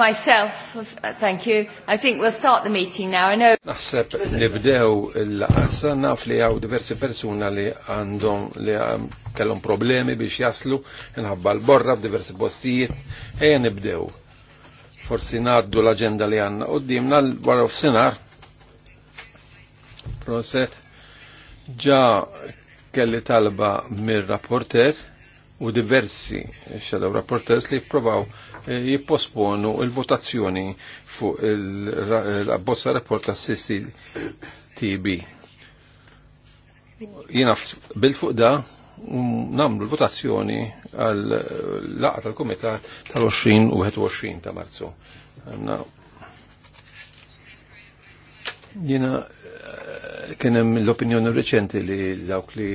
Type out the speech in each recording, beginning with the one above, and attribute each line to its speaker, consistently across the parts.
Speaker 1: myself, uh, thank
Speaker 2: you. I think we'll start the meeting now. I know.
Speaker 3: Naħseb nibdew il-qassa naf li għaw diversi persuna li għandhom li kellhom problemi biex jaslu nħabba l-borra f'diversi postijiet. Ejja nibdew. Forsi ngħaddu l-aġenda li għandna qudiemna l of Sinar. Proset ġa kelli talba mir-rapporter u diversi shadow rapporters li provaw Eh, jipposponu il-votazzjoni fuq il bozza rapport ta' sissi TB. Jina bil-fuq da mm, namlu l-votazzjoni għal laqta tal-komitat tal-20 u 21 ta' marzu. Jina kien hemm l-opinjoni reċenti li dawk li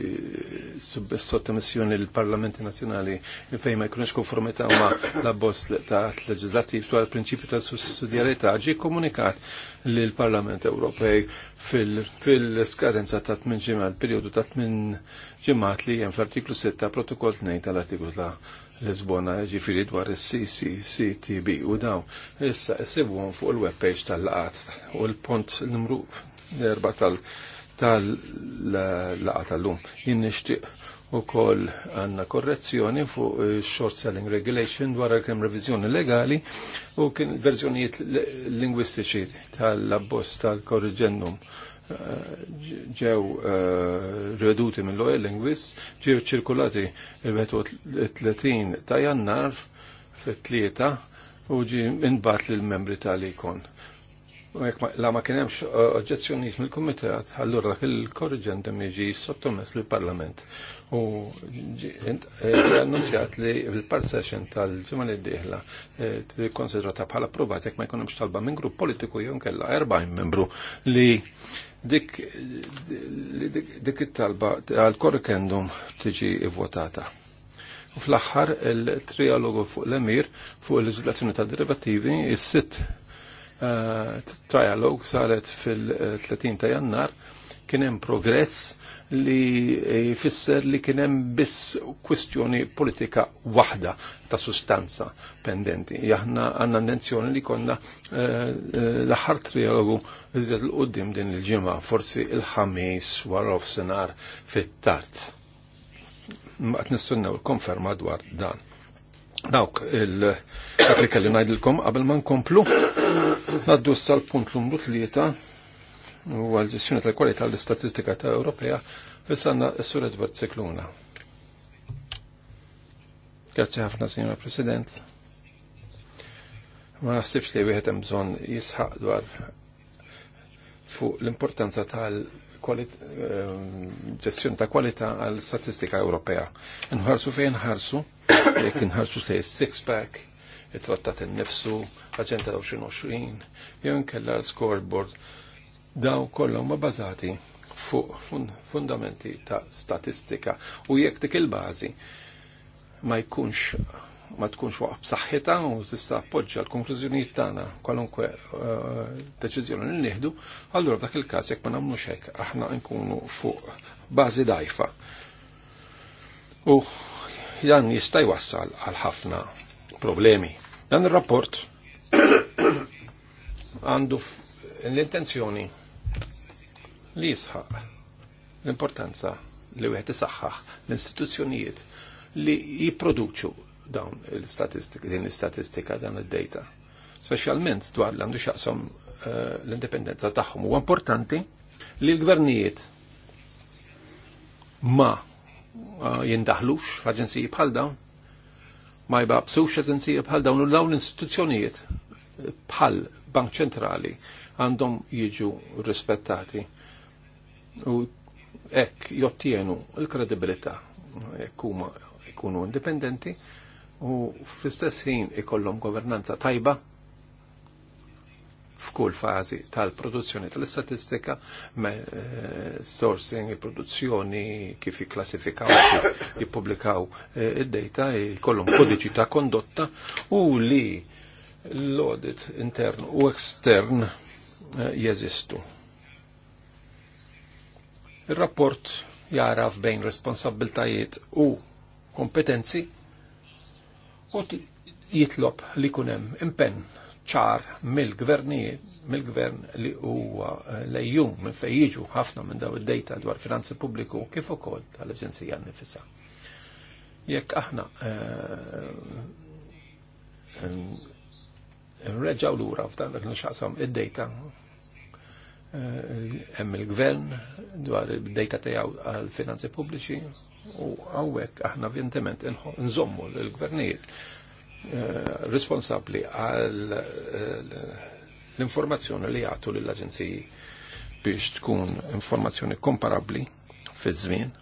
Speaker 3: eh, missjoni l-Parlamenti Nazzjonali li fejn ma jkunx konformità ma l-abbozz ta' leġislattiv dwar il-prinċipju ta' sussidjarjetà ġie komunikat lill parlament Ewropej fil-skadenza ta' tmien ġimgħat, perjodu ta' tmien ġimgħat li hemm fl-artiklu 6 protokoll 2 tal-artiklu ta' Lisbona ġifiri dwar il-CCCTB u daw issa jisibwon fuq il-webpage tal-laqat u l-pont numru erba tal-laqa tal-lum. Jien nixtieq ukoll għandna korrezzjoni fuq eh, short selling regulation dwar kemm reviżjoni legali u kien verżjonijiet lingwistiċi tal-abbozz tal-korriġendum eh, ġew eh, reduti mill oil lingwis, ġew ċirkulati il 30 ta' jannar fit-tlieta u ġi inbat lill membri tal-ikon la ma kienemx eh, oġġezzjonijiet mill-Kumitat, allura dak il-korriġendum jiġi sottomess lill-Parlament. U eh, annunzjat li fil-part session tal-ġimgħa li eh, d konsidrata bħala approvat jekk ma jkunemx talba minn grupp politiku jew kella 40 membru li dik dik it-talba għal-korrigendum tiġi votata. U fl-aħħar il-trialogu fuq l-emir fuq il-leġislazzjoni tad-derivativi is-sitt trialog saret fil-30 ta' jannar kien hemm progress li jfisser li kien hemm biss kwistjoni politika waħda ta' sustanza pendenti. Jaħna għandna intenzjoni li konna eh, eh, l-aħħar trialogu iżjed l qudiem din il-ġimgħa, forsi il-ħamis wara ofsenar fit-tard. Qed nistunnew il-konferma dwar dan. Dawk il-dak li kelli ngħidilkom qabel ma nkomplu naddu sal-punt l-umru tlieta u għal-ġestjoni tal-kwalità l-istatistika ta' Ewropea fissanna s-sur Edward Cikluna. Grazie ħafna, Signora President. Ma naħsibx li wieħed hemm bżonn jisħaq dwar fuq l-importanza tal ehm, ġestjoni ta' kwalità għal statistika Ewropea. Nħarsu fejn ħarsu jekk inħarsu se six-pack, it-trattat innifsu, l xin 2020, jew inkella l-scoreboard, daw kollha ma bażati fuq fundamenti ta' statistika u jekk dik il-bażi ma jkunx ma tkunx waqf b'saħħitha u tista' appoġġja l-konklużjonijiet tagħna kwalunkwe eh, deċiżjoni li nieħdu, allura f'dak il-każ jekk ma nagħmlux hekk aħna nkunu fuq bażi dajfa. U dan jista' jwassal għal ħafna problemi. Dan ir-rapport għandu l-intenzjoni li jisħaq l-importanza li wieħed isaħħaħ l-istituzzjonijiet li jipproduċu dawn il-statistika, din l-istatistika dan id-data. Speċjalment dwar l għandu xaqsom eh, l-indipendenza tagħhom huwa importanti li l-gvernijiet ma Uh, jindaħlux f'aġenziji bħal dawn, ma jbaqsux aġenziji bħal dawn u dawn l-istituzzjonijiet bħal Bank Ċentrali għandhom jiġu rispettati u ek jottienu il-kredibilità jekk ikunu indipendenti u fl istessin ikollom ikollhom governanza tajba f'kull fażi tal-produzzjoni tal-istatistika, eh, sourcing, produzzjoni, kif jiklassifikaw, kif jippubblikaw eh, id-data, jkollhom kodiċi ta' kondotta u li l-audit intern u ekstern eh, jeżistu. Il-rapport jaraf bejn responsabiltajiet u kompetenzi u jitlob li kunem impenn ċar mill-gvernijiet, mill-gvern li huwa eh, lejjum minn fejn jiġu ħafna minn daw id-dejta dwar finanzi pubbliku kif ukoll tal-Aġenzija nifisa. Jekk aħna eh, nreġgħu lura f'dan dak nixaqsam id-dejta eh, hemm il-gvern dwar id-dejta tiegħu għal finanzi pubbliċi u hawnhekk aħna vjentiment nżommu l-gvernijiet Eh, responsabli għal eh, l-informazzjoni li jgħatu l-aġenziji biex tkun informazzjoni komparabli fi żmien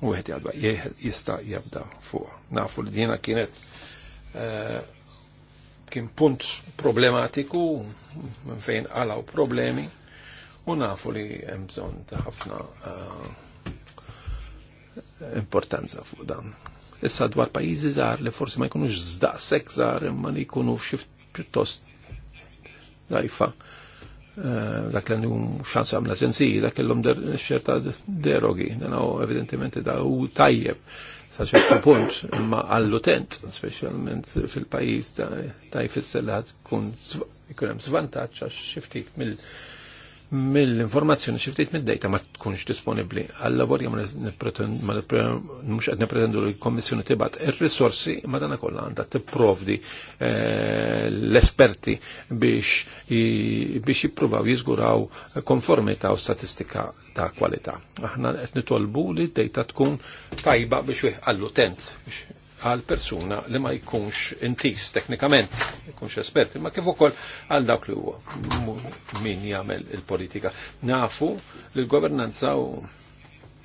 Speaker 3: u għed jadba jista jabda fuq. Nafu li dina kienet eh, kien punt problematiku minn fejn għalaw problemi u nafu li hemm bżonn ta' ħafna importanza fuq dan. Issa dwar pajizi zar li forsi ma jkunux żdaqshekk zar imma li jkunu f'xift pjuttost dajfa. Eh, dak li hum xans għamla sensiji, dak illum xerta derogi, dan evidentimenti da u tajjeb sa ċertu punt, imma għall-utent, specialment fil-pajis ta' jfisser li tkun jkun hemm żvantaġġ għax xi ftit mill- mill-informazzjoni xi ftit mid-dejta ma tkunx disponibbli. għall lavor jem mhux qed nippretendu li l-Kommissjoni tibgħat ir-risorsi madana kollha għandha tipprovdi eh, l-esperti biex jippruvaw jiżguraw konformità u statistika ta' kwalità. Aħna qed nitolbu li d-dejta tkun tajba biex għall-utent biex għal persuna li ma jkunx intis teknikament, jkunx espert, ma kif ukoll għal dak li huwa min jagħmel il-politika. Nafu li l-governanza u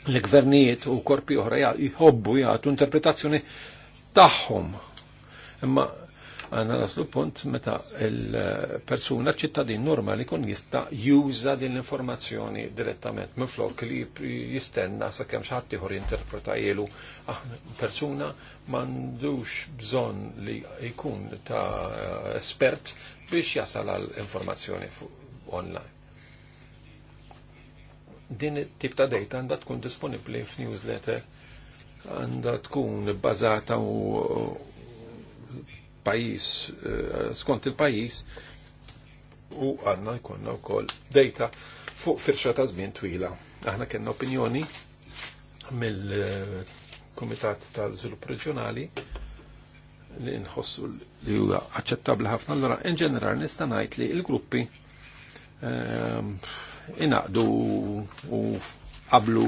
Speaker 3: l-gvernijiet u korpi oħra jħobbu jagħtu interpretazzjoni tagħhom. Imma għanna naslu punt meta il-persuna ċittadin normali kun jista juża din l-informazzjoni direttament minn flok li jistenna sa' kemm ieħor jinterpreta jinterpretajielu ah, persuna mandux bżon li jkun ta' espert biex jasal għal informazzjoni online. Din tip ta' data għandha tkun disponibli f'newsletter, għandha tkun bbażata u pajis, eh, skont il-pajis, u għanna jkunna u koll data fuq firxa ta' żmien twila. Aħna kena opinjoni mill Komitat tal-Żvilupp Reġjonali li nħossu li huwa aċċettabbli ħafna Allora in ġeneral nista' ngħid li l-gruppi ehm, inaqdu u qablu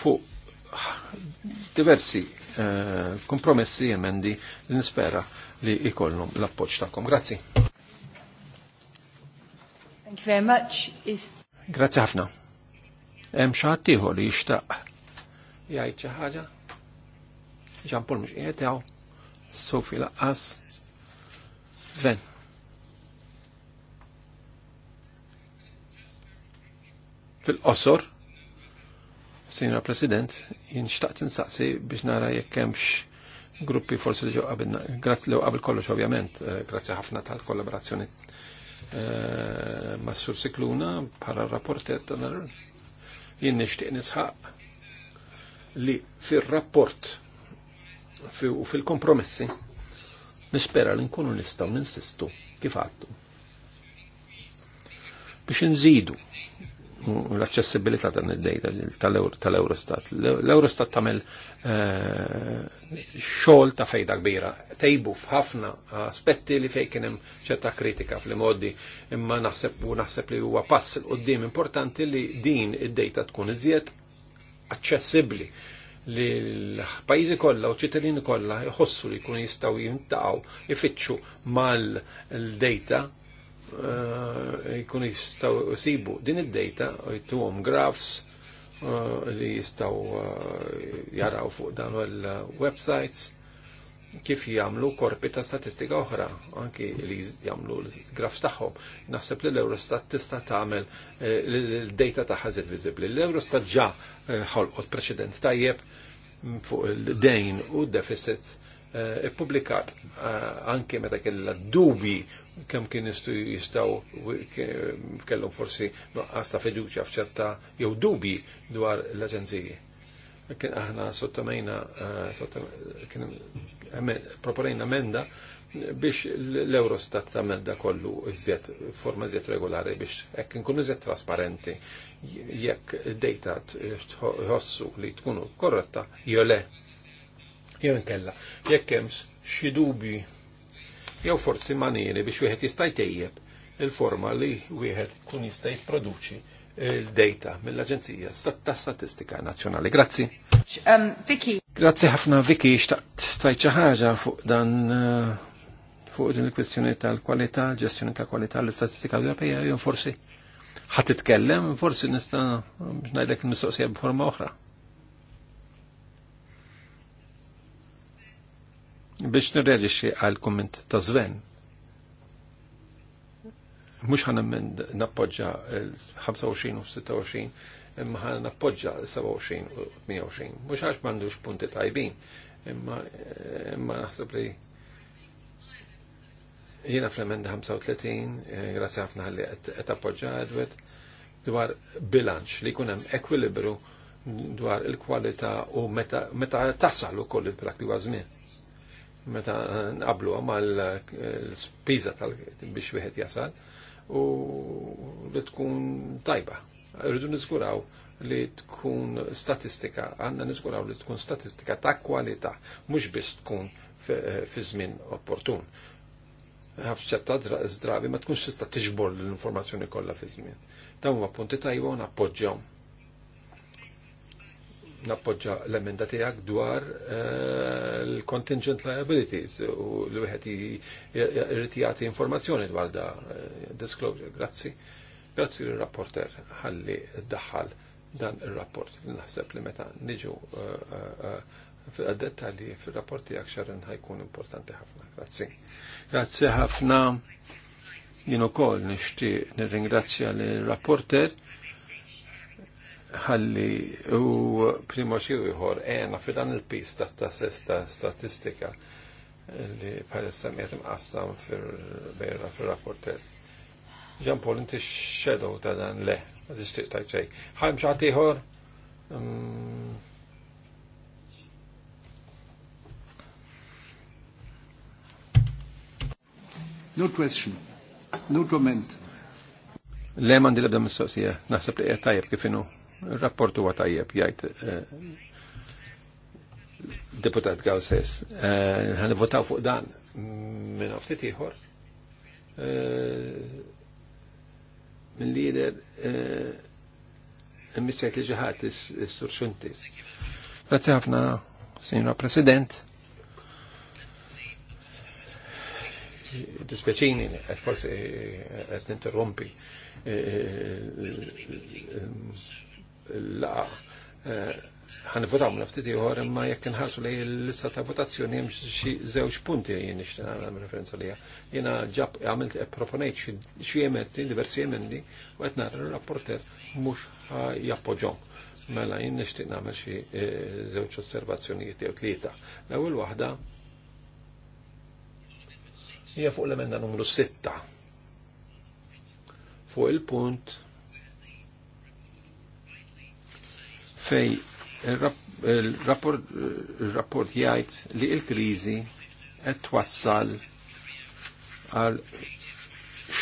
Speaker 3: fuq diversi eh, kompromessi emendi li nispera li ikollhom l-appoġġ tagħkom. Grazzi.
Speaker 1: Thank you very much. Is...
Speaker 3: Grazzi ħafna. Hemm xi ħadd li jixtaq jgħid xi ħaġa? ġampol mux jietaw, Sofi laqqas, Sven. Fil-qosor, Sinjora President, jien xtaqt insaqsi biex nara jekk hemmx gruppi forsi li ġewqabilna, grazzi li qabel kollox ovvjament, eh, grazzi ħafna tal-kollaborazzjoni eh, ma' Sur Sikluna bħala rapportet jien nixtieq nisħaq li fir-rapport u fil-kompromessi nispera li nkunu nistaw ninsistu kif għattu. Biex nżidu l-accessibilità dan tal-Eurostat. L-Eurostat tamel eh, xogħol ta' fejda kbira. Tejbu f'ħafna aspetti li fej kien hemm ċerta kritika fl-modi imma naħseb u naħseb li huwa pass l qoddim importanti li din id-dejta tkun iżjed aċċessibbli li l-pajjiżi kollha u ċittadini kollha jħossu li jkun jistgħu jintaw ifittxu mal-data eh, jkun jistgħu jsibu din id-data u għom grafs eh, li jistgħu eh, jaraw fuq dan il-websites kif jagħmlu korpi ta' statistika oħra, anki li jagħmlu l graf tagħhom. Naħseb li l-Eurostat tista' tagħmel eh, l-data ta' ħażet viżibbli. L-Eurostat ġa eh, ħolqot preċedent tajjeb fuq il-dejn u d-deficit eh, ippubblikat anke meta kellha dubi kemm kien jistu jistaw kellhom forsi nuqqas fiduċja f'ċerta jew dubi dwar l-aġenziji. Kien aħna sottomejna proponejna emenda biex l-Eurostat tamel da kollu iżjed, forma iżjed regolari biex ekk nkunu iżjed trasparenti jekk data tħossu li tkunu korretta jole le. Jew jekk hemm xi dubji jew forsi maniri biex wieħed jista' jtejjeb il-forma li wieħed kun jista' jipproduċi il-data mill-Aġenzija ta' Statistika Nazzjonali. Grazzi.
Speaker 4: Um, Vicky.
Speaker 3: Grazzi ħafna Vicky, xtaqt stajċa ħaġa fuq dan uh, fuq din il-kwistjoni tal-kwalità, ġestjoni tal-kwalità l-istatistika Ewropea, jew forsi ħadd titkellem, forsi nista' ngħidlek mistoqsija b'forma oħra. Biex nirreġixxi għal kumment ta' Sven mux ħana minn nappoġġa l-25 u 26, imma ħana nappoġġa l-27 u 28. Mux għax mandux punti tajbin, imma imma naħseb li jena fl-emenda 35, eh, grazzi ħafna għalli għet appoġġa għedwet, dwar bilanċ li kunem ekwilibru dwar il-kwalità u meta tasal u koll il-prak li għazmin meta nqablu għamal l spiza tal biex wieħed jasal u li tkun tajba. Rridu niskuraw li tkun statistika, għanna niskuraw li tkun statistika ta' kwalità, mhux biss tkun fi żmien opportun. Ħafċetta drabi ma tkunx tista' tiġbor l-informazzjoni kollha fi żmien. Dawn huwa punti tajba u nappoġġjahom nappoġġa l-emenda tiegħek dwar eh, l-contingent liabilities u l wieħed irid jagħti informazzjoni dwar da eh, disclosure. Grazzi. Grazzi l-rapporter ħalli ddaħħal dan ir-rapport li naħseb li meta niġu eh, fil-dettalji fil-rapport tiegħek xarren ħajkun importanti ħafna. Grazzi. Grazzi ħafna. Jien ukoll nixtieq nirringrazzja l-rapporter ħalli u primo xiju jħor ena fil-dan il-pis ta' ta' sesta statistika li palissa miet qassam fil-bejra fil-rapportess. Ġan Paul, inti shadow ta' dan le, ma tixtiq ta' ċej. ħajm xaħti jħor? Mm. No question. No comment. Le mandi l-ebda mistoqsija. Naħseb li għed kifinu. Il-rapport huwa tajjeb jgħid deputat Gawses. Għan votaw fuq dan minn ftit ieħor. Minn lider missejt li ġaħat is-sur Xuntis. Grazzi ħafna, Signora President. Dispjaċini, forse qed ninterrompi l-laqa eh, ħan votaw minn ftit ieħor imma jekk inħarsu li l-lista ta' votazzjoni hemm xi żewġ punti jien nixtieq nagħmel referenza liha. Jiena ġab għamilt e, proponejt xi emetti diversi emendi u qed nara l-rapporter mhux jappoġġhom. Mela jien nixtieq nagħmel xi e, żewġ osservazzjonijiet jew tlieta. L-ewwel waħda hija fuq l-emenda numru 6 fuq il-punt fej il-rapport eh, eh, jgħid li il-krizi qed twassal għal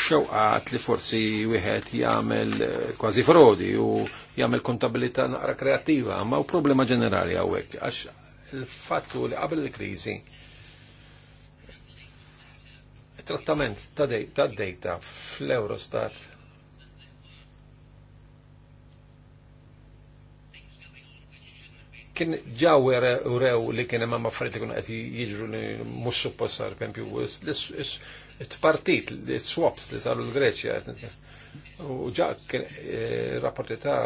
Speaker 3: xewqat li forsi wieħed jagħmel eh, kważi frodi u jagħmel kontabilità naqra kreattiva, ma hu problema ġenerali hawnhekk għax il-fattu li qabel il-kriżi trattament ta' data fl-Eurostat kien ġaw u rew li kien imma affarijiet li kienu għati jġru li mussu suppost sar pempju t partit t swaps li saru l-Greċja. U ġaw kien eh, rapporti ta'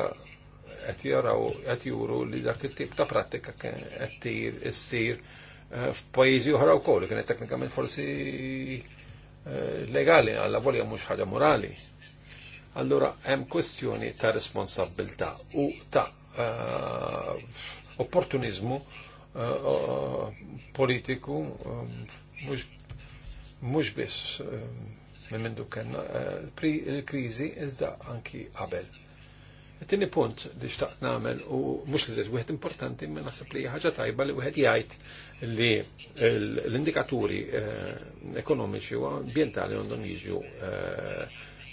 Speaker 3: qed jaraw għati juru li dak il tip ta' pratika kien prattika qed issir eh, f'pajjiżi oħra wkoll, kienet teknikament forsi eh, legali għalla volja mhux ħaġa morali. Allora, hemm kwestjoni ta' responsabilta' u ta' opportunizmu eh, eh, politiku eh, mhux biss minn mindu pri il krizi izda anki qabel. Tini punt li xtaqt namel u mux li zed, wieħed importanti minn nasib li ħagġa tajba li wieħed jgħid li l-indikaturi ekonomiċi u ambientali għandhom jiġu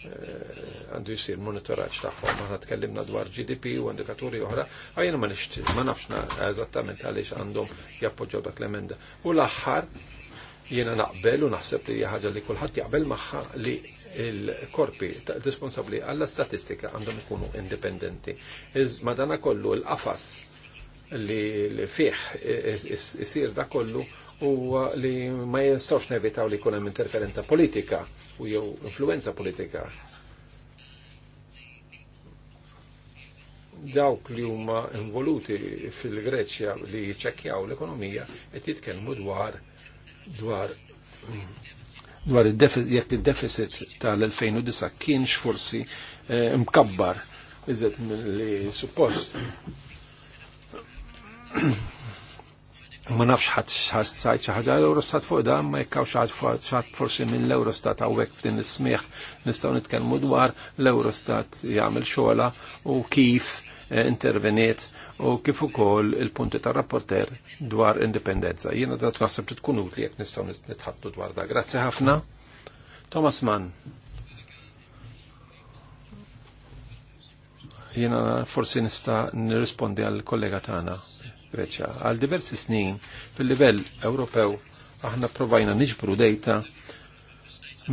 Speaker 3: għandu jisir monitoraċ taħħom, għanna tkellimna dwar GDP u indikaturi oħra, għajna ma nixti, ma nafxna eżattament għalix għandhom jappoġġaw dak l-emenda. U l-axħar, jiena naqbel u naħseb li jħagġa li kulħadd jaqbel maħħa li il-korpi responsabli għalla statistika għandhom ikunu indipendenti. Iż madana kollu l-qafas li fih isir da kollu u li ma jinsofx nevitaw li kunem interferenza politika u jew influenza politika. Dawk li huma involuti fil-Greċja li ċekkjaw l-ekonomija qed jitkellmu dwar dwar dwar jekk id-deficit tal-2009 kienx forsi eh, mkabbar iżet li suppost ma nafx ħadd x'ħassajt xi ħaġa l-Eurostat fuq da ma jekkaw xaħat forsi minn l-Eurostat hawnhekk f'din is-smieħ nistgħu nitkellmu dwar l-Eurostat jagħmel xogħla u kif eh, interveniet u kif ukoll il-punti tar rapporter dwar indipendenza. Jiena dat naħseb li tkun utli jekk nistgħu nitħattu dwar da. Grazzi ħafna. Thomas Mann. Jiena forsi nista' nirrispondi għall kollega tagħna Greċja. Għal diversi snin fil-livell Ewropew aħna provajna niġbru dejta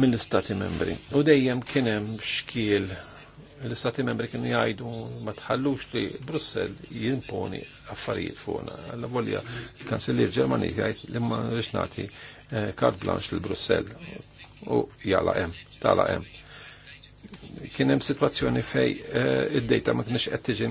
Speaker 3: mill-Istati membri. U dejjem kien hemm xkiel l-Istati membri kienu jgħidu ma tħallux li Brussel jimponi affarijiet fuqna. Għalla volja kanzillier Ġermani jgħid li ma rix kart eh, blanche l Brussel u jala em, tala em. Kien hemm sitwazzjoni fej eh, id-dejta ma kienx qed tiġi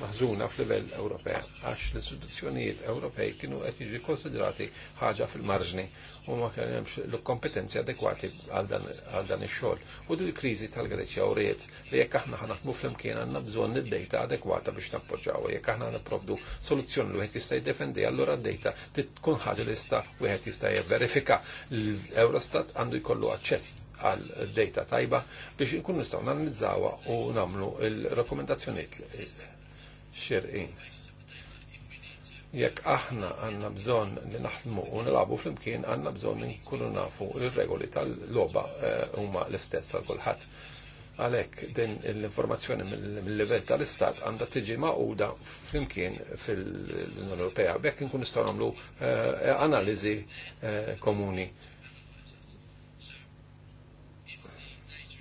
Speaker 3: maħżuna f'livell Ewropea għax l-istituzzjonijiet Ewropej kienu qed jiġi konsiderati ħaġa fil-marġni u ma kien hemmx l-kompetenzi adekwati għal dan ix-xogħol. U din il-kriżi tal-Greċja uriet li jekk aħna ħanaħmu flimkien għandna bżonn id-dejta adekwata biex nappoġġaw jekk aħna nipprovdu soluzzjoni li wieħed jista' jiddefendi allura d-dejta tkun ħaġa li jista' wieħed jista' jivverifika. L-Eurostat għandu jkollu aċċess għal data tajba biex nkun nistgħu nanalizzawha u nagħmlu il-rakkomendazzjonijiet xirqin. Jekk aħna għanna bżon li naħdmu u fl flimkien għanna bżon li nkunu nafu il-regoli tal-loba eh, huma l-istess għal kulħadd. Għalhekk din l-informazzjoni mill-livell tal-istat għandha tiġi maquda flimkien fil-Unjoni Ewropea bekk nkun nistgħu nagħmlu eh, analiżi eh, komuni.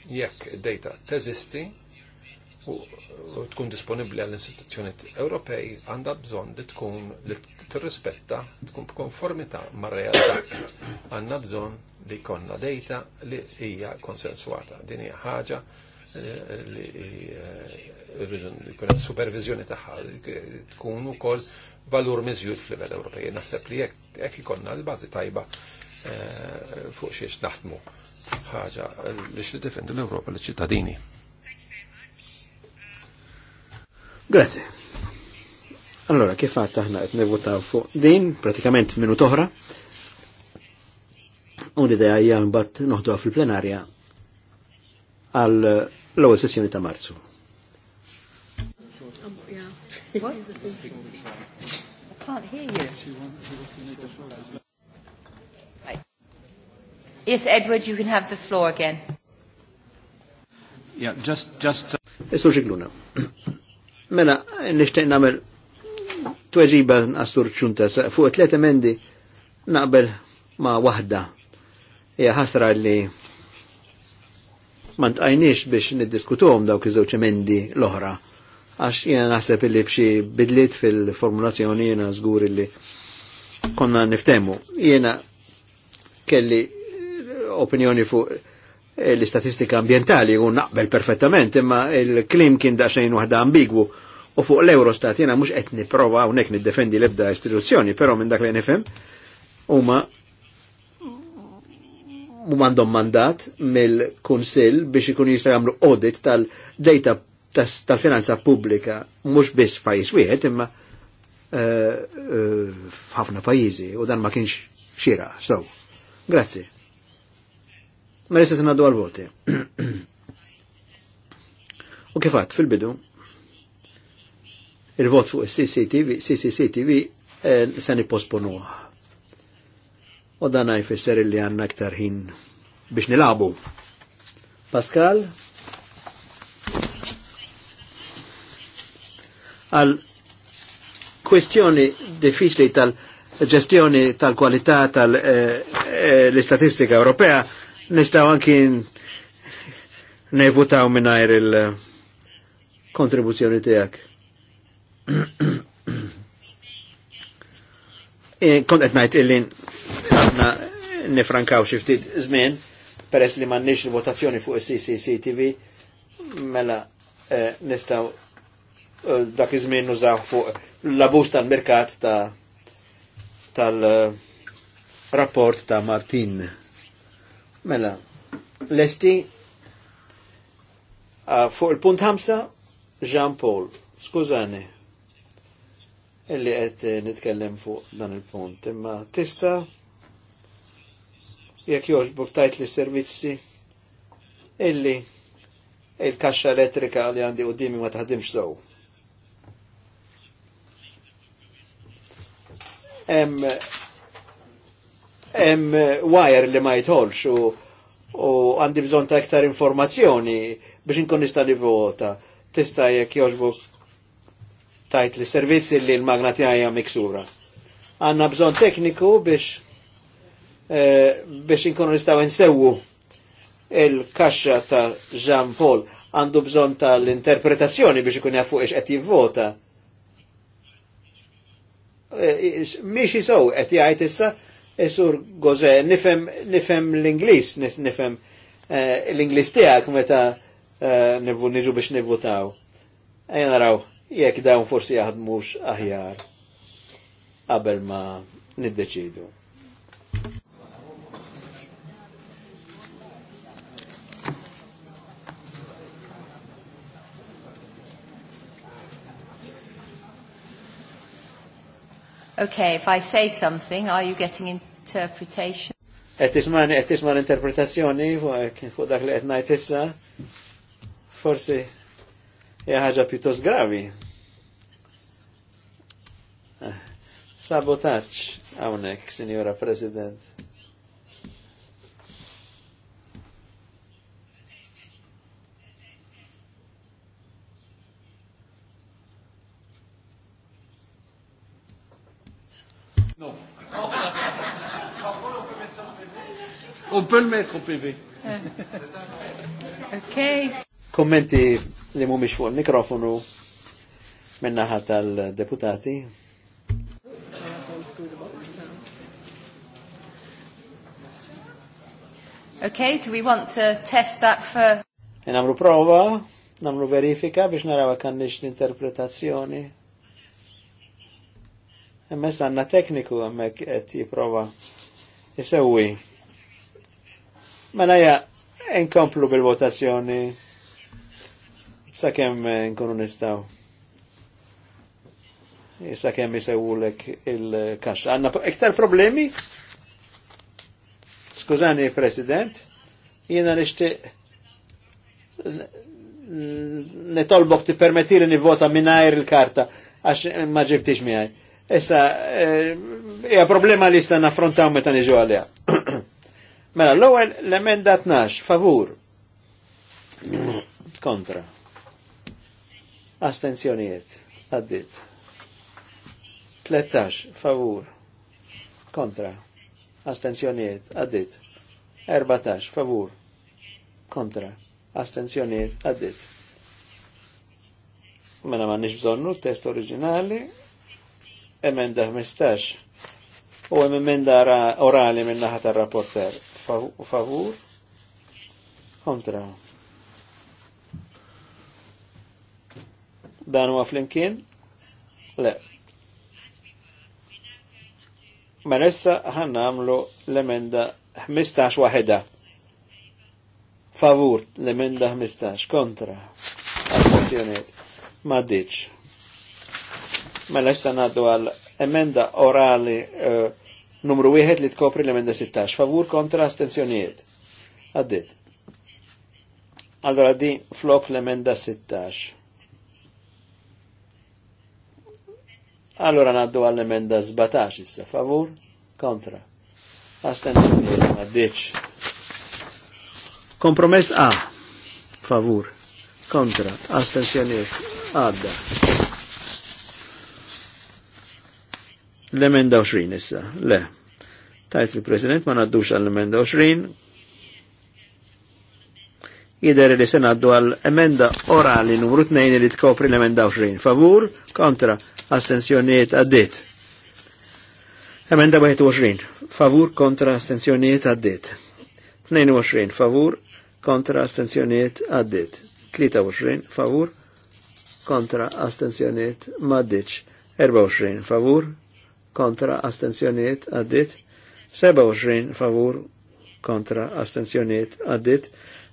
Speaker 3: Jekk data teżisti, u tkun disponibli għall istituzzjoni Ewropej għandha bżonn li tkun li tirrispetta tkun b'konformità mar-realtà. Għandna bżonn li jkollna dejta li hija konsensuata. Din hija ħaġa eh, li eh, jkun supervizjoni tagħha tkun ukoll valur miżjud fl-livell Ewropej. Naħseb li hekk ikollna l-bażi tajba eh, fuq xiex naħdmu ħaġa li li defendu
Speaker 4: l-Ewropa l-ċittadini. Grazie. Allora, che fatta aħna qed nivutaw fuq din, pratikament minut oħra, u l-idea hija mbagħad noħduha fil-plenarja għal l-ewwel sessjoni ta' Marzu.
Speaker 1: Yes, Edward, you can have the floor again.
Speaker 4: Yeah, just, just... uh... Mela, nishtaq namel tweġiba għastur ċunta fuq tlet emendi naqbel ma' wahda. Ja ħasra li ma ntqajniex biex niddiskutuhom dawk iż-żewġ emendi l-oħra. Għax jiena naħseb li b'xi bidlit fil-formulazzjoni jiena żgur li konna niftemu. Jiena kelli opinjoni fuq Eh, l-istatistika ambientali u naqbel perfettament, imma il-klim kien xejn wahda ambigwu u fuq l-Eurostat jena mux etni prova u nek niddefendi l-ebda istituzzjoni, pero minn dak li nifem u ma u mandom mandat mill-Kunsil biex ikun jista' jagħmlu audit tal-data tal-finanza pubblika mux biss pajis wieħed imma eh, eh, f'ħafna pajizi u dan ma kienx xira. So, grazie. Ma jistess naddu għal-voti. U kifat, fil-bidu, il-vot fuq il-CCTV, CCCTV, eh, se niposponuħ. U dan jfisser li għanna aktar ħin biex nilabu. Pascal? Għal kwestjoni diffiċli tal-ġestjoni tal-kwalità tal-istatistika eh, eh, Ewropea nistaw anki nevutaw minnajr il-kontribuzzjoni tijak. E, kont etnajt illin għanna nifrankaw xiftit zmin, peress li mannix il-votazzjoni fuq il-CCCTV, mela e, nistaw e, dak iż-żmien nużaw fuq l-abus tal-merkat ta' tal-rapport ta' Martin. Mela, l-esti fuq il-punt ħamsa, Jean Paul, skużani, illi qed eh, nitkellem fuq dan il-punt, imma tista' jekk joġbu tajt li servizzi illi il-kaxxa elettrika li għandi dimi ma taħdimx sew. Em, hemm eh, wire li ma jitħolx u għandi bżon ta' iktar informazzjoni biex inkun nista' nivota. Tista' jekk jogħġbu tajt li servizzi li l-magna tiegħi miksura. Għandna bżon tekniku biex eh, biex inkunu nistgħu nsewwu il-kaxxa ta' Jean Paul għandu bżon tal-interpretazzjoni biex ikun jafu ix qed jivvota. Miex eh, jisow qed jgħid issa Esur eh, Goze, nifem, nifem l-Inglis, nifem eh, l-Inglis tijak meta eh, nivu niġu biex taw. Ejna raw, jek dawn forsi jaħdmux aħjar qabel ma niddeċidu.
Speaker 1: Okay, if I say something, are you getting in interpretation.
Speaker 4: Et tismani, et tisman interpretazzjoni fuq dak li qed ngħid issa, forsi hija ħaġa pjuttost gravi. Ah, sabotaġġ hawnhekk, signora President.
Speaker 2: On peut le mettre au PV. ok.
Speaker 4: Kommenti li mu fuq il-mikrofonu minnaħa tal-deputati.
Speaker 1: Ok, do we want to test that for...
Speaker 4: E namru prova, namru verifika biex narawa kannix l-interpretazzjoni. Emmes għanna tekniku għemmek għet jiprova jisewi ja, nkomplu bil-votazzjoni Sakem eh, nkunu nistaw. Eh, Sakem jisewulek il-kaxxa. Għanna iktar problemi? Skużani, President, Jena nishti netolbok ti ni nivota minnajr il-karta, għax ma miħaj. Issa, eh, hija problema li sta naffrontaw meta niġu għalija. Mela, l-ewwel l-emenda tnax, favur. Kontra. Astenzjonijiet. Għaddit. 13, favur. Kontra. Astenzjonijiet. Għaddit. 14, favur. Kontra. Astenzjonijiet. Għaddit. Mela ma nix bżonnu test oriġinali. Emenda 15. U emenda orali minnaħat tar rapporter favur kontra. Dan huwa flimkien? Le. Meressa ħan namlu l-emenda 15 waħeda. Favur l-emenda 15 kontra. Attenzjoniet. Ma diċ. Mela naddu għal emenda orali uh, numru 1 li tkopri l-emenda 16. Favur kontra astenzjonijiet. Għaddit. Allora di flok l-emenda 16. Allora naddu għall-emenda 17 issa. Favur kontra. Astenzjonijiet. Għaddit. Kompromess A. Favur. Kontra. Astenzjonijiet. Għadda. L-emenda 20 issa, le. Tajt il-President ma naddux għall-emenda 20. Jider li se naddu għall-emenda orali numru 2 li tkopri l-emenda 20. Favur, kontra, astensjoniet għaddit. Emenda 21. Favur, kontra, astensjoniet għaddit. 22. Favur, kontra, astensjoniet għaddit. 23. Favur, kontra, astensjoniet maddiċ. 24. Favur, kontra astenzjoniet għaddit, 27 favur kontra astenzjoniet għaddit,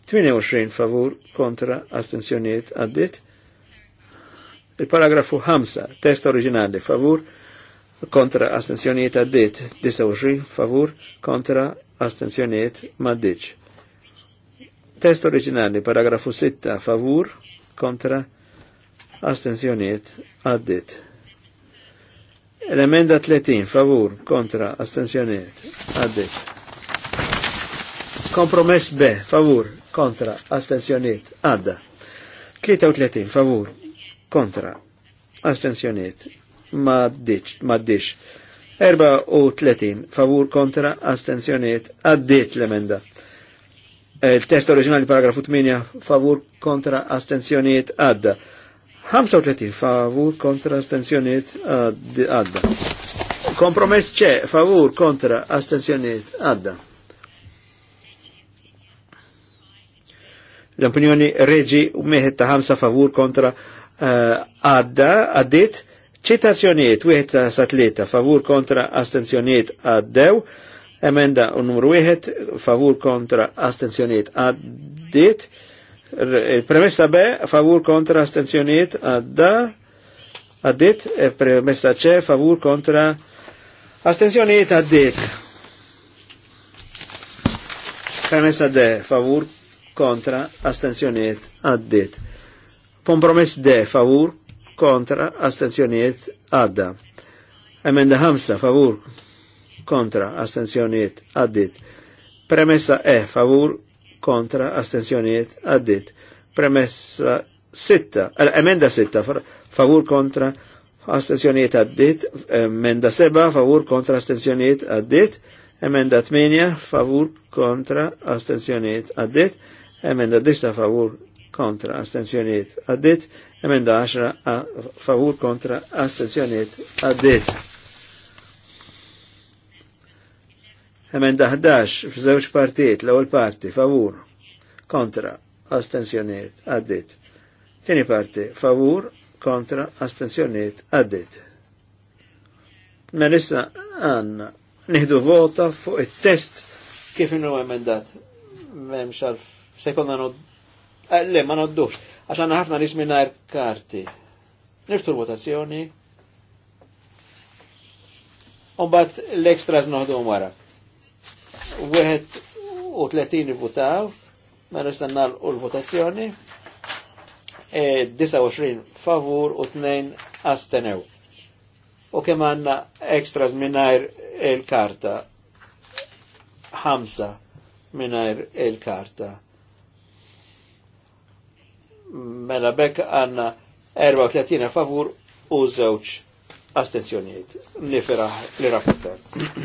Speaker 4: 28 favur kontra astenzjoniet għaddit. Il-paragrafu 5, test oriġinali, favur kontra astenzjoniet għaddit, 29 favur kontra astenzjoniet maddiċ. Test oriġinali, paragrafu 6, favur kontra astenzjoniet għaddit. L-emenda 30, favur, kontra, astensjoniet, għaddit. Kompromess B, favur, kontra, astensjoniet, għadda. 33, favur, kontra, astensjoniet, ma ddiċ, ma ddiċ. 34, favur, kontra, astensjoniet, għaddit l-emenda. Eh, il-test oriġinali paragrafu 8, favur, kontra, astensjoniet, għadda. 35 favur kontra astensjoniet għadda. Kompromess ċe favur kontra astensjoniet għadda. L-opinjoni reġi u meħet ta' 5 favur kontra eh, għadda, għaddit, ċitazzjoniet, wieħed ta' satleta, favur kontra astenzjoniet għaddew, emenda u numru wieħed, favur kontra astenzjoniet għaddit, Eh, premessa B, favur kontra astenzjoniet għadda, għaddit, e premessa C, favur kontra astenzjoniet għaddit. Premessa D, favur kontra astenzjoniet għaddit. Kompromess D, favur kontra astenzjoniet għadda. Emenda ħamsa, favur kontra astenzjoniet għaddit. Premessa E, favur kontra astenzjoniet għaddit. Premessa sitta, eh, emenda sitta, favur kontra astenzjoniet għaddit, emenda seba, favur kontra astenzjoniet għaddit, emenda tmenja, favur kontra astenzjoniet għaddit, emenda dista, favur kontra astenzjoniet għaddit, emenda 10, favur kontra astenzjoniet għaddit. Emenda daħdax, f'żewġ partijiet, l-ewwel parti favur kontra astensjoniet għaddit. Tieni parti favur kontra astensjoniet għaddit. Melissa għanna nieħdu vota fuq it-test kif inhu emendat. M'hemmx xalf, sekonda nod. Eh, le, ma noddux, għax għandna ħafna nies mingħajr karti. Niftu l-votazzjoni. Umbat l-ekstras noħdu wara u 31 votaw, ma nistan u l-votazzjoni, 29 e, favur u 2 astenew. U kemm għandna ekstras mingħajr il-karta. 5 mingħajr il-karta. Mela bekk għandna 34 favur u żewġ astenzjonijiet. Nifiraħ li rapporter.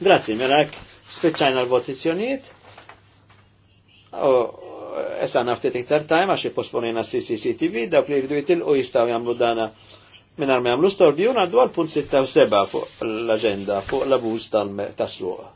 Speaker 4: Grazie, mirak, mela spiċċajna l-votizzjoniet. Esa eh, naftit iktar tajma xie posponina CCCTV, dawk li jridu jitilqu jistaw jamlu dana minn armi jamlu storbju, għaddu għal punt 6 u 7 fuq l-agenda, fuq l-abuż tal-tasluqa.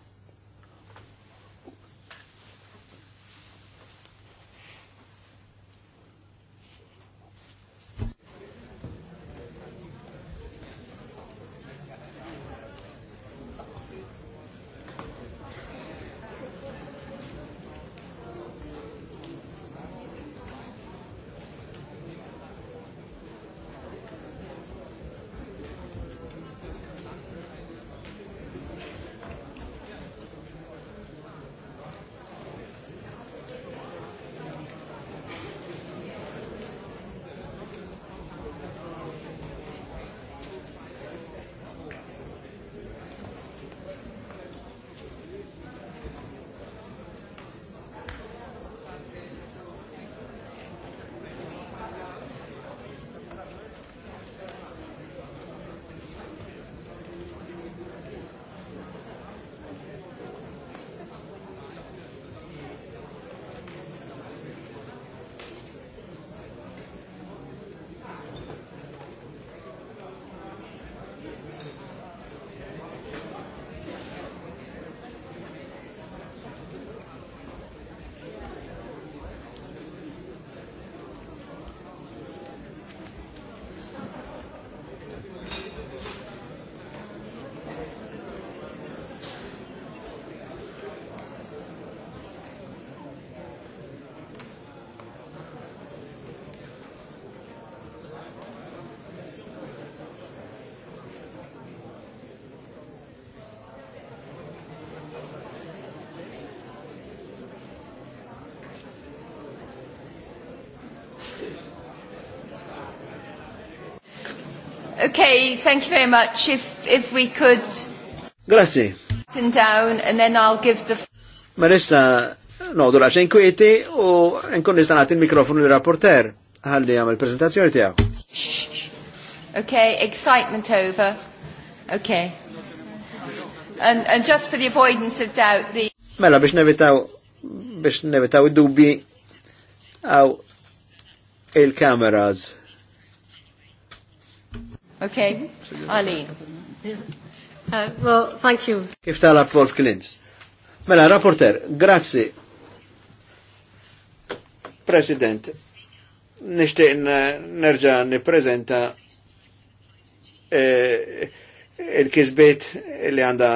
Speaker 1: say thank you very much if, if we could... Grazie. ...and down and then I'll give the...
Speaker 4: Marissa, no, dura xejn kwieti u nkun nista' nagħti l-mikrofonu li rapporter ħalli għamil prezentazzjoni tiegħu.
Speaker 1: Okay, excitement over. Okay. And, and just for the avoidance of doubt, the...
Speaker 4: Mela, biex nevitaw, biex nevitaw id-dubi għaw il-kameras.
Speaker 1: Okay, Ali. Uh, well, thank you. Kif
Speaker 4: talab Wolf Klintz? Mela, rapporter, grazzi. President, nishtiq nerġa niprezenta eh, il-kisbit li għanda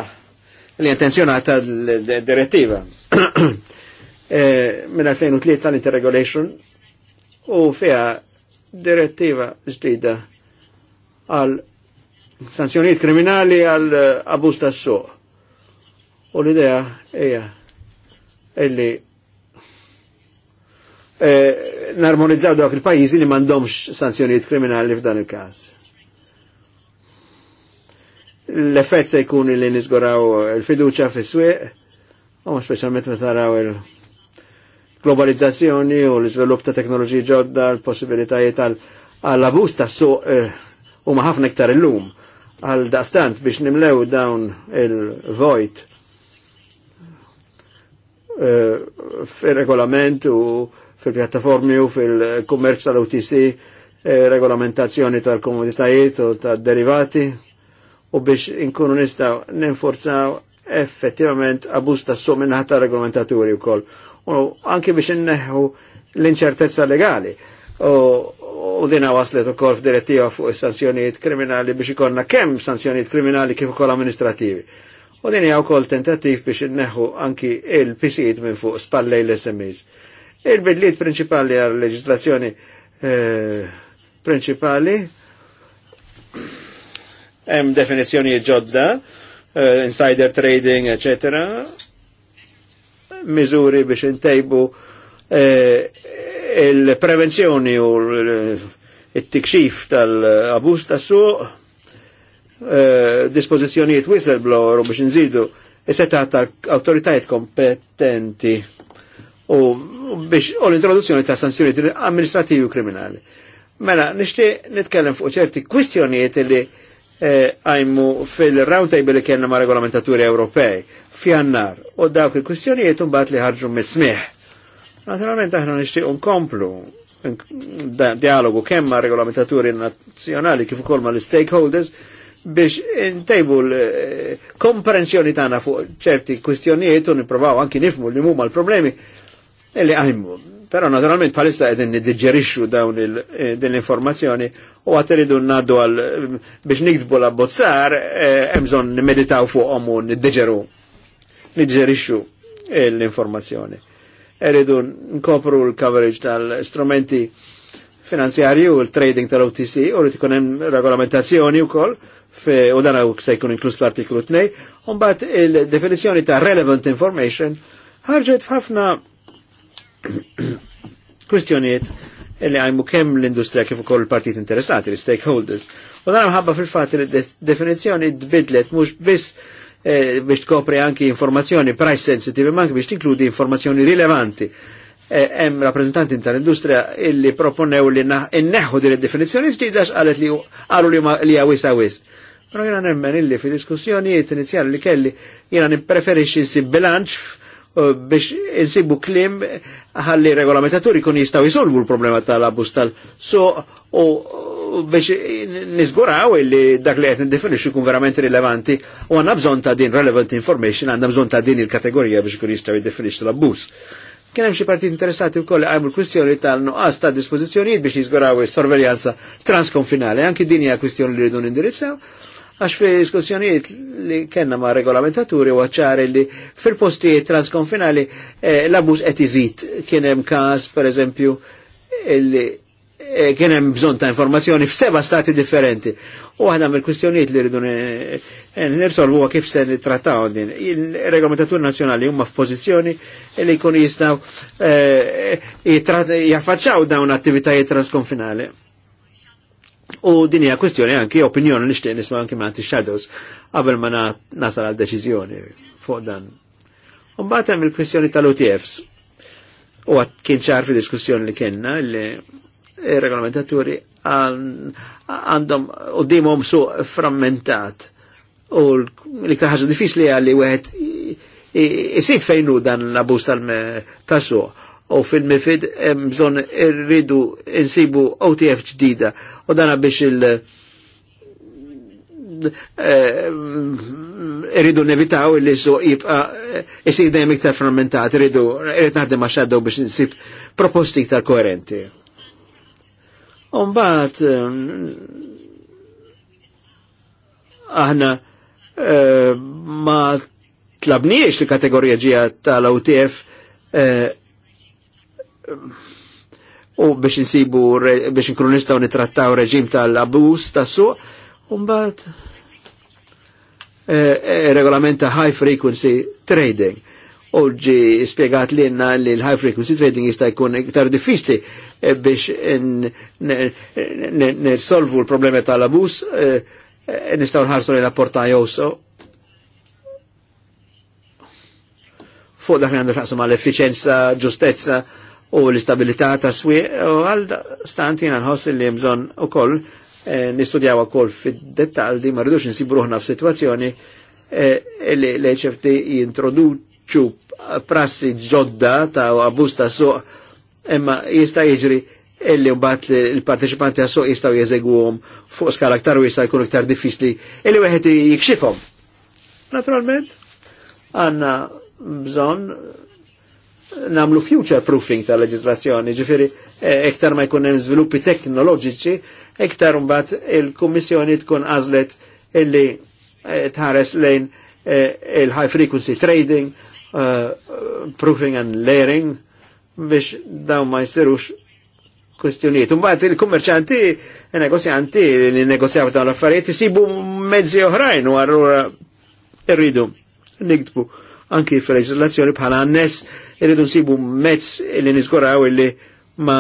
Speaker 4: li intenzjonata l-direttiva. eh, Mela 2003 tal-interregulation u fija direttiva ġdida għal sanzjoniet kriminali għal eh, abus tas suq U l-idea hija illi e, narmonizzaw dawk il-pajjiżi li m'għandhomx sanzjonijiet kriminali f'dan il-każ. L-effett se jkun li nizguraw il-fiduċa fis-swieq u speċjalment meta naraw il- globalizzazzjoni u l iżvilupp ta' teknoloġiji ġodda, l-possibilitajiet għall-abus ta' suq eh, u ħafna iktar illum għal daqstant biex nimlew dawn il-vojt eh, fil-regolament u fil-pjattaformi u fil-kummerċ tal-OTC, eh, regolamentazzjoni tal-komoditajiet u tal-derivati u biex inkunu nistaw ninforzaw effettivament abus ta' sum minnaħat regolamentaturi u kol U anki biex inneħu l-inċertezza legali. U u dina waslet u kol direttiva fuq sanzjoniet kriminali biex ikonna kemm sanzjonijiet kriminali kif ukoll amministrativi. U din hija wkoll tentattiv biex inneħħu anki il-pisijiet minn fuq spallej l-SMEs. Il-bidliet prinċipali għal leġislazzjoni principali. Eh, prinċipali hemm definizzjoni ġodda, eh, insider trading, eccetera, miżuri biex intejbu eh, il-prevenzjoni u il-tikxif tal-abus ta' suq eh, dispozizjoniet whistleblower u biex nżidu is-seta ta' autoritajiet kompetenti u biex u l-introduzzjoni ta' sanzjoni amministrativi u kriminali. Mela, nishti nitkellem fuq ċerti kwistjonijiet li eh, għajmu fil-roundtable li kellna ma' regolamentaturi Ewropej fjannar u dawk il-kwistjonijiet un bat li ħarġu mis-smiħ Naturalment aħna nixtieq nkomplu dialogu kemm ma' regolamentaturi nazzjonali kif ukoll ma' l-stakeholders biex intejbu l-komprensjoni tagħna fuq ċerti kwistjonijiet u nipprovaw anki nifmu li huma l-problemi li għajmu. Però naturalment palissa qed niddiġerixxu dawn eh, din l-informazzjoni u għad iridu ngħaddu għal biex nikdbu l-abbozzar eh, hemm bżonn nimeditaw fuqhom u niddiġeru niddiġerixxu eh, l-informazzjoni eridu nkopru l-coverage tal-strumenti finanzjari u l-trading tal-OTC u li tkun regolamentazzjoni u wkoll u dan hawn kse jkun inklus l-artiklu 2, u mbagħad il definizjoni ta' relevant information ħarġet f'ħafna kwistjonijiet li għajmu kemm l-industrija kif ukoll il-partit interessati, l-stakeholders. U dan ħabba fil fat il-definizjoni definizzjoni bidlet mux biss Eh, biex tkopri anki informazzjoni price sensitive, ma anki biex tinkludi informazzjoni rilevanti. Eh, hemm eh, rappresentanti tal-industrija illi proponew li inneħħu din id-definizzjoni ġdida għalet li għalu li hija wisa wis. Però jiena nemmen illi fi diskussjonijiet inizjali li kelli jiena nippreferixxi si bilanċ Eh, biex insibu klim ħalli regolamentaturi kun jistaw jisolvu l-problema tal-abus tal-so u biex nizguraw illi dak li għet nindefinix ikun verament rilevanti u għanna bżon ta' din relevant information għanna bżon ta' din il-kategorija biex kun jistaw jiddefinix tal-abus. Kien hemm xi partit interessati wkoll għajmu l-kwistjoni tal-nuqqas ta' dispożizzjonijiet biex jiżguraw is-sorveljanza transkonfinali, anki din hija kwistjoni li rridu nindirizzaw Għax fi diskussjonijiet li kena ma' regolamentaturi u għacċar li fil-postijiet transkonfinali eh, l-abus etizit kienem kas, per eżempju, li eh, kienem bżon ta' informazzjoni f'seba stati differenti. U għadna mill kwistjonijiet li rridu eh, nirsolvu kif se nittrattaw din. Il-regolamentaturi nazjonali huma f'pożizzjoni li jkun jistaw eh, jaffaċċaw dawn attivitajiet transkonfinali U din hija kwestjoni anki opinjoni nixtieq nisma' anki ma' shadows qabel ma nasal għal deċiżjoni fuq dan. Mbagħad hemm il-kwestjoni tal otfs U għat kien ċar fi diskussjoni li kienna li regolamentaturi għandhom u dimhom su frammentat. U l-iktar ħaġa diffiċli għalli wieħed isib fejnu dan l-abuż tal tasu u fil-mifid hemm bżonn irridu insibu OTF ġdida u dana biex il- eh, irridu nevitaw li su jibqa jisir eh, dejjem iktar frammentat, irridu irrid naħdem għax biex nsib proposti iktar koerenti. Umbat eh, aħna ma tlabniex li kategorija ġija tal-OTF u biex nsibu, biex nkunu nistgħu nitrattaw reġim tal-abus tas-suq, u mbagħad eh, eh, regolamenta high frequency trading. Oġi spiegat li jenna li l-high frequency trading jista jkun iktar diffiċli eh, biex nirsolvu l-problemi tal-abus nistaw nħarsu li l-apporta jowso. Fuq dak li għandu xaqsum għall-efficienza, ġustezza, u l-istabilità ta' swi u għal stantina nħoss li mżon u koll eh, nistudjaw koll fil-detaldi ma rridux nsibruħna f-situazzjoni eh, li l-HFT jintroduċu prassi ġodda ta' abus ta' suq imma jista' jiġri illi mbagħad il-parteċipanti għas suq jistgħu jeżegwuhom fuq skala aktar wisa jkunu iktar diffiċli illi wieħed jikxifhom. Naturalment, għandna bżonn namlu future proofing ta' leġislazzjoni ġifiri e, ektar ma jkun hemm żviluppi teknoloġiċi, ektar mbagħad il-Kummissjoni tkun għażlet illi e, tħares lejn e, il-high frequency trading, proofing and layering biex daw ma jsirux kwestjoniet. Mbagħad il-kummerċanti, il-negozjanti li negozjaw ta' l-affarijiet isibu mezzi oħrajn u għarru irridu nikdbu anki fil legislazzjoni bħala għannes irridu nsibu mezz li niżguraw illi ma,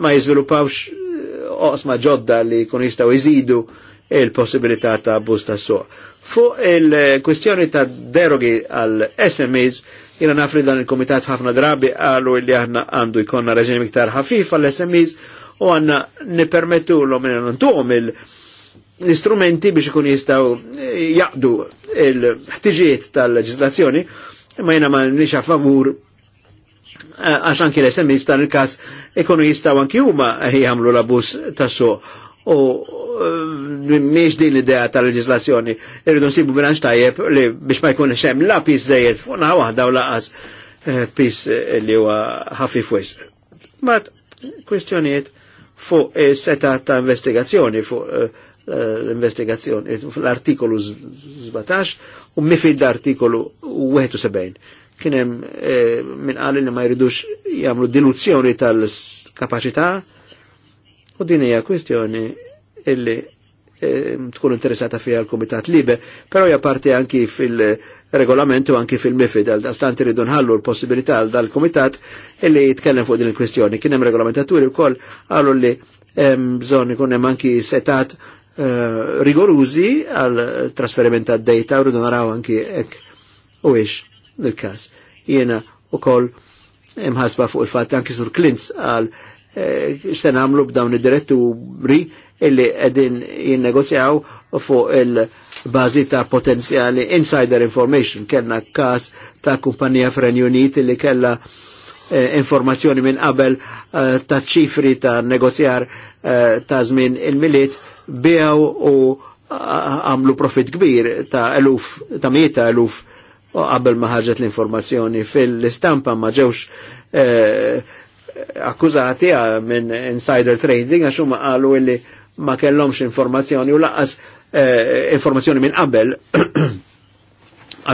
Speaker 4: ma jizviluppawx eh, oqsma ġodda li kun jistaw jizidu il-possibilità ta' bus ta' suq. Fuq il-kwestjoni ta' derogi għal SMEs, jina nafri dan il-komitat ħafna drabi għallu li aħna għandu jkonna reġim iktar ħafif għal SMEs u għanna nipermettu l omina il il l-istrumenti biex ikun jistaw eh, jaqdu il-ħtiġiet tal-leġislazzjoni, ma jena ma nix favur eh, għax anki l-SMI f'dan kas ikunu jistaw anki huma jgħamlu l-abus tasso u eh, miex din l-idea tal-leġislazzjoni irridu nsibu bilanċ tajjeb li biex ma jkun xem la pis zejed fuqna waħda u laqas pis li huwa ħafif wis. Mat kwestjonijiet fuq seta ta' investigazzjoni fuq uh, l-investigazzjoni eh, eh, fl-artikolu 17 u mifid l artikolu 71. Kienem eh, minn għalli li ma jridux jamlu diluzzjoni tal-kapacità u din hija kwestjoni illi tkun interesata fija l-Komitat Libe, però hija parti anki fil-regolament u anki fil-mifid, għal-dastant irridu nħallu l-possibilità dal-Komitat illi jitkellem fuq din il-kwestjoni. Kienem regolamentaturi u koll għallu li bżon ikun hemm anki setat uh, rigorużi għal trasferiment ta' data u rridu naraw anki ek u ix il-kas. Jena u koll imħasba fuq il-fat anki sur Klintz għal eh, se namlu b'dawn id-diretturi illi għedin jinnegozjaw fuq il-bazi ta' potenzjali insider information. Kenna kas ta' kumpanija Fren Unit illi kella eh, informazzjoni minn qabel eh, ta' ċifri ta' negozjar eh, ta' zmin il-miliet bijaw u għamlu profit kbir ta' eluf, ta' mieta eluf qabel ma ħarġet l-informazzjoni fil-istampa ma ġewx eh, akkużati ah, minn insider trading għax huma qalu illi ma kellhomx informazzjoni u laqas eh, informazzjoni minn qabel u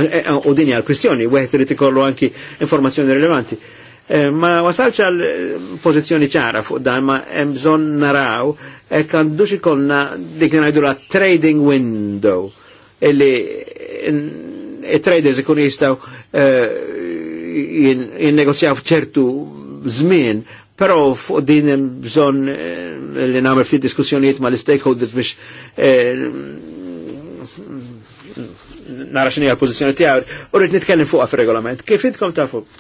Speaker 4: dinja għal l-kwistjoni, wieħed irid ikollu anki informazzjoni rilevanti. Eh, ma wasalx għal pożizzjoni ċara fuq dan ma hemm bżonn naraw e għandux ikonna dik li la trading window illi traders ikun jistgħu eh, jinnegozjaw f'ċertu zmin però fuq din bżon eh, li nagħmel ftit diskussjonijiet mal stakeholders biex eh, nara xinija l-pozizjoni tijaw, u rrit nitkellem fuqa fil-regolament. Kif ta' fuq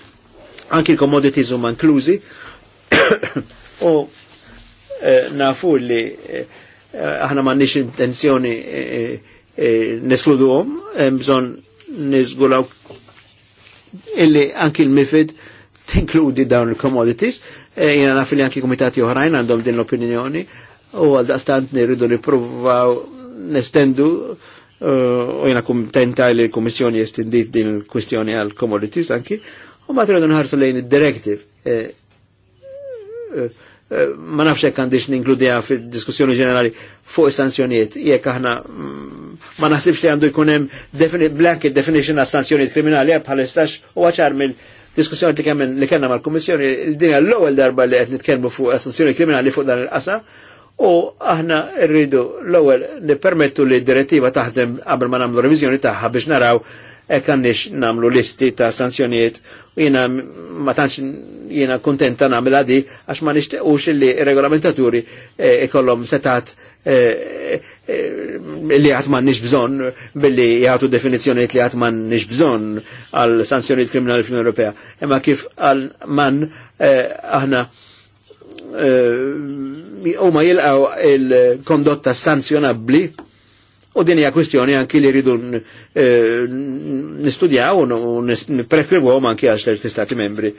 Speaker 4: Anki l-commodities huma inklużi, u Eh, nafu li eh, aħna nix intenzjoni eh, neskluduhom, bżon niżgulaw illi anki l-mifid tinkludi dawn il-commodities, jina nafu li anki komitati oħrajn għandhom din l-opinjoni, u għal daqstant nirridu nipruvaw nestendu u jina kumtenta li l-Komissjoni jestindit din l kwestjoni għal commodities anki, u ma tridu nħarsu lejn il-directive. Eh, ma nafx hekk għandix ninkludiha fid-diskussjoni ġenerali fuq is-sanzjonijiet, jekk aħna mm, ma naħsibx li għandu jkun hemm blanket definition għas sanzjonijiet kriminali eh, bħalistax u għaċar mill diskussjoni li kemm li kellna mal-Kummissjoni dinja l-ewwel darba li qed nitkellmu fuq sanzjoni kriminali fuq dan il qasa u aħna rridu l-ewwel nippermettu li d-direttiva taħdem qabel ma nagħmlu reviżjoni tagħha biex naraw ek għannix namlu listi ta' sanzjoniet u jina ma tantx jena kontenta namela di għax ma nixtiqux li regolamentaturi eh, ikollom e, setat e, e, li għat ma nix bżon billi jgħatu definizjoniet li għat ma nix bżon għal sanzjoniet kriminali fl Ewropea. Imma kif għal man aħna u ma jilqaw il-kondotta sanzjonabli U din hija kwistjoni anki li rridu eh, nistudjaw u nipreskrivuhom anki għax l stati membri.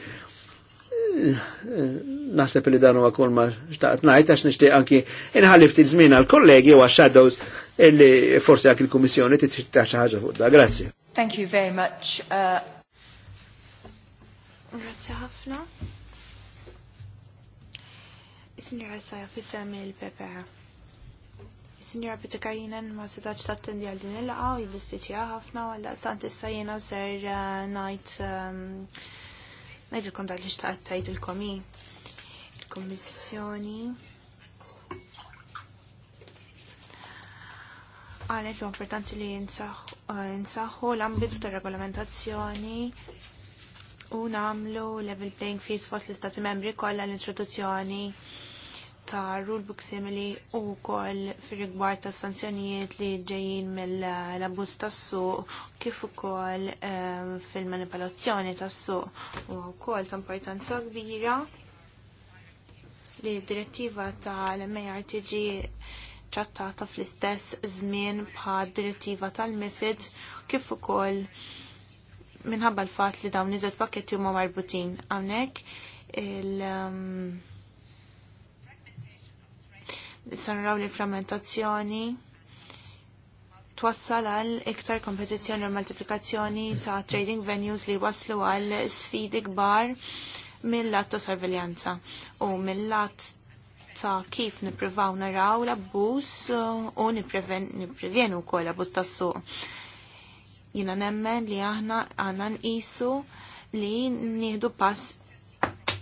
Speaker 4: Naħseb li dan huwa kull ma xtaqt ngħid għax nixtieq anki inħalli ftit żmien għall-kollegi u għax-shadows illi forsi anki l-Kummissjoni titxita xi ħaġa fuq da. Grazzi.
Speaker 1: Thank you very much. Uh, Grazzi ħafna. Isni sinjora sajja fissam il-PPA. Signora Pitakajinen ma setax tattendi għal din il-laqa u jiddispieċja ħafna u għal-daqstant issa jena ser eh, najt ehm, najdilkom dak li xtaqt tajt il-komi. il komissjoni għalet l-importanti li eh, nsaħħu l ambit ta' regolamentazzjoni u namlu level playing field fost l-istati membri kollha l-introduzzjoni ta' book simili u wkoll fir-rigward ta' sanzjonijiet li ġejjin mill-abbuż tas-suq kif ukoll ehm, fil-manipolazzjoni tas-suq u wkoll ta' importanza kbira li d-direttiva tal-MRTG trattata fl-istess żmien bħal direttiva tal-MIFID kif ukoll minħabba l-fatt li dawn iżgħar pakketti huma marbutin hawnhekk il- um, issa naraw li frammentazzjoni twassal għal iktar kompetizzjoni u multiplikazzjoni ta' trading venues li waslu għal sfidi kbar mill-lat ta' sorveljanza u mill-lat ta' kif niprivaw naraw l abbus u niprivjenu kol l abbus ta' suq. Jina nemmen li aħna għanan nqisu li nieħdu pass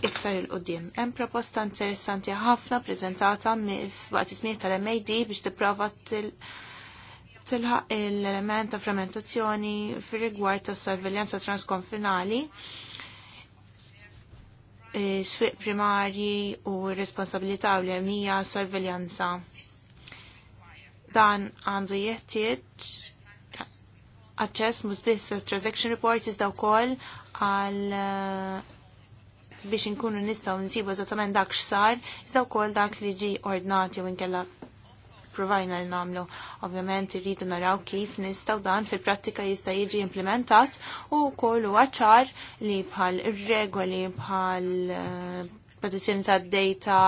Speaker 1: iktar il-qoddim. Hemm proposta interessanti ħafna preżentata waqt ismiet tal-MAD biex tipprova tilħaq l-element ta' frammentazzjoni fir-rigward tas sorveljanza transkonfinali swieq primarji u responsabilità u l-emnija sorveljanza. Dan għandu jeħtieġ aċċess mhux biss transaction report iżda wkoll għal biex inkunu nistaw nsibu eżattament dak x'sar, iżda wkoll dak li ġi ordnati u nkella provajna li namlu. Ovvjament irridu naraw kif nistaw dan fil-prattika jista' jiġi implementat u wkoll huwa ċar li bħal regoli bħal eh, protezzjoni tad data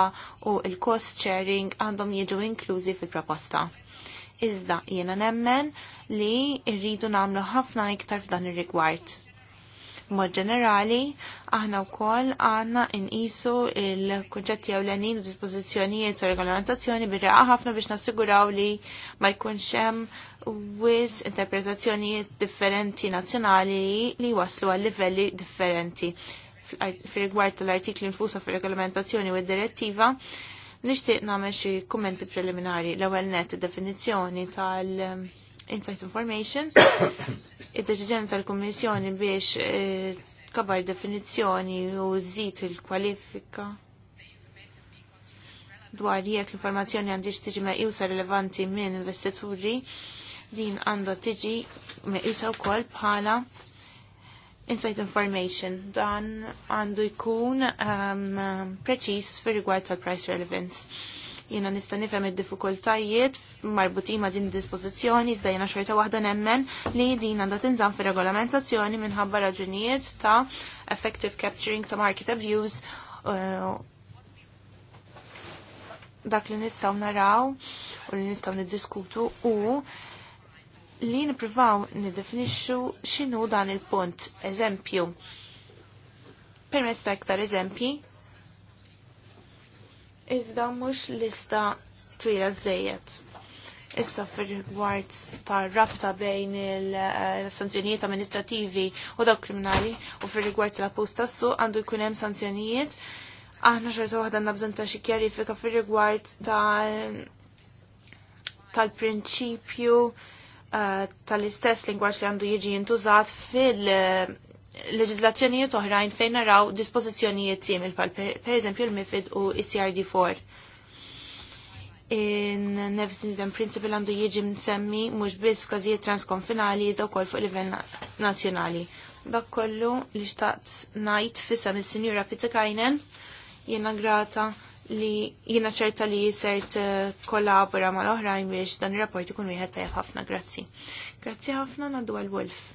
Speaker 1: u il-cost sharing għandhom jiġu inklużi fil-proposta. Iżda jiena nemmen li rridu namlu ħafna iktar f'dan ir-rigward Mod ġenerali, aħna wkoll għandna nqisu il-kunċetti ewlenin u dispożizzjonijiet u regolamentazzjoni birraqa ħafna biex nassiguraw li ma jkunx hemm wis interpretazzjonijiet differenti nazzjonali li waslu għal livelli differenti. Fil-rigward tal-artikli nfusa fir regolamentazzjoni u d-direttiva, nixtieq nagħmel xi kummenti preliminari l-ewwel net definizzjoni tal- Insight Information, id-deċiżjoni tal-Kummissjoni biex eh, kabar definizzjoni u żid il-kwalifika dwar jekk l-informazzjoni għandix tiġi meqjusa rilevanti minn investituri din għandha tiġi meqjusa wkoll bħala Insight Information. Dan għandu jkun um, ehm, preċis fir rigward tal-price relevance Jiena nista' nifhem id-diffikultajiet marbutin ma' din dispożizzjoni iżda jiena xorta waħda nemmen li din għandha tinżamm fir-regolamentazzjoni minħabba raġunijiet ta' effective capturing ta' market abuse uh, dak li nistaw naraw u li nistaw niddiskutu u li niprivaw nidefinixxu xinu dan il-punt. Eżempju, permezz ta' iktar eżempji, iżda mhux lista twila żejjed. Issa fil-rigward ta' rabta bejn il-sanzjonijiet amministrativi u dawk kriminali u fil-rigward ta' posta su għandu jkun hemm sanzjonijiet. Aħna xorta waħda nabżon ta' xi kjarifika fil-rigward tal-prinċipju eh, tal-istess lingwaġġ li għandu jiġi jintużat fil- leġizlazzjonijiet oħrajn fejn naraw dispożizzjonijiet simil pal per eżempju l-MIFID u CRD4. In Nevznidan Principle għandu jieġi msemmi mhux biss każijiet transkonfinali iżda wkoll fuq livell nazzjonali. Dak kollu li xtaqt ngħid fissa mis-Sinjura Pizzakajnen jiena grata li jiena ċerta li jisert eh, kollabora mal-oħrajn biex dan ir-rapport ikun wieħed tajjeb ħafna. Grazzi. Grazzi ħafna naddu għal-Wolf.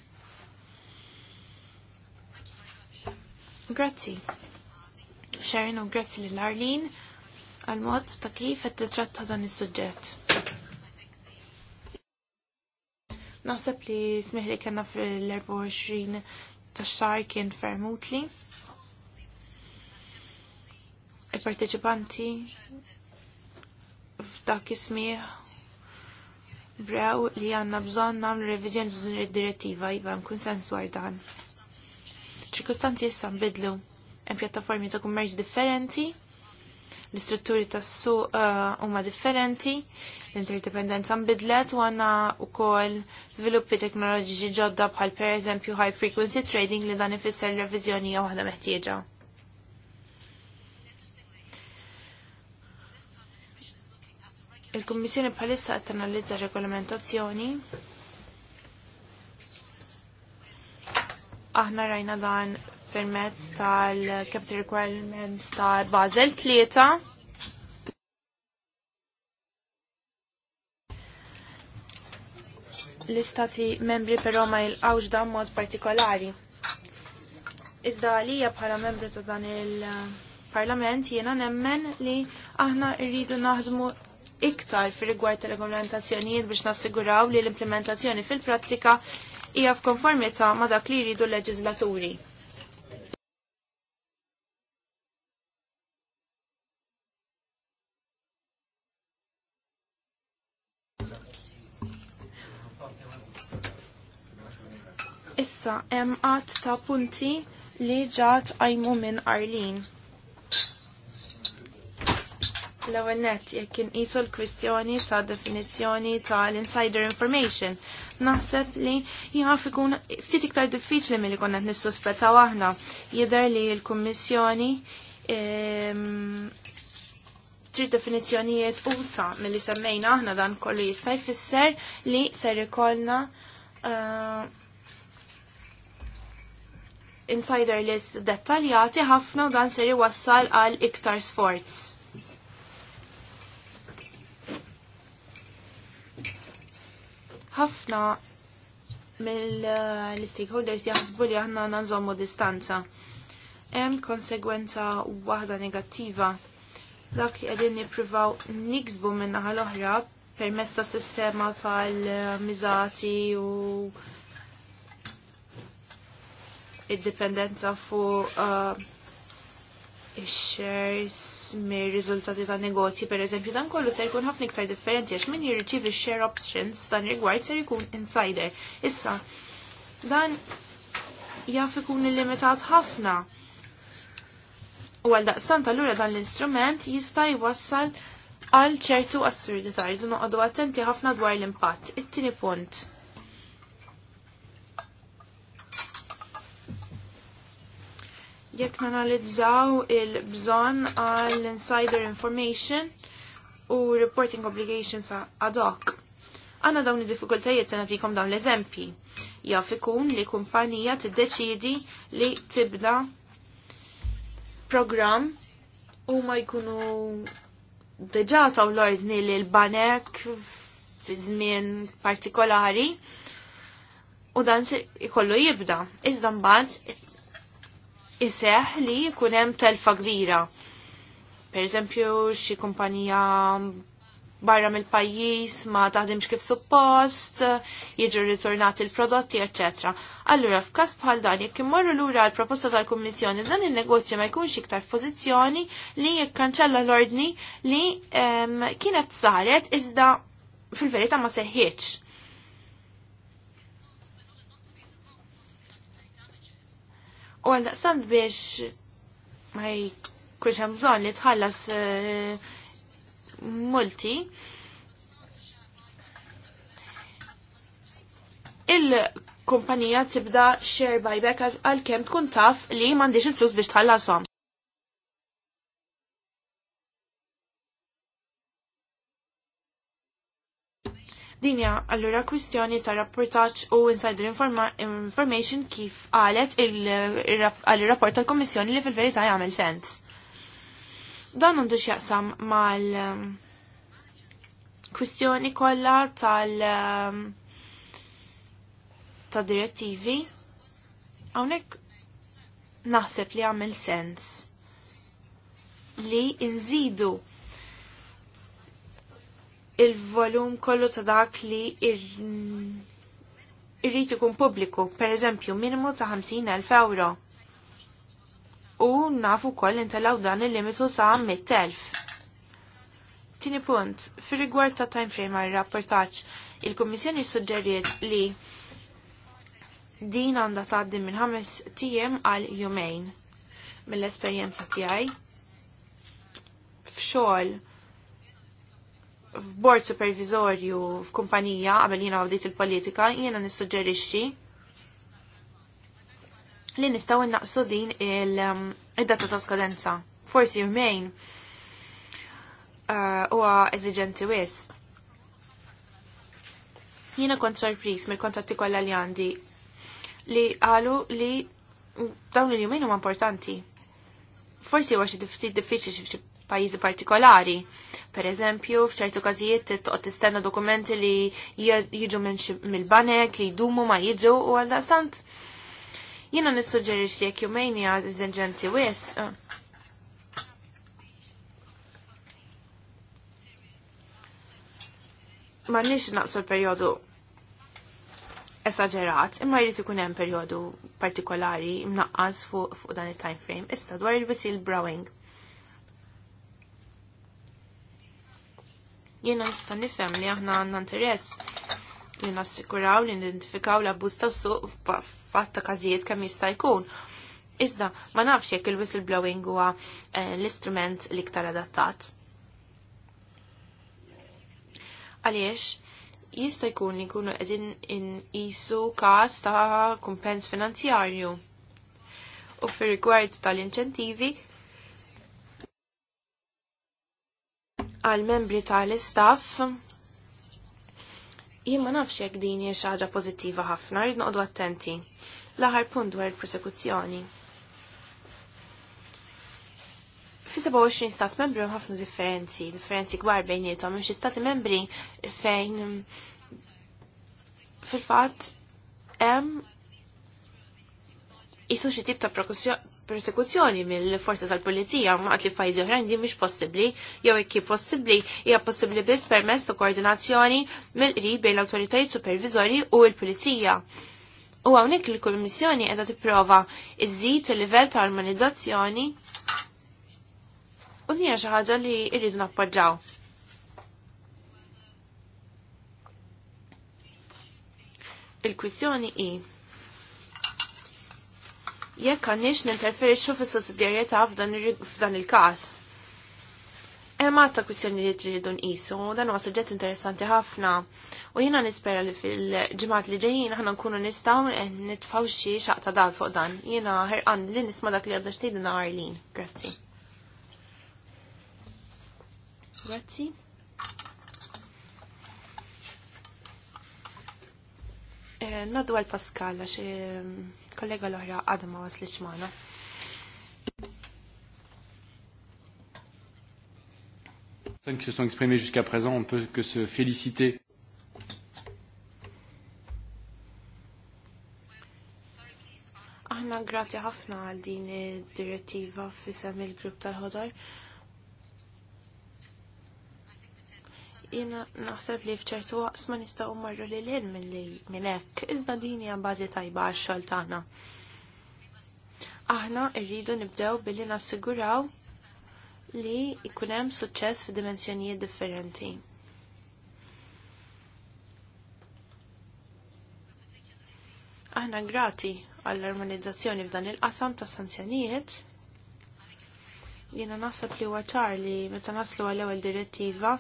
Speaker 1: Grazzi. Sharon u grazzi lil Arlene għal-mod ta' kif qed tratta dan is-suġġett. Naħseb li smiħli kena fil-24 ta' xar kien fermutli. Il-parteċipanti f'dak ismiħ brew li għanna bżon namlu revizjoni d id-direttiva jibgħam kun sens dwar dan ċirkustanzi issa nbidlu. Hemm pjattaformi ta' kummerċ differenti, l-istrutturi tas suq uh, huma differenti, l-interdependenza nbidlet u u wkoll żviluppi teknoloġiċi ġodda bħal pereżempju high frequency trading li dan ifisser revizjoni jew waħda meħtieġa. Il-Kummissjoni bħalissa qed tanalizza regolamentazzjoni Aħna rajna dan permezz tal-Capital Requirements ta' Basel 3. L-istati membri però ma il-għawġ dan mod partikolari. Iżda għalija bħala membru ta' dan il-parlament jiena nemmen li aħna rridu naħdmu iktar fil rigward tal-regolamentazzjonijiet biex nassiguraw li l-implementazzjoni fil-prattika hija f'konformità ma' dak li jridu l-leġislaturi. Issa hemm ta' punti li ġat għajmu minn Arlin. L-ewwel nett jekk inqisu l-kwistjoni ta' definizzjoni ta' l-insider information. Naħseb li jaf ikun ftit iktar diffiċli milli konna qed nissuspettaw aħna. Jidher li l-Kummissjoni ehm, trid definizzjonijiet usa milli semmejna aħna dan kollu jista' jfisser li ser ikollna eh, insider list dettaljati ħafna dan ser iwassal għal iktar sforz. ħafna mill-stakeholders jaħsbu li aħna nanżommu distanza. Hemm konsegwenza waħda negattiva. Dak li qegħdin nippruvaw niksbu minn naħa l-oħra permezz ta' sistema tal-miżati u id-dipendenza fuq uh, shares mir riżultati ta' negozji per eżempju dan kollu ser jkun ħafna iktar differenti għax min jirċivi share options dan rigward ser jkun insider. Issa, dan jaf ikun illimitat ħafna. U għal daqstant allura dan l-instrument jista' jwassal għal ċertu assurdità, jridu noqogħdu attenti ħafna dwar l-impatt. It-tieni punt. Jekk nanalizzaw il-bżon għall insider information u reporting obligations ad hoc. Għanna dawn id-diffikultajiet se nagħtikom dawn l-eżempji. Jaf ikun li kumpanija t-deċidi li tibda program u ma jkunu deġata u l-ordni li l-banek fi żmien partikolari u dan ikollu jibda. Iżda mbagħad iseħ li jkun hemm telfa kbira. Per eżempju, xi kumpanija barra mill-pajjiż ma taħdimx kif suppost, jiġu ritornati il-prodotti, ecc. Allura, f'każ bħal dan, jekk l lura l-proposta tal-Kummissjoni, dan il-negozju ma jkunx iktar pożizzjoni li jikkanċella l-ordni li um, kienet saret iżda fil-verità ma seħħieċ. U għal daqsam biex ma jkunx hemm bżonn li tħallas eh, multi. Il-kumpanija tibda share buyback għal kemm tkun taf li m'għandix il-flus biex tħallasom. Dinja allura kwistjoni ta' rapportaċ u insider information kif għalet il-rapport tal-Komissjoni li fil-verità jagħmel sens. Dan għandu x'jaqsam mal um, kwistjoni kollha tal- um, ta' direttivi, għawnek naħseb li għamil sens li nżidu il-volum kollu ta' dak li irrit ikun pubbliku, per eżempju minimu ta' 50.000 euro. U nafu koll intalaw dan il-limitu sa' 100.000. Tini punt, fir rigward ta' time frame għal rapportaċ, il komissjoni suġġeriet li din għanda tgħaddi minn ħames tijem għal jumejn mill-esperjenza tiegħi f'xogħol f'bord supervizorju f'kumpanija qabel jiena għawdit il-politika jiena nissuġġerixxi li nistgħu innaqsu din il-data um, ta' skadenza. Forsi jumejn uh, huwa eżiġenti wis. Jiena kont sorpriż mill-kontatti kollha li għandi li qalu li dawn il-jumejn huma importanti. Forsi huwa xi ftit diffiċli pajjiżi partikolari. Per eżempju, f'ċertu t toqgħod tistenna dokumenti li jiġu mill-banek li jdumu ma jiġu u għal sant. Jiena nissuġġerix li jekk jumejni għal iżenġenti wis. Eh. Ma nix naqsu l-perjodu esagerat, imma jrid ikun hemm perjodu partikolari mnaqqas fuq dan it-time frame. Issa dwar il-bisil browing. Jiena nista' nifhem li aħna għandna interess li nassikuraw li nidentifikaw l-abbuż tas-suq fatta każijiet kemm jista' jkun. Iżda, ma nafx jekk il-whistleblowing huwa eh, l-istrument l-iktar adattat. Għaliex, jista' jkun li jkunu qegħdin inqisu każ ta' kumpens finanzjarju. U fir rigward tal-inċentivi, għal membri tal-istaff jien ma nafx jekk din hija xaġa pozittiva ħafna, rrid noqdu attenti. L-aħħar punt dwar il-prosekuzzjoni. Fi 27 stat membri hemm ħafna differenzi, differenzi kbar bejniethom, hemm xi stati membri fejn fil-fatt hemm isu xi tip ta' persekuzzjoni mill-forza tal-polizija maqt li f'pajjiżi oħrajn di mhix possibbli jew hekk possibbli hija possibbli biss permezz ta' koordinazzjoni mill-qrib bejn l-awtoritajiet supervizori u l-pulizija. U hawnhekk il-Kummissjoni qiegħda tipprova iżid il-livell ta' armonizzazzjoni u din xi ħaġa li rridu nappoġġaw. Il-kwistjoni hi jekk għandniex ninterferixxu fis-sussidjarjetà f'dan il-każ. Hemm għadta kwistjoni li tridu nqisu, dan huwa suġġett interessanti ħafna u jiena nispera li fil-ġimgħat li ġejjin aħna nkunu nistgħu nitfgħu xi xaqta dal fuq dan. Jiena ħerqan li nisma' dak li għadda xtejdina Arlin. Grazzi. Grazzi. Naddu għal Pascal, għax ehm, kollega l ohra għadu ma waslitx maħna.
Speaker 2: qui se sont exprimées jusqu'à présent, on peut que se féliciter.
Speaker 1: Aħna grati ħafna għal din id-direttiva fisem il-grupp tal-ħodor jena naħseb li fċertu waqs ma nistaw marru li l-ħin minn hekk, iżda din hija bażi tajba għax-xogħol tagħna. Aħna rridu nibdew billi nassiguraw li jkun hemm suċċess f'dimensjonijiet differenti. Aħna grati għall-armonizzazzjoni f'dan il-qasam ta' sanzjonijiet Jiena naħseb li ċar li meta naslu għall ewwel direttiva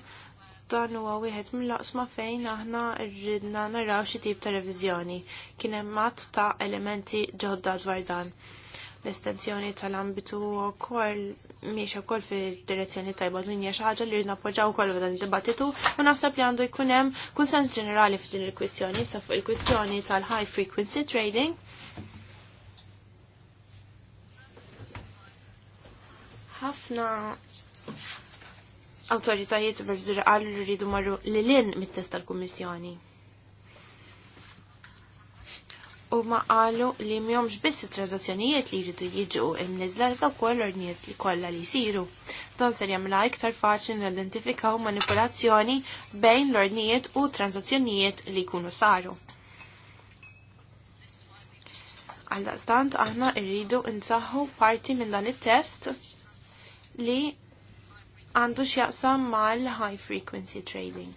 Speaker 1: dan huwa wieħed mill-laqsma fejn aħna rridna naraw xi tip ta' reviżjoni. Kien hemm matt ta' elementi ġodda dwar dan. L-estensjoni tal-ambitu wkoll mhijiex ukoll fid-direzzjoni tajba din hija xi ħaġa li rridna appoġġaw ukoll f'dan id-dibattitu u naħseb li għandu jkun hemm kunsens ġenerali f'din il-kwistjoni sa fuq il-kwistjoni tal-high frequency trading. ħafna autoritajiet supervizuri għallu li rridu marru li l-in mit-test tal-Kummissjoni. U ma għallu li mjomx biss il-trazazzjonijiet li jridu jiġu imnizla da kol l-ordnijiet li kolla li siru. Dan ser jamla iktar faċli l identifikaw manipolazzjoni bejn l-ordnijiet u transazzjonijiet li kunu saru. Għaldaqstant aħna irridu nsaħħu parti minn dan it-test li għandu x'jaqsam mal-high frequency trading.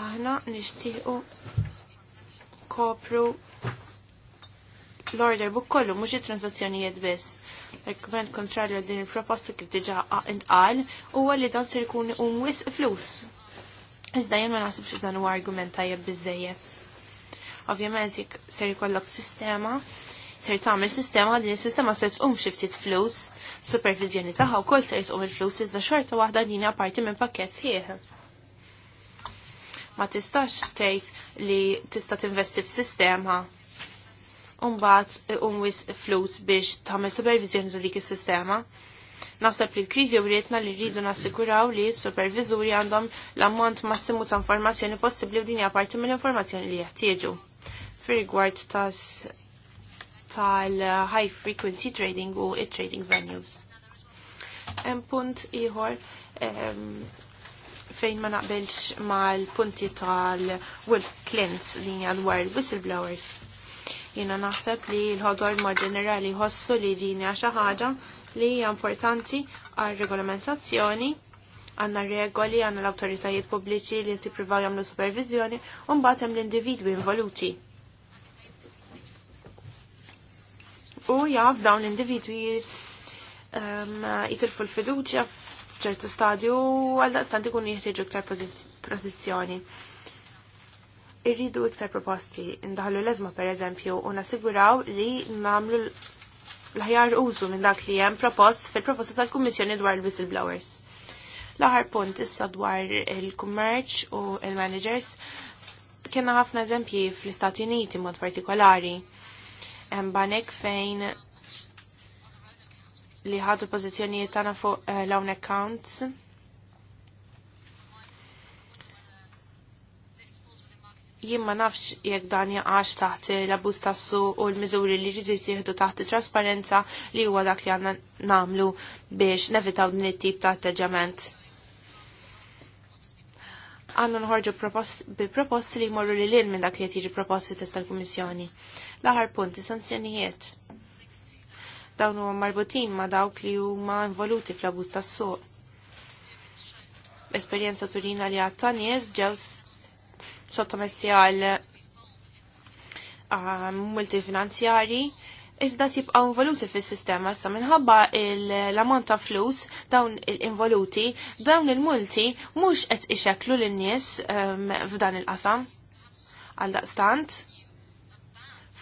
Speaker 1: Aħna nixtiequ kopru l-order book kollu mhux it-transazzjonijiet biss. L-argument kontrarju din il-proposta kif diġà għal, huwa li dan ser ikun wisq flus. Iżda jien ma xidan u huwa argument tajjeb biżejjed. Ovvjament ser kollok sistema ser tagħmel sistema din is-sistema ser tqum xi ftit flus, supervizjoni tagħha wkoll ser tqum il-flus iżda xorta waħda din hija parti minn pakkett sħiħ. Ma tistax tgħid li tista' tinvesti f'sistema Umbat wis flus biex tagħmel supervizjoni ta' dik is-sistema. Naħseb li l-kriżi urietna li rridu nassikuraw li s-supervizuri għandhom l-ammont massimu ta' informazzjoni possibbli u dinja parti mill-informazzjoni li jeħtieġu. Fir rigward ta' tal-high frequency trading u trading venues. Hemm punt ieħor ehm, fejn ma naqbilx mal-punti tal-Wolf clients li dwar whistleblowers. Jiena naħseb li l-ħodor mod ġenerali jħossu li din hija xi ħaġa li hija importanti għal regolamentazzjoni għanna regoli għanna l-autoritajiet pubbliċi li ti privaw jamlu supervizjoni un hemm l-individwi involuti. u jaf dawn l-individwi ehm, jitilfu l-fiduċja f'ċertu stadju għal daqstant ikun jieħtieġu iktar protezzjoni. Irridu iktar proposti, ndaħlu l-ezma per eżempju, u nasiguraw li namlu l-ħjar użu minn dak li hemm propost fil-proposta tal-Kummissjoni dwar il-whistleblowers. L-aħar punt issa dwar il-kummerċ u il-managers kena ħafna eżempji fl-Istati Uniti mod partikolari hemm banek fejn li ħadu pożizzjonijiet tagħna fuq eh, l-own accounts. jien ma nafx jekk dan jaqax taħt l tas su u l-miżuri li ġiet jieħdu taħt trasparenza li huwa dak li għandna nagħmlu biex nevitaw din it-tip ta' atteġġament għannu nħorġu bi proposti li jmorru li l-in minn dak li jtiġi proposti testa l-Komissjoni. l punti, punt, sanzjonijiet. Dawn huwa marbutin ma dawk li huma involuti fl-abuz tas-suq. Esperjenza turina li għatta nies ġew sottomessi għal multifinanzjari iżda tibqaw involuti fis-sistema sa minħabba l amont ta' flus dawn l involuti dawn il-multi mhux qed ixeklu lin-nies um, f'dan il-qasam. Għal daqstant,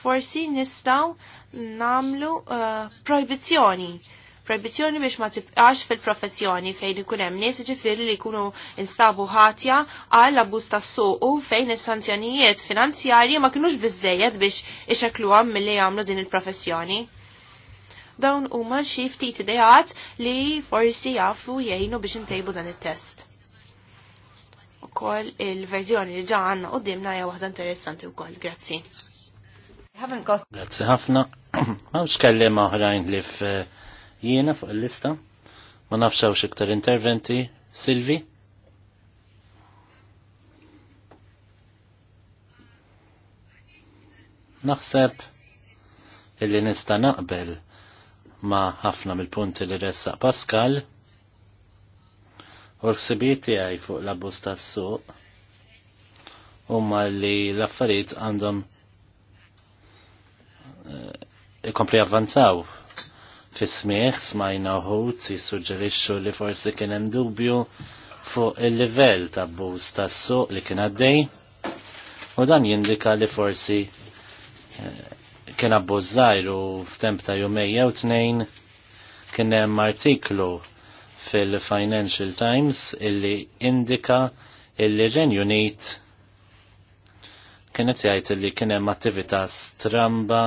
Speaker 1: forsi nistgħu namlu uh, proibizzjoni proibizjoni biex ma tibqax fil-professjoni fejn ikun hemm nies ġifieri li jkunu instabu ħatja għal abbuż tas-suq fejn is-sanzjonijiet finanzjarji ma kinux biżejjed biex ixekluhom milli jagħmlu din il-professjoni. Dawn huma xi ftit ideat li forsi jafu jgħinu biex intejbu dan it-test. Ukoll il-verżjoni li ġa għandna qudiemna hija waħda interessanti wkoll. Grazzi.
Speaker 2: Grazzi ħafna. Mawx kellim oħrajn li f' jiena fuq il-lista. Ma nafxaw xiktar interventi. Silvi? Naħseb illi nista naqbel ma ħafna mill-punti li ressaq Pascal u l-ħsibiet tiegħi fuq l-abbuż tas-suq ma li l-affarijiet għandhom eh, ikompli avvanzaw Fismieħ smajna uħut jissuġġerixxu li forsi kien hemm dubju fuq il-livell ta' abbuż tas-suq li kien għaddej u dan jindika li forsi eh, kien abbużajr u f'temp ta' jumej jew tnejn kien hemm artiklu fil-Financial Times illi indika illi Renju Unit kienet jgħid illi kien hemm attività stramba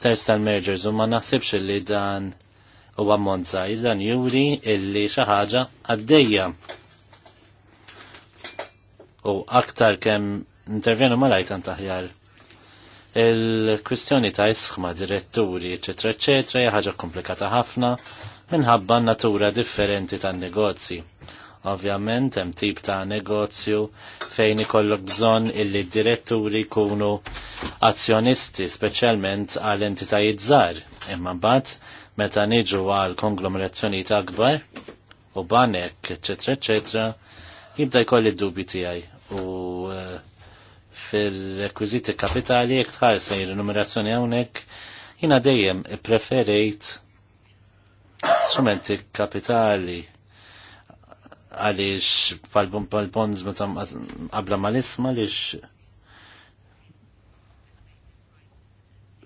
Speaker 2: f'ters tal-mergers u ma naħsibx li dan u għammont zaħir dan juri illi xaħġa għaddeja. U aktar kem intervjenu ma lajtan taħjar. Il-kwistjoni ta' isħma diretturi, etc. etc. ħaġa komplikata ħafna minħabba natura differenti tan negozji Ovvjament hemm tip ta' negozju fejn ikollok bżonn illi d-diretturi jkunu azzjonisti speċjalment għal entitajiet żgħar. Imma mbagħad meta niġu għal konglomerazzjonijiet akbar u banek, eċetera, eċetera, jibda jkolli d-dubi tiegħi u eh, fil-rekwiziti kapitali jek tħarsa il-numerazzjoni hawnhekk jina dejjem preferejt strumenti kapitali għaliex pal-bonds meta qabla mal-isma għaliex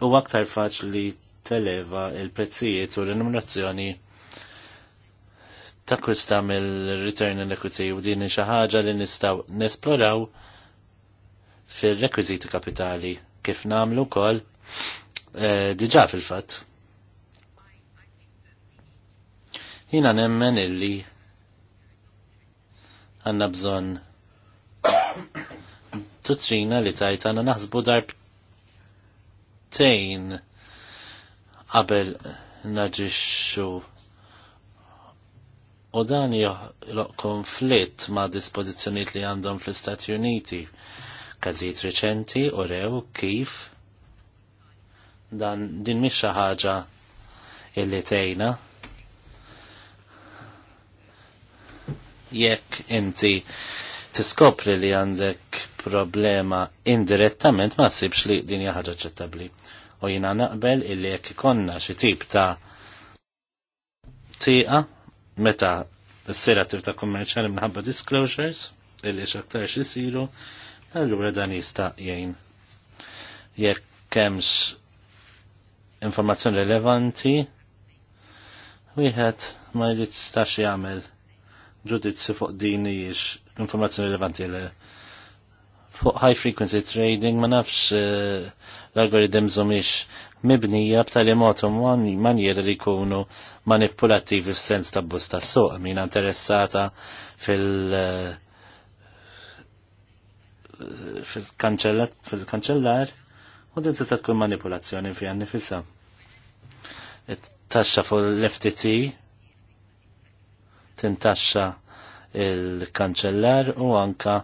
Speaker 2: u aktar faċ li televa il-prezzijiet u l-numerazzjoni ta' kwista mill-return in equity u din xi ħaġa li nistgħu nesploraw fil-rekwiziti kapitali kif namlu kol e, eh, diġa fil-fat. Jina nemmen illi għanna bżon tutrina li tajt għanna naħsbu darb tejn qabel naġiċu u dan joħloq konflitt ma' dispożizzjonijiet li għandhom fl-Istati Uniti. Kazit reċenti u rew kif dan din mhix ħaġa illi tejna. jekk inti tiskopri li għandek problema indirettament ma sibx li din hija ħaġa ċettabli. U jina naqbel illi jekk ikonna xi tip ta' tiqa meta s-sir ta' kummerċjali minħabba disclosures illi xaktar xisiru, allura dan jista' jgħin. Jekk kemx informazzjoni rilevanti, wieħed ma jrid jistax jagħmel ġudizzi fuq din hijiex informazzjoni rilevanti li fuq high frequency trading ma nafx eh, l-algoritm zomix mibnija b'tali motu manjera li jkunu manipulativi f'sens ta' bus ta' suq min interessata fil- eh, fil-kanċellar u din tista' tkun manipulazzjoni fija nifisha. Taxxa fuq l-FTT tintaxxa il-kanċellar u anka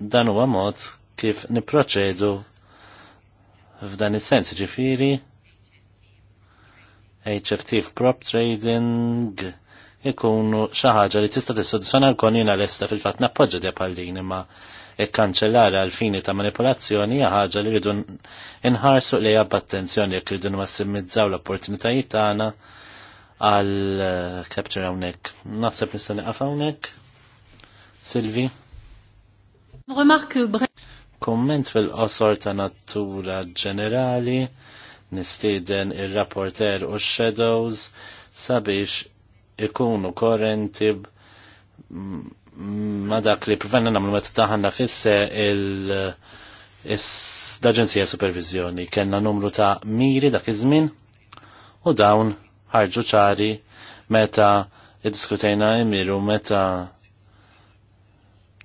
Speaker 2: dan huwa mod kif niproċedu f'dan is-sens ġifiri HFT f'prop trading ikunu xi ħaġa li tista' tissodisfana l konjina l lesta fil-fatt nappoġġa dja din imma ikkanċellara għal fini ta' manipolazzjoni hija ħaġa li rridu inħarsu li b'attenzjoni jekk rridu massimizzaw l-opportunitajiet tagħna għal eh, capture hawnhekk. Naħseb nista' niqaf hawnhekk. Silvi. Komment fil-qosor ta' natura ġenerali nistieden ir-rapporter u shadows sabiex ikunu korrenti ma dak li provenna namlu met taħanna fisse l-Aġenzija Supervizjoni. Kenna numru ta' miri dak iż-żmien u dawn ħarġu ċari meta iddiskutejna imiru meta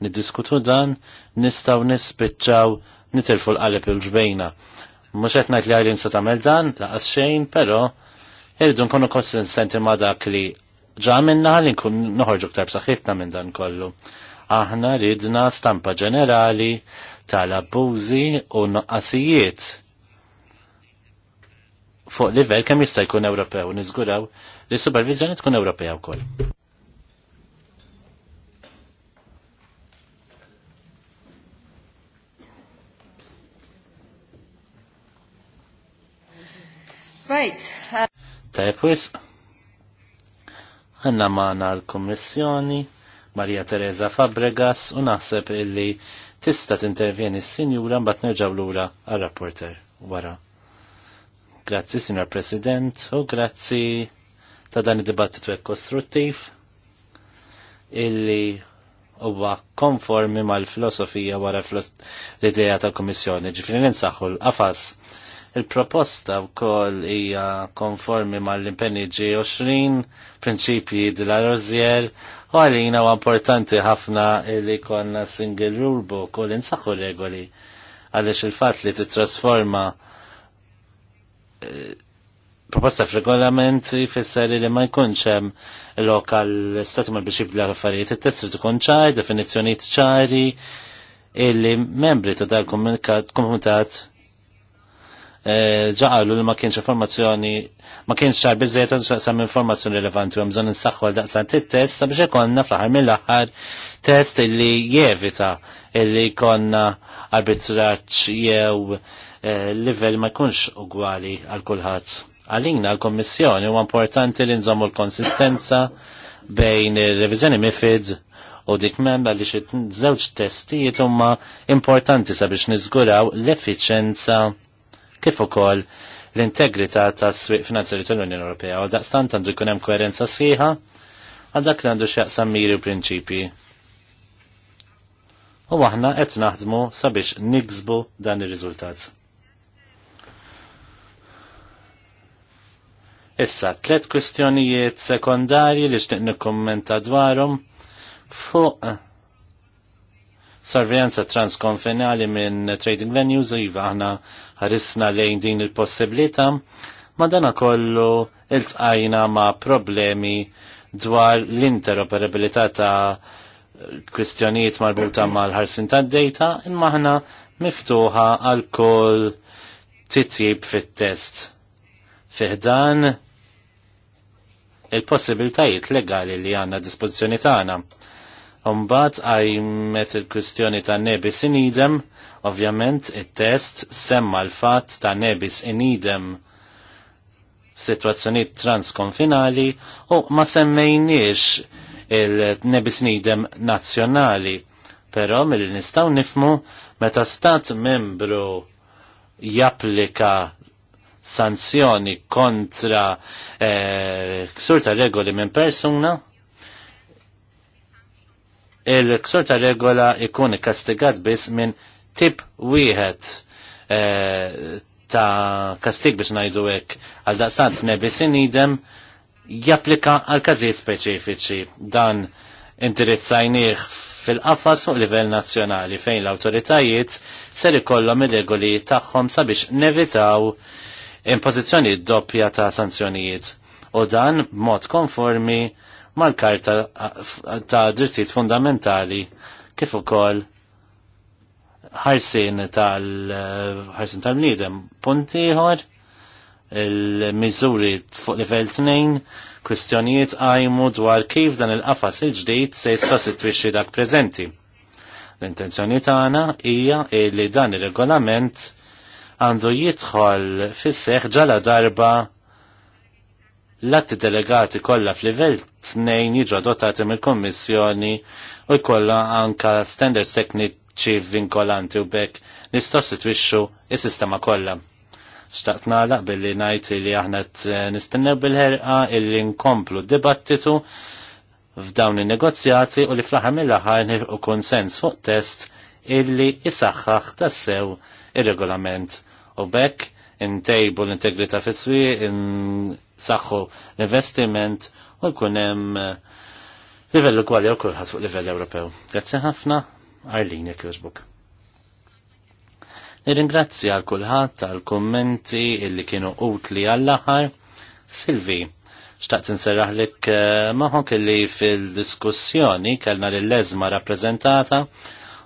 Speaker 2: niddiskutu dan nistaw nispiċċaw nitilfu l-qalb il-ġbejna. Mux qed ngħid li għajlin se tagħmel dan, laqas xejn, però irridu nkunu konsistenti ma' dak li ġa minna li nkun noħorġu ktar b'saħħitna minn dan kollu. Aħna ridna stampa ġenerali tal-abbużi u noqqasijiet fuq livell kemm jista' jkun Ewropew niżguraw li supervizjoni tkun Ewropea wkoll.
Speaker 3: Right. Uh...
Speaker 2: Tajb wisq għanna maħna l-Kommissjoni, Marija Teresa Fabregas u naħseb illi tista t-intervjeni s-sinjura mbat nerġaw l-ura għal-rapporter wara. Grazzi, Signor President, u grazzi ta' dan id-dibattitu kostruttiv illi huwa konformi mal-filosofija wara l-idea tal-Kommissjoni, ġifri insaħħu l afas Il-proposta wkoll hija konformi mal-impenni G20, prinċipji dil-arrożjer, u għalina u importanti ħafna li konna single rulebook u l-insaħu regoli għalix il-fat li titrasforma eh, proposta f'regolament jfisser li ma jkunx hemm lokal stati ma biex jibla affarijiet il testri tkun ċar, definizzjonijiet ċari, illi membri ta' dal komunitat Eh, ġaqalu li ma kienx informazzjoni, ma kienx ċar bizzejt sam informazzjoni rilevanti, u bżon nsaxħu għal daqsan t-test, sabiex ikonna fl-ħar mill-ħar test illi jevita illi konna arbitraċ jew eh, level ma jkunx ugwali għal kulħadd. Għalina l-Kommissjoni huwa importanti li nżommu l-konsistenza bejn ir revizjoni MIFID u dik memba li xi żewġ testijiet huma importanti sabiex niżguraw l-effiċenza kif ukoll l-integrità tas-swieq finanzjari tal-Unjoni Ewropea u daqstant għandu jkun hemm koerenza sħiħa għal dak li għandu x'jaqsam miri u prinċipji. U aħna qed naħdmu sabiex niksbu dan ir-riżultat. Issa, tlet kwistjonijiet sekondarji li xtiq nikkommenta dwarhom fuq sorvenza transkonfinali minn trading venues, iva aħna ħarisna lejn din il-possibilità, ma dana kollu iltqajna ma problemi dwar l-interoperabilità ta' kwistjonijiet marbuta mal-ħarsin ta' data, imma aħna miftuħa għal kol titjib fit-test. Fiħdan il-possibiltajiet legali li għanna dispozizjoni tagħna. Ta Umbat met il-kustjoni ta' nebis inidem, ovvjament il-test semma l-fat ta' nebis inidem situazzjoni transkonfinali u ma semmejniex il-nebis nidem nazzjonali. Pero mill nistaw nifmu meta stat membru japplika sanzjoni kontra eh, ksur ta' regoli minn persuna il-ksur ta' regola ikun kastigat biss minn tip wieħed eh, ta' kastig biex najdu hekk għal daqstant nebis idem japplika għal każijiet speċifiċi dan indirizzajnieh fil-qafas fuq livell nazzjonali fejn l-awtoritajiet ser ikollhom ir-regoli tagħhom sabiex nevitaw impożizzjoni doppja ta' sanzjonijiet u dan b'mod konformi mal-karta ta' drittijiet fundamentali kif ukoll ħarsin tal-ħarsin tal-bniedem. puntiħor, ieħor il-miżuri fuq livell tnejn, kwistjonijiet għajmu dwar kif dan il-qafas il-ġdid se jissostitwixxi dak preżenti. L-intenzjoni tagħna hija li dan ir-regolament għandu jidħol fis-seħ ġala darba l-atti delegati kollha f'livell tnejn jiġu adottati mill-Kommissjoni u jkollha anka standards tekniċi vinkolanti u bekk twixxu is-sistema kollha. Xtaqt nagħlaq billi ngħid li aħna nistennew bil-ħerqa illi nkomplu dibattitu f'dawn in-negozjati u li fl-aħħar mill-aħħar nilqu konsens fuq test illi isaħħaħ tassew ir-regolament u bekk intejbu l-integrità fis-swieq saħħu l-investiment u jkun hemm eh, livellu kwali u kulħadd fuq livell Ewropew. Grazzi ħafna, Arlin Kirchbuk. Nirringrazzja għal kulħadd għal kummenti illi kienu utli għall-aħħar. Silvi, xtaqt inserraħlek eh, maħok illi fil-diskussjoni kellna l-leżma rappreżentata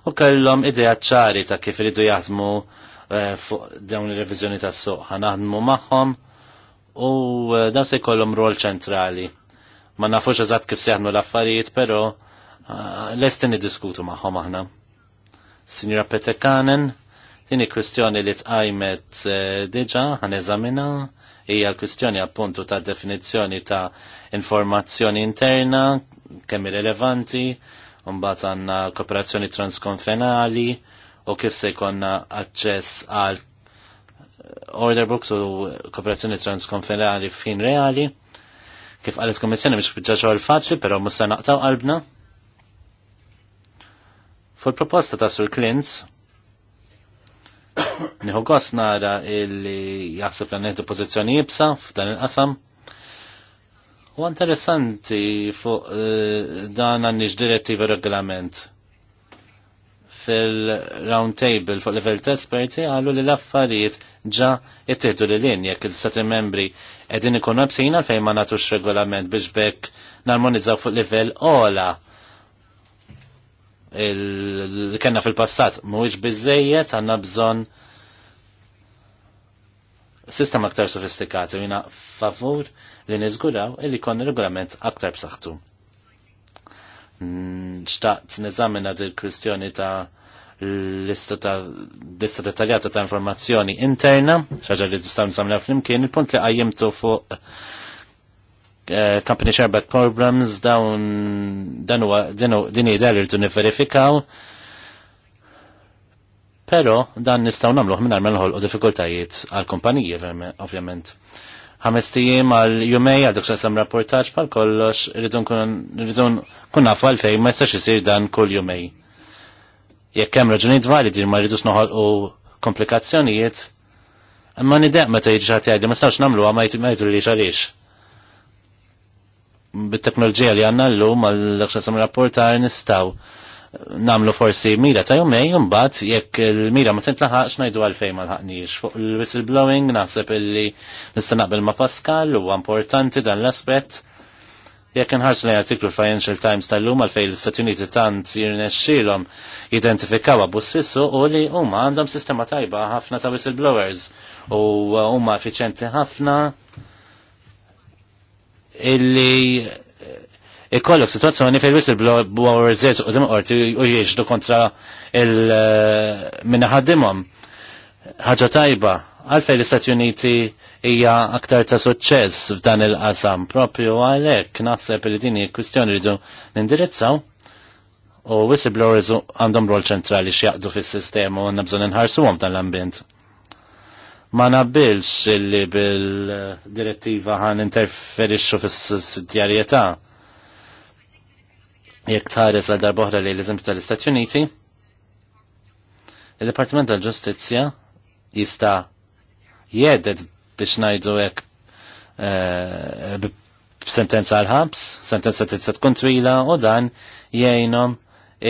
Speaker 2: u kellhom idea ċari ta' kif iridu jaħdmu eh, fuq dawn ir-reviżjoni tas-suq. Ħanaħdmu magħhom u eh, dan se jkollhom rol ċentrali. Ma nafux eżatt kif seħnu l-affarijiet, però eh, lesti niddiskutu magħhom aħna. Signora Petekanen, tini kwistjoni li tqajmet eh, diġa ħan eżamina hija l-kwistjoni appuntu ta' definizzjoni ta' informazzjoni interna, kemm rilevanti, mbagħad għandna kooperazzjoni transkonfenali u kif se jkollna aċċess għal order books u kooperazzjoni Transkonferali fin reali. Kif għalet kommissjoni biex bġaġu għal-faċi, pero musa naqtaw qalbna. Fuq proposta ta' Sur Klintz, Niħu gos nara illi jaħseb l neħdu pozizjoni jibsa f'dan il-qasam. U interessanti fuq eh, dan għan direttiva regolament fil-round table fuq level ta' esperti għallu li l-affarijiet ġa jittieħdu li l-in jekk il-stati membri qegħdin ikun absina fejn ma nagħtux regolament biex bekk narmonizzaw fuq level ola il kena fil-passat mhuwiex bizzejiet għandna bżon sistem aktar sofistikati jina favur li niżguraw li kon regolament aktar b'saħħtu xtaqt nizamina dil-kwistjoni ta' lista lista detaljata ta' informazzjoni interna, xaġa li tistaw fl flimkien, il-punt li għajjimtu fuq eh, company share problems dawn din idea li rridu niverifikaw. Però dan nistgħu nagħmluh mingħajr ma nħolqu diffikultajiet għall kumpanija ovvjament ħames tijiem għal jumej għadek xasam rapportaċ pal kollox rridun kun nafu għalfej ma jistax jisir dan kull jumej. Jekk hemm raġunijiet validi ma rridux noħolqu komplikazzjonijiet, imma nidaq meta jiġi ħati għaddi, ma stawx nagħmluha ma jitur li għaliex. Bit-teknoloġija li għandna llum għal xasam rapportaċ nistgħu namlu forsi mira ta' jumej, jumbat, jekk il-mira ma tintlaħaqx ngħidu għalfejn ma laħaqniex. Fuq il-whistleblowing naħseb illi nista' ma' Pascal huwa importanti dan l-aspett. Jekk nħarx li artiklu Financial Times tal-lum għalfej l stati Uniti tant jirnexxielhom jidentifikaw abbuż fissu u li huma għandhom sistema tajba ħafna ta' whistleblowers u huma effiċenti ħafna illi ikollok situazzjoni fejn whistleblowers jesu u qorti u jiexdu kontra il-minna eh, ħaddimhom. Ħaġa tajba, għalfejn l-Istati Uniti hija aktar ta' suċċess f'dan il-qasam propju għalhekk naħseb li din kwistjoni rridu nindirizzaw u whistleblowers għandhom rol ċentrali x'jaqdu fis-sistema u għandna bżonn inħarsuhom dan l-ambjent ma nabbilx illi bil-direttiva ħan interferixxu fis sussidjarjetà jekk tħares għal darboħra li l-eżempju tal-Istati Uniti, il-Departiment tal-Ġustizzja jista jedet biex najdu hekk eh, sentenza b'sentenza għal ħabs, sentenza tista tkun twila u dan jgħinhom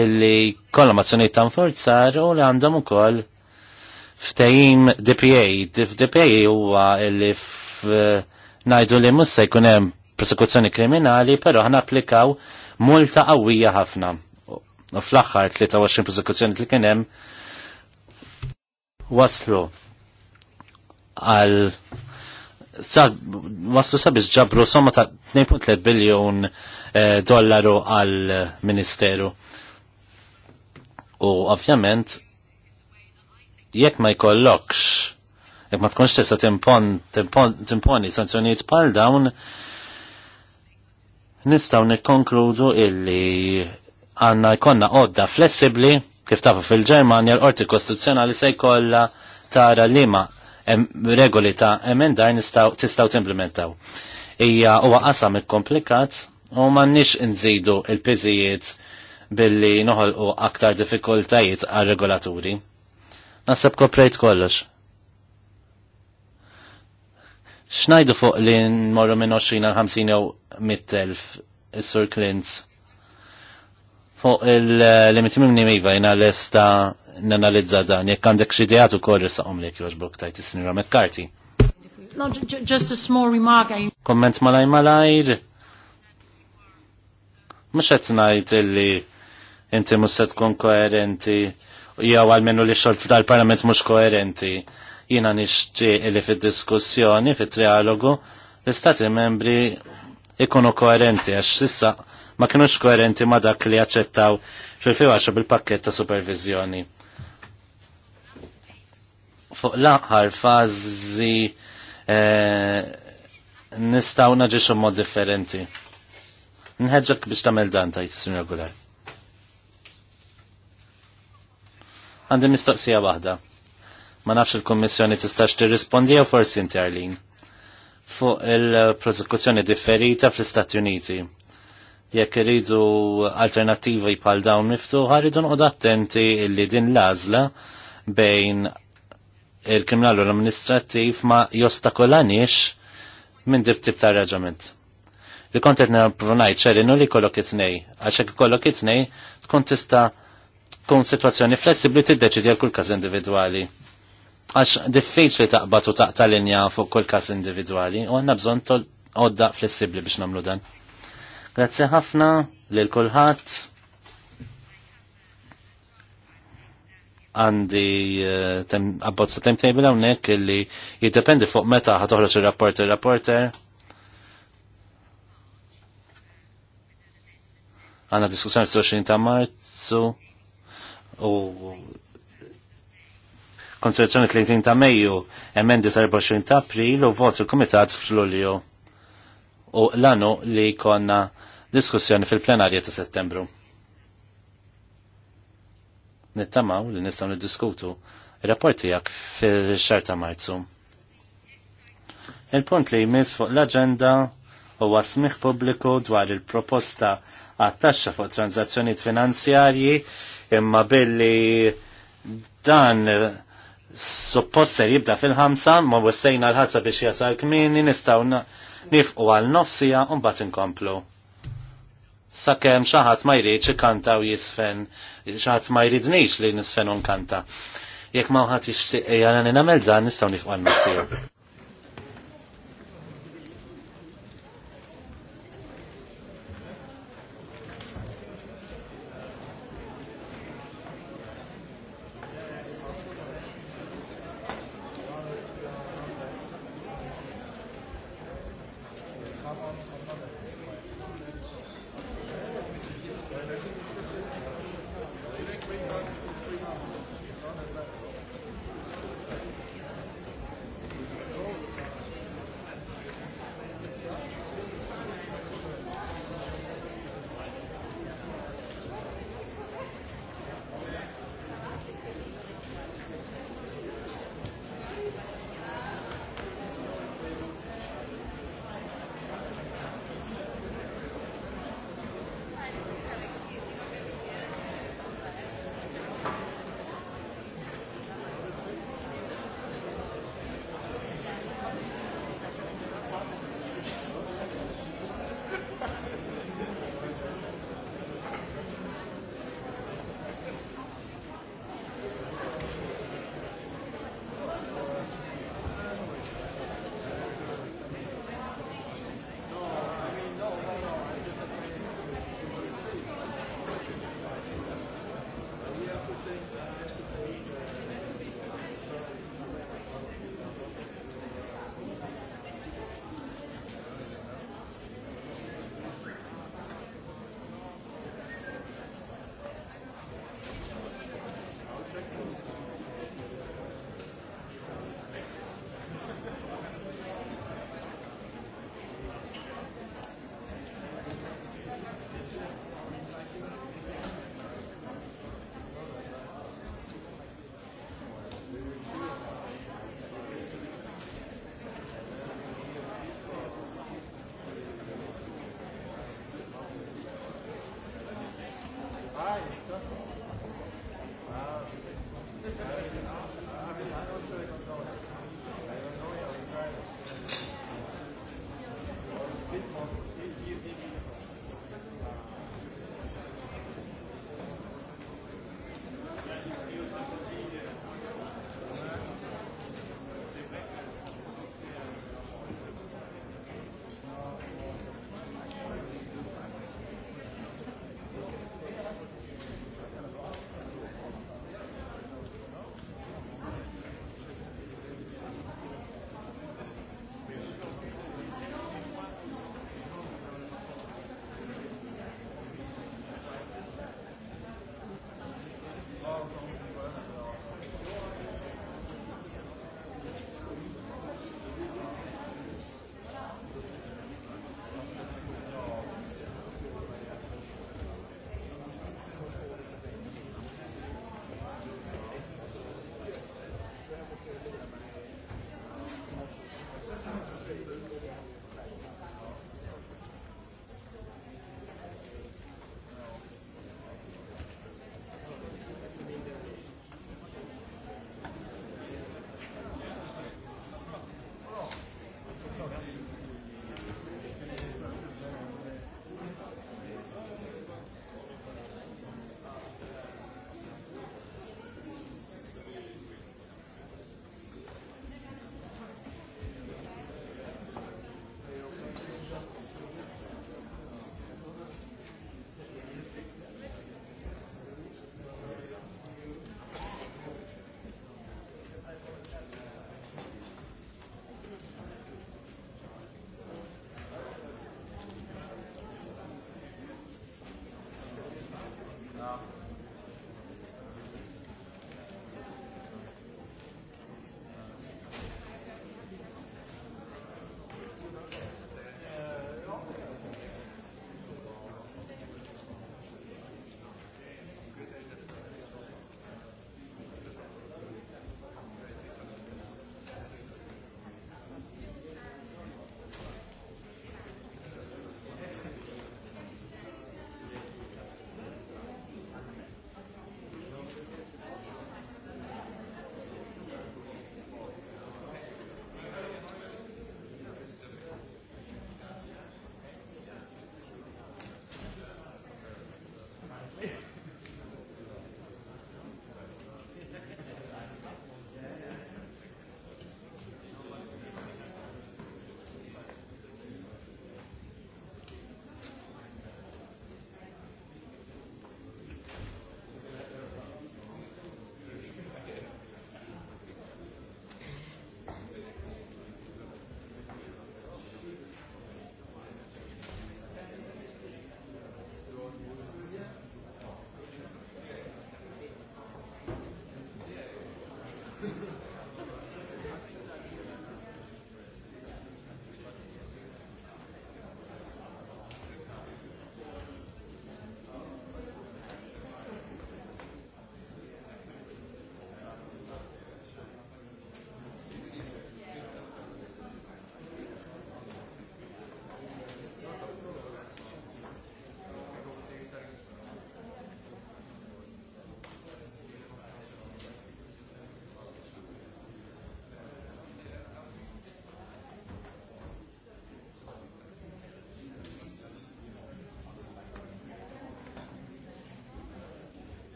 Speaker 2: illi kollha mazzjonijiet ta' forzar u li għandhom ukoll ftehim DPA. DPA huwa illi f'najdu li mhux se jkun hemm prosekuzzjoni kriminali, però ħna applikaw multa qawwija ħafna. U fl-aħħar 23 prosekuzzjoni li kien hemm waslu għal waslu sabiex ġabru somma ta' 2.3 biljon eh, dollaru għal ministeru. U ovvjament jekk ma jkollokx jekk ma tkunx tista' timponi sanzjonijiet bħal dawn nistaw nikkonkludu illi għanna jkonna għodda flessibli kif tafu fil-Ġermanja l-Qorti Kostituzzjonali se jkollha tara li ma regoli ta' emenda nistaw tistaw timplementaw. Ija huwa qasam ikkomplikat u m'għandniex nżidu l-piżijiet billi noħolqu aktar diffikultajiet għal regolaturi. Nasab koprejt kollox. Xnajdu fuq li nmorru minn 20 50 jew 100.000 is-Sur Klintz. Fuq il-limiti minn nimiva jina l-esta n-analizza dan, jekk għandek xidijat u korri saqom li kjoġbuk tajt is-Sinira McCarthy.
Speaker 1: No, just a small remark.
Speaker 2: Komment malaj malajr. Mux għet najt illi inti mus se tkun koerenti jew menu li xolt tal parlament mux koerenti Jina nixti li fil-diskussjoni, fil-trialogu, l-istati membri ikunu koerenti, għax sissa ma kienux koerenti ma dak li jaċċettaw fil-fiwaxa bil-pakket ta' supervizjoni. Fuq l-aħħar fazi e, eh, nistaw naġiexu mod differenti. Nħedġak biex tamel dan tajt s-sinjogular. Għandi mistoqsija wahda. Ma nafx il-Kommissjoni tistax tirrispondi jew forsi inti Arlin fuq il-prosekuzzjoni differita fl-Istati Uniti. Jekk iridu alternattivi pal dawn miftuħa, rridu noqgħod attenti illi din l-għażla bejn il-kriminal u l-amministrattiv ma jostakolanix minn dib tip ta' raġament li kontet nabronajt ċerinu li kollok it-nej, għaxek kollok it-nej, tkun tista tkun situazzjoni flessibli tiddeċidi għal kull każ individwali għax diffiċli taqbad u taqta linja fuq kull kas individwali u għanna bżon għodda flessibli biex namlu dan. Grazzi ħafna lil kulħadd. Għandi eh, abbozza timetable hawnhekk li jiddependi fuq meta ħatoħroġ ir rapporter rapporter Għanna diskussjoni 20 ta' Marzu u konstruzzjoni 30 ta' Mejju, emendi sa' 24 ta' April u vot fil-Kumitat f'Lulju. U l annu li konna diskussjoni fil-plenarja ta' Settembru. Nittamaw li nistgħu niddiskutu ir-rapporti jak fil-xar ta' Marzu. Il-punt li jmiss fuq l-agenda huwa smih pubbliku dwar il-proposta għat-taxxa fuq transazzjoni finanzjarji imma billi dan supposter jibda fil-ħamsa, ma wessejna l-ħazza biex jasal kmini, nistaw nifqu għal nofsija un bat inkomplu. Sakem xaħat ma jrid kanta u jisfen, xaħat ma jridnix li nisfen un kanta. Jek ma ħat jishtiq jgħana ninamel dan nistaw nifqu għal nofsija.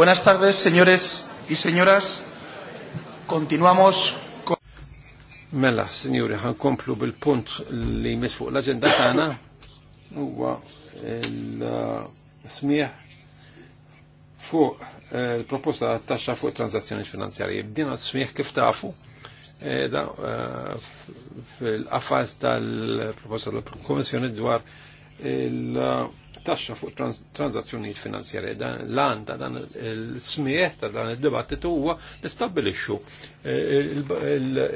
Speaker 3: Buenas tardes, señores y señoras. Continuamos con... Mela, signori, għan komplu bil-punt li mis fuq l-agenda tagħna huwa l-smieħ fuq il-proposta eh, ta' taxxa fuq transazzjoni finanzjarji. Bdina smieħ kif tafu eh, da eh, fil-qafas tal-proposta tal-Komissjoni dwar il- taxxa fuq transazzjonijiet finanzjarji. Dan l-għan ta' dan il-smieħ ta' dan il-dibattitu huwa nistabilixxu eh,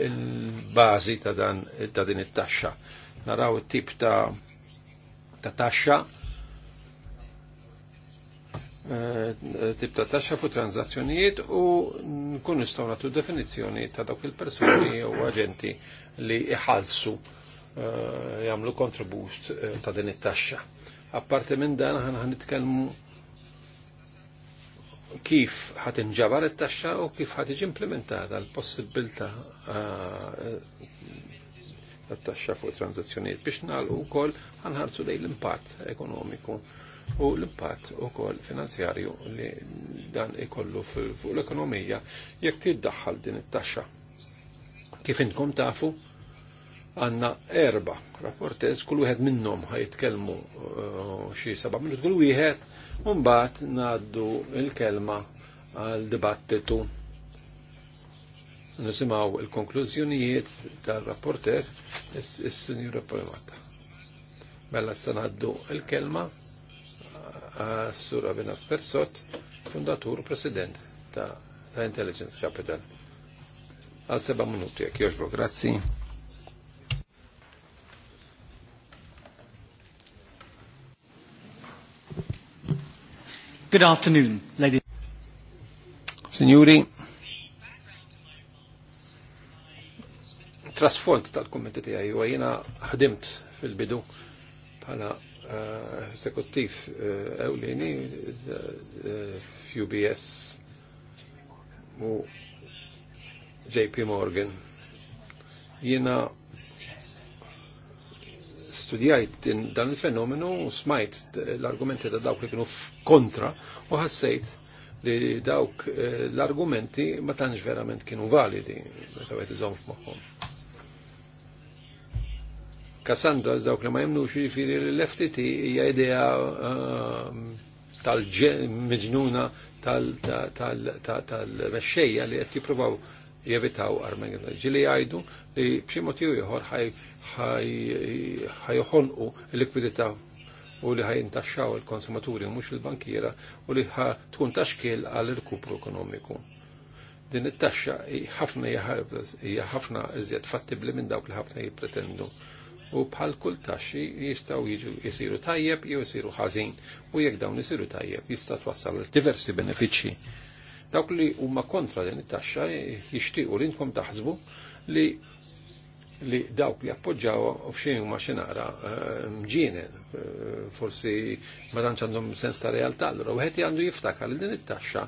Speaker 3: il-bażi ta' dan ta' din it-taxxa. Naraw it-tip ta' ta' taxxa eh, tip ta' taxxa fuq transazzjonijiet u nkun nistgħu nagħtu definizzjoni ta' dawk il-persuni u aġenti li iħallsu eh, jagħmlu kontribut ta' din it-taxxa. Apparti minn dan ħan nitkellmu kif ħat inġabar it-taxxa u kif ħat iġi implementata l-possibilità ah, eh, tat-taxxa fuq it-transazzjonijiet biex nagħlqu wkoll ħanħarsu lejn l-impatt ekonomiku u l-impatt ukoll finanzjarju li dan ikollu fuq l-ekonomija jekk tiddaħħal din it-taxxa. Kif intkom tafu, għanna erba rapportez, kull wieħed minnhom ħajtkellmu uh, xi seba' minut kull wieħed, u mbagħad ngħaddu l-kelma għal dibattitu. Nisimgħu il-konklużjonijiet tal-rapporter is sinjur Rapporta. Mela se ngħaddu l-kelma uh, Sur Avinas Persot, fundatur president ta' Intelligence Capital. Għal seba' minuti, jekk jogħġbu, grazzi.
Speaker 4: Good afternoon, ladies.
Speaker 3: Signori, trasfond tal-kommenti tiegħi u jiena ħdimt fil-bidu bħala eh, eżekuttiv eh, ewlieni eh, f'UBS u JP Morgan. Jiena studjajt dan il-fenomenu, smajt l-argumenti ta' dawk li kienu kontra u ħassejt li dawk eh, l-argumenti ma tantx verament kienu validi, meta għet iżom f'moħħom. Kassandra, dawk li ma jemnux jiġifieri li l-FTT hija idea ehm, tal-ġen miġnuna tal-mexxejja li qed jippruvaw jevitaw Armenjan. Ġili għajdu li bximot ju jħor ħajħonqu l-likwidità u li ħajintaxxaw il-konsumaturi mhux il-bankiera u li ħa tkun taxkil għal irkupru ekonomiku. Din it-taxxa ħafna hija ħafna iżjed fattibli minn dawk li ħafna jippretendu u bħal kull taxxi jistgħu jiġu jisiru tajjeb jew jisiru ħażin u jekk dawn isiru tajjeb jista' twassal diversi benefiċċji. Dawk li huma kontra din it-taxxa jixtiequ li inkom taħsbu li li dawk li appoġġaw f'xejn huma xi naqra eh, mġienen, eh, forsi ma tantx għandhom sens ta' realtà, allura wieħed għandu jiftakar li din it-taxxa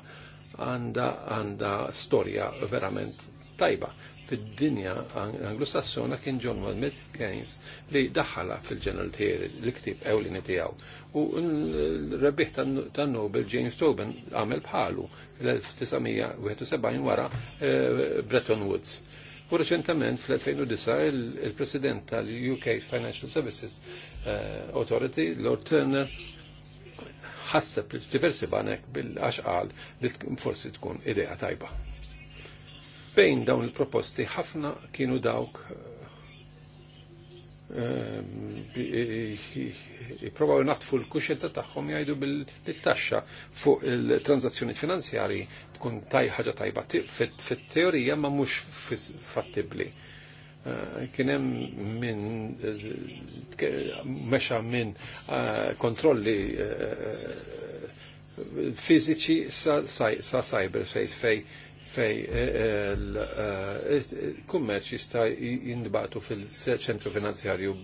Speaker 3: għandha għandha storja verament tajba fid-dinja anglosassona kien John Wilmot Keynes li daħħala fil-ġeneral theory l-ktib ewlieni tiegħu u l-rebbieħ tan Nobel James Tobin għamel bħalu l 1971 wara eh, Bretton Woods. U reċentament fl-2009 il-President tal-UK Financial Services eh, Authority, Lord Turner, ħasseb li diversi banek bil-axqal li forsi tkun idea tajba. Bejn dawn il-proposti ħafna kienu dawk eh, jiprovaw ehm, naħtfu l-kuxenza tagħhom jajdu bil-taxxa fuq il-transazzjoni finanzjari tkun taj ħaġa tajba fit-teorija ma mhux fattibbli. Eh, kien hemm minn eh, mexa minn eh, kontrolli fiziċi sa cyber fej fej eh, eh, eh, il-kummerċ jista' jindbatu fil-ċentru finanzjarju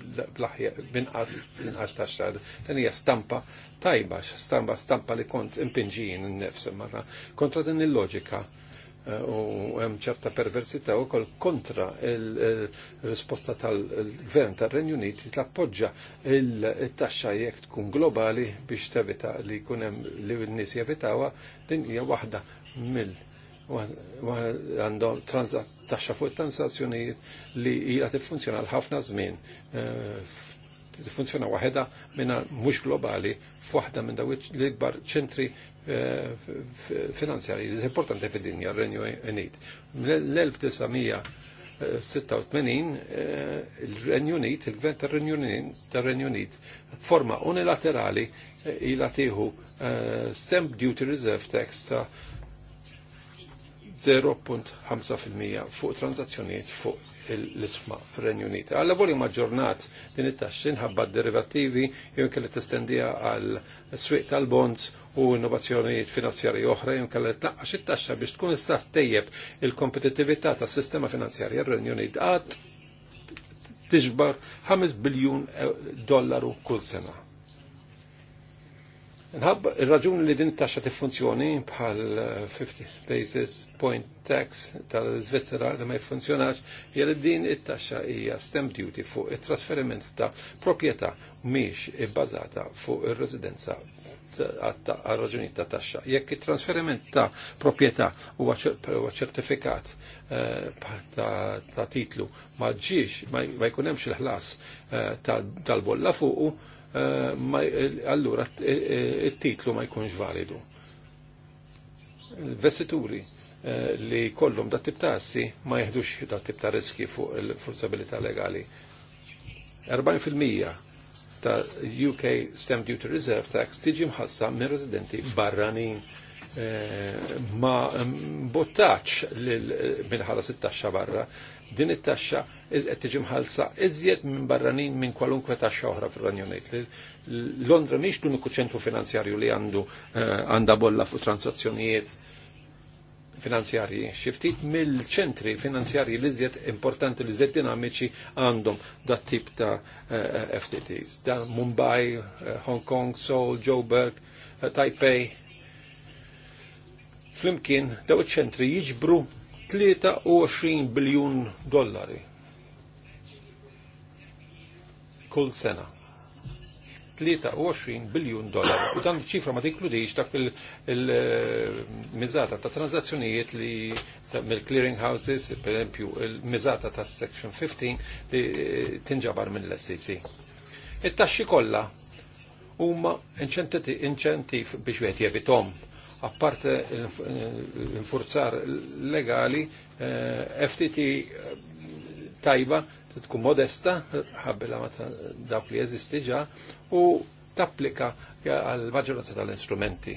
Speaker 3: binqas binqas taxxa. Dan hija stampa tajba, stampa stampa li kont impinġin innefs marra. kontra din il-loġika u hemm ċerta perversità wkoll kontra il-risposta tal-Gvern tar-Renju Unit li tappoġġa il-taxxa jekk tkun globali biex tevita li jkun hemm li n-nies jevitawha din hija waħda mill- għandu taxxa fuq transazzjonijiet li t tiffunzjona l-ħafna zmin. t eh, tiffunzjona waħedha minna mux globali f'waħda minn daw l-ikbar ċentri eh, finanzjari li importanti fid-dinja r-Renju Unit. l 1986 eh, il-Renju Unit, il-Gvern tal renju Unit, forma unilaterali ila stamp duty reserve tax ta' 0.5% fuq transazzjonijiet fuq l-isma fil-Renju Unit. Għalla voli maġġornat din it-taxxi nħabba derivativi jew t-istendija għal s-swiq tal-bonds u innovazzjonijiet finanzjarji oħra li t tnaqqax it-taxxa biex tkun issa tejjeb il-kompetittività tas-sistema finanzjarja r-Renju Unit għad tiġbar 5 biljun e-, dollaru kull sena. Nħabba il-raġuni li din taxxa tiffunzjoni bħal 50 eh, basis point tax tal-Svizzera li ma jiffunzjonax jgħal li din it-taxxa hija stamp duty fuq it-trasferiment ta' proprjetà mhix ibbażata fuq ir-residenza għal raġuni ta' taxxa. Jekk it-trasferiment ta' proprjetà huwa ċertifikat eh, ta' titlu ma ġiex ma jkun hemmx il-ħlas eh, tal-bolla fuqu, Eh, eh, allura eh, il titlu ma jkunx validu. Vestituri li kollum da tip tassi ma jihdux da tip ta' riski fuq il-forzabilità legali. 40% ta' UK Stamp Duty Reserve Tax tiġi mħassa minn residenti barranin ma mm, bottaċ minn ħala 16 barra din it-taxxa qed tiġi mħallsa iżjed minn barranin minn kwalunkwe taxxa oħra fir-Renju Unit. Londra mhix l-uniku ċentru finanzjarju li għandu eh, għandha bolla fuq transazzjonijiet finanzjarji. Xiftit mill-ċentri finanzjarji li iżjed importanti li iżjed dinamiċi għandhom dat tip ta' eh, FTTs. Da' Mumbai, eh, Hong Kong, Seoul, Joburg, Taipei. Flimkien, daw ċentri jiġbru 23 biljun dollari kull sena. 23 biljun dollari. U dan ċifra ma tinkludix dak il-miżata eh, ta' tranzazzjonijiet li mill-clearing houses, per esempio, il-miżata ta' section 15 li eh, tinġabar mill-SCC. E It-taxxi kollha huma inċentiv biex wieħed jevitom Apparte l-infurzar legali, eh, FTT eh, tajba, tkun modesta, ħabbela ma dawk li jeżisti ġa, u tapplika għal maġġoranza tal-instrumenti.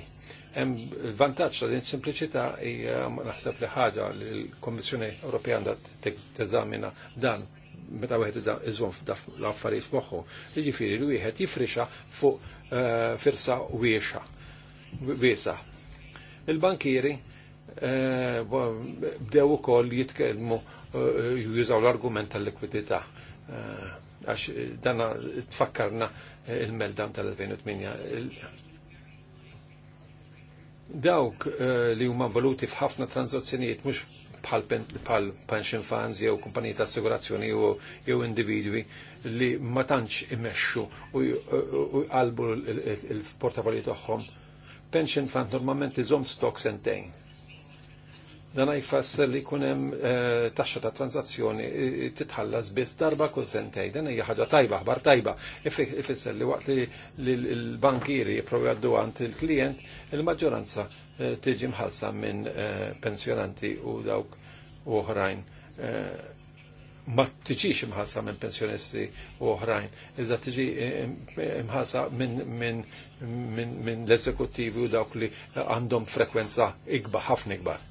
Speaker 3: Hemm vantaġġ ta' din simpliċità hija naħseb li ħaġa li l-Kommissjoni Ewropea għandha teżamina dan meta wieħed iżżomm l-affarijiet moħħu. Jiġifieri l-wieħed jifrixa fuq eh, firsa wiesa. Il-bankieri eh, bdew ukoll jitkellmu eh, jużaw l-argument tal-likwidità eh, għax dana tfakkarna il-meldan tal-2008. Dawk li huma valuti f'ħafna transazzjonijiet mhux bħal pension funds jew kumpaniji ta' assigurazzjoni jew individwi li ma tantx imexxu u jqalbu l-portafolji tagħhom pension fund normalment iżom stock sentejn. Dan jfasser li kunem hemm eh, taxxa ta' tranzazzjoni titħallas biss darba kull sentej. Dan hija ħaġa tajba, ħbar tajba. Ifisser li waqt li l-bankieri jipprovu għaddu għand il-klient, il-maġġoranza eh, tiġi mħalsa minn eh, pensjonanti u dawk oħrajn ma tiġix imħassa minn pensjonisti u oħrajn, iżda tiġi imħassa minn l-eżekutivi u dawk li għandhom frekwenza ikbar, ħafna ikbar.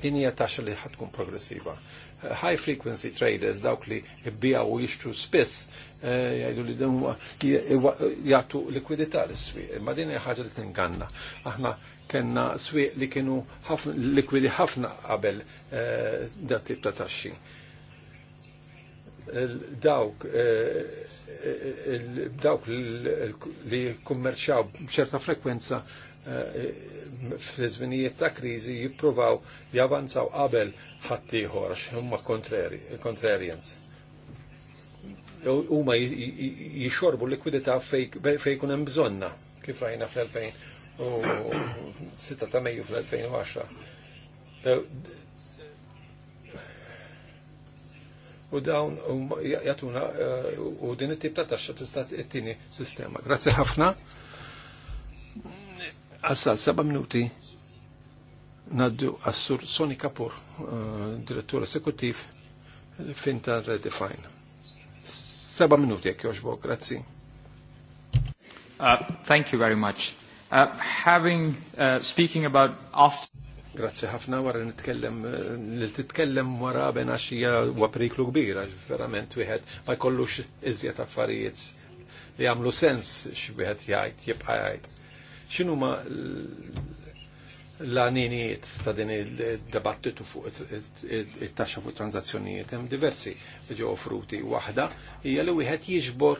Speaker 3: Din hija taxxa li ħatkun progressiva. High frequency traders, dawk li jibbijaw u jixtru spiss, eh, jgħidu li jgħatu likwidità l-swieq, ma din hija ħaġa li tinganna. Aħna kena swieq li kienu likwidi ħafna qabel eh, da tip ta' taxxi. Dawk eh, eh, dawk li kummerċaw b'ċerta frekwenza fl-izminijiet ta' krizi jippruvaw javanzaw qabel ħaddieħor għax huma kontrarians huma jixorbu likwidità fejn ikun hemm bżonna kif rajna fl-2000 u 6 ta' Mejju fl-2010. U dawn jatuna eh, u din it-tip ta' taxxa tista' t-tini sistema. Grazie ħafna. Għassal, seba minuti naddu għassur Soni Kapur, eh, direttur esekutiv finta Redefine. Seba minuti jekk joġbo, grazie. Uh, thank you very much. Uh, having, uh, speaking about Grazie ħafna wara nitkellem uh, li titkellem wara benaxxija huwa periklu kbira, verament wieħed ma jkollux iżjed affarijiet li jagħmlu sens x'wieħed jgħid jibqa' jgħid. X'inhu ma l-għaninijiet ta' din id debattitu fuq it-taxxa fuq transazzjonijiet hemm diversi ġew offruti. Waħda hija li wieħed jiġbor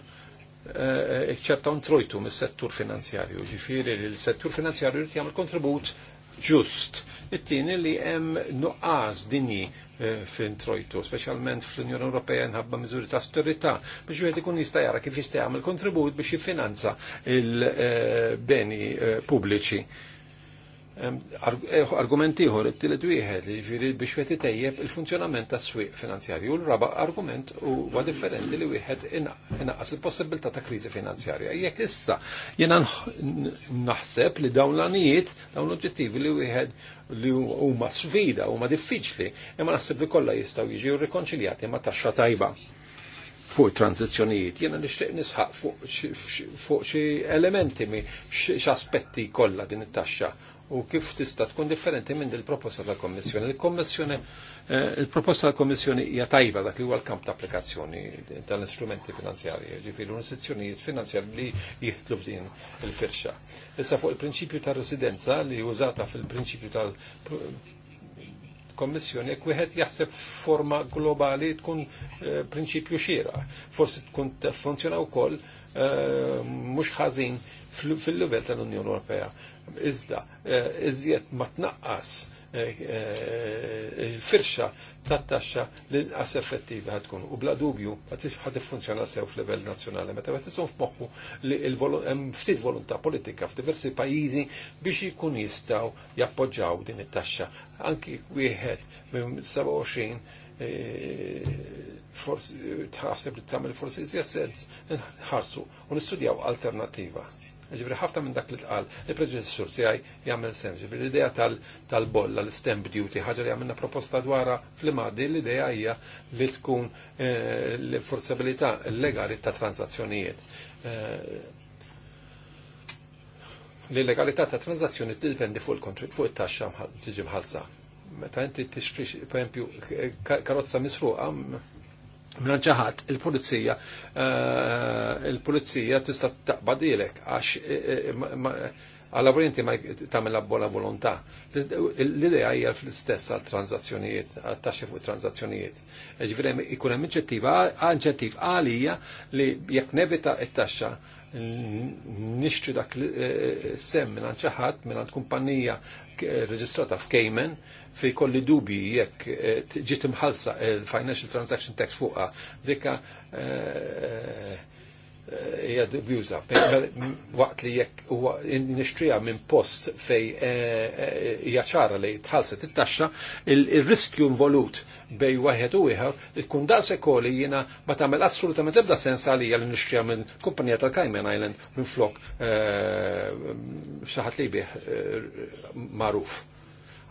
Speaker 3: Eh, ikċerta trojtu mis-settur finanzjarju, ġifiri li l-settur finanzjarju jrid jagħmel kontribut ġust. It-tieni li hemm nuqqas dinji eh, trojtu, speċjalment fl-Unjoni Ewropea nħabba miżuri ta' storita, biex wieħed ikun jista' jara kif jista' jagħmel kontribut biex jiffinanza il-beni eh, pubbliċi Eh, argument ieħor it-tielet wieħed li ġifieri biex qed itejjeb il-funzjonament tas-swieq finanzjarju. U l-raba' argument huwa differenti li wieħed inaqqas il-possibilità ta' kriżi finanzjarja. Jekk issa jiena naħseb li dawn l-anijiet, dawn l-oġġettivi li wieħed li huma sfida, huma diffiċli, imma naħseb li kollha jistgħu jiġu rikonċiljati ma' taxxa tajba fuq tranzizjonijiet, jena nishtiq nisħaq fuq xi elementi mi x'aspetti kollha din it-taxxa u kif tista' tkun differenti minn il-proposta tal-Kommissjoni. Il-Kommissjoni eh, il-proposta tal-Kommissjoni hija tajba dak li huwa l-kamp ta' applikazzjoni tal-istrumenti finanzjarji, ġifieri l-istituzzjonijiet finanzjarji li jieħdlu f'din il-firxa. Issa fuq il-prinċipju ta' residenza li użata fil-prinċipju tal kommissjoni jekk wieħed jaħseb forma globali tkun eh, prinċipju xiera. Forsi tkun funzjona wkoll eh, mhux ħażin fil-livell tal-Unjoni Ewropea iżda eh, iżjed ma tnaqqas eh, eh, il-firxa tat taxxa l qas effettivi ħad tkun u bla dubju ħad iffunzjona sew f'livell nazzjonali meta qed isum f'moħħu li hemm ftit volontà politika f'diversi pajjiżi biex jkun jistgħu jappoġġaw din it-taxxa. Anki wieħed minn 27 forsi tħasseb li tagħmel forsi iżjed sens nħarsu u nistudjaw alternattiva. Ġibri ħafna minn dak li tqal, il-preġessur għaj jagħmel sens. Ġibri l-idea tal-bolla, l-stamp duty, ħaġa li għamilna proposta dwarha fl-imadi, l-idea hija li tkun eh, l-forzabilità legali ta' transazzjonijiet. Eh, L-legalità ta' transazzjoni t-dipendi fuq it-taxxa tiġi mħallsa meta inti tixtri per esempio karozza misruqa Mranġaħat, il-polizija, eh, il-polizija tista taqbadilek, għax għal-lavorenti eh, eh, ma tamela bola volontà. L-idea hija fl-istess għal-transazzjonijiet, għal-taxxi fuq transazzjonijiet. Ġifieri ikun hemm inċettiva inċettiv għalija li jekk nevita t-taxxa nixtru dak sem minn ħadd minn kumpanija reġistrata f'Kejmen fi kolli dubi jekk eh, ġiet imħalsa il-Financial eh, Transaction Tax fuqa, dikka eh, hija dubjuża. Waqt li jekk huwa nixtrija minn post fej hija ċara li tħallset it-taxxa, ir riskju involut bej waħed u ieħor tkun daqs ekoli jiena ma tagħmel assolutament ebda sens għalija li nixtrija minn kumpanija tal-Cayman Island minn flok xi ħadd li magħruf.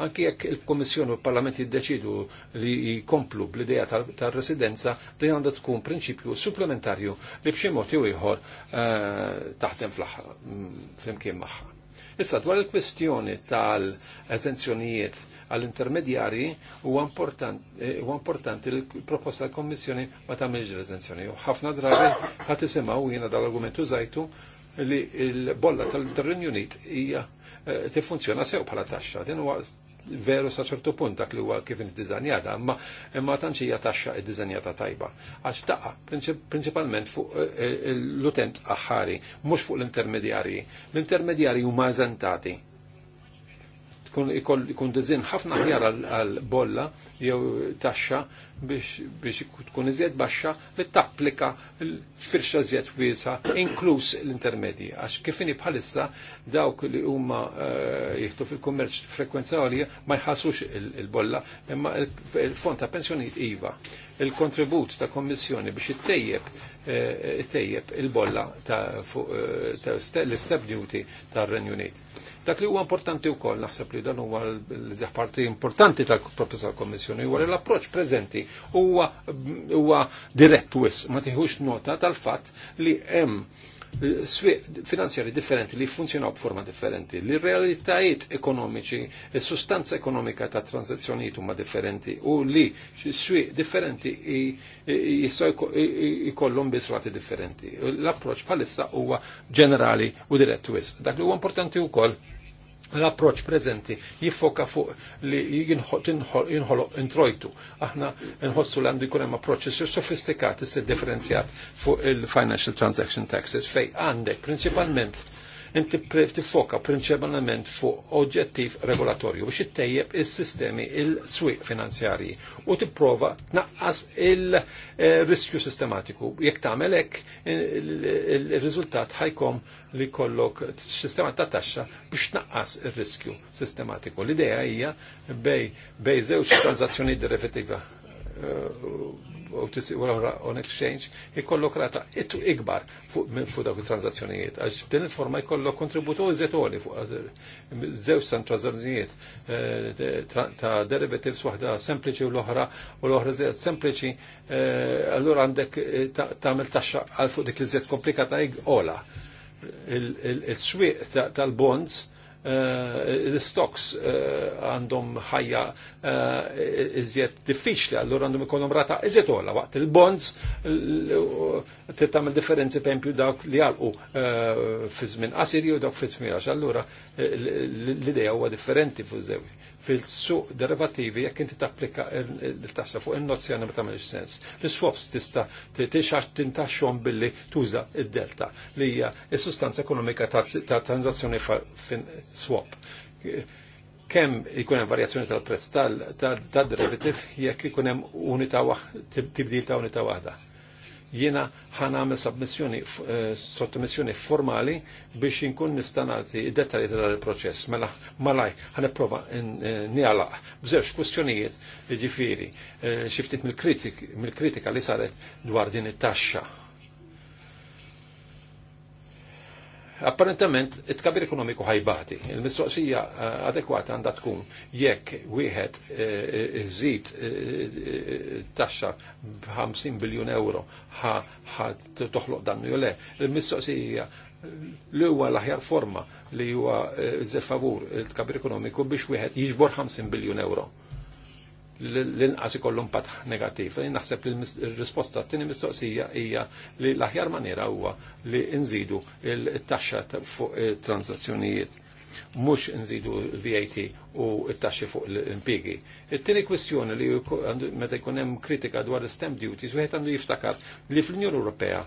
Speaker 3: Anki jekk il-Komissjoni u l-Parlament jiddeċidu li jkomplu bl-ideja tal-residenza, li għandha tkun prinċipju supplementarju li b'xi mod jew ieħor eh, taħdem fl mm, flimkien magħha. Issa dwar il-kwestjoni tal-eżenzjonijiet għall-intermedjari huwa eh, importanti li l-proposta tal-Kommissjoni ma tagħmilx l-eżenzjoni. Ħafna drabi ħadd isimgħu jiena dal-argumentu żajtu li l-bolla tal-Renju Unit hija eh, tiffunzjona sew bħala taxxa. Din huwa veru sa ċertu punt dak li huwa kif id-diżanjata, imma imma tantx hija taxxa id-diżanjata tajba. Għax taqa prinċipalment fuq eh, eh, l-utent aħħari, mhux fuq l-intermedjarji. L-intermedjarji huma eżentati tkun dizin ħafna ħjar għal bolla jew taxxa biex tkun iżjed baxxa li tapplika firxa iżjed wiesa inkluż l-intermedji. Għax kifini bħalissa dawk li huma eh, jieħdu fil-kummerċ frekwenza għalija ma jħassux il-bolla imma il-fond ta' pensjonijiet iva. Il-kontribut ta' kommissjoni biex ittejjeb eh, tejjeb il-bolla ta' eh, l-step duty ta' Renjunit Dak li huwa importanti wkoll naħseb li dan huwa l parti importanti tal-proposta tal-Kommissjoni huwa l-approċċ preżenti huwa huwa dirett wis ma tieħux nota tal-fatt li hemm eh, swieq finanzjari differenti li funzjonaw b'forma differenti, li realitajiet ekonomiċi, s-sustanza e ekonomika ta' transazzjonijiet huma differenti u li swieq differenti jistgħu jkollhom biss rati differenti. L-approċċ bħalissa huwa ġenerali u dirett wis. Dak li huwa importanti wkoll l-approċ prezenti jiffoka fuq li jinħolo introjtu. Aħna nħossu l għandu jkun hemm approċċ sofistikat issir differenzjat fuq il-financial transaction taxes fej għandek principalment inti tifoka prinċipalment fuq oġġettiv regolatorju biex ittejjeb is-sistemi il-swieq finanzjarji u tipprova tnaqqas il-riskju sistematiku. Jekk tagħmel hekk ir-riżultat ħajkom li kollok sistema ta' taxxa biex tnaqqas ir-riskju sistematiku. L-idea hija bej bej żewġ tranzazzjonijiet derivativa u uh, uh, tisiq on exchange jikollok rata jittu ikbar minn fuq dawk il-transazzjonijiet għax din il-forma jikollok kontributu iżetoli fuq żewġ san transazzjonijiet eh, ta' derivatives wahda sempliċi u l ohra u l ohra żed sempliċi eh, allura għandek eh, tagħmel taxxa għal fuq dik li żed komplikata jgħola. il swiq tal-bonds l-stocks eh, eh, għandhom ħajja eh, iżjed diffiċli, għallur għandhom ikonom rata iżjed ola waqt il-bonds tagħmel differenzi pempju dawk li għalqu fi żmien dawk fi żmien għax għallura l-idea huwa differenti fuż fil-suq derivativi jekk inti tapplika il-taxxa fuq in-nozzjoni ma tagħmilx sens. L-swaps tista' tixax tintaxxhom billi tuża id-delta li hija s-sustanza ekonomika ta' transazzjoni fin-swap. Kemm ikun hemm varjazzjoni tal-prezz tad-derivativ jekk ikun hemm unità tibdil ta' unità waħda jiena ħan għamil submissjoni, eh, sottomissjoni formali biex jinkun nistanati id detali tal-proċess. Mela, malaj, ħana prova njalaq. Eh, Bżewx kustjonijiet, ġifiri, eh, xiftit mill-kritika li saret dwar din it-taxxa apparentament it-kabir ekonomiku ħajbati. Il-mistoqsija eh, adekwata għanda tkun jekk wieħed eh, iżid eh, taxxa b'50 biljun euro ħa toħloq dannu jew le. Il-mistoqsija li huwa l-aħjar forma li huwa favur il-kabir ekonomiku biex wieħed jiġbor 50 biljun euro l-inqas ikollhom pat negattiv. Naħseb li l-risposta t-tieni mistoqsija hija li l-aħjar maniera huwa li nżidu il-taxxa fuq transazzjonijiet mhux nżidu l-VAT u t-taxxi fuq l impigi It-tieni kwestjoni li meta jkun hemm kritika dwar stamp duties wieħed għandu jiftakar li fl-Unjoni Ewropea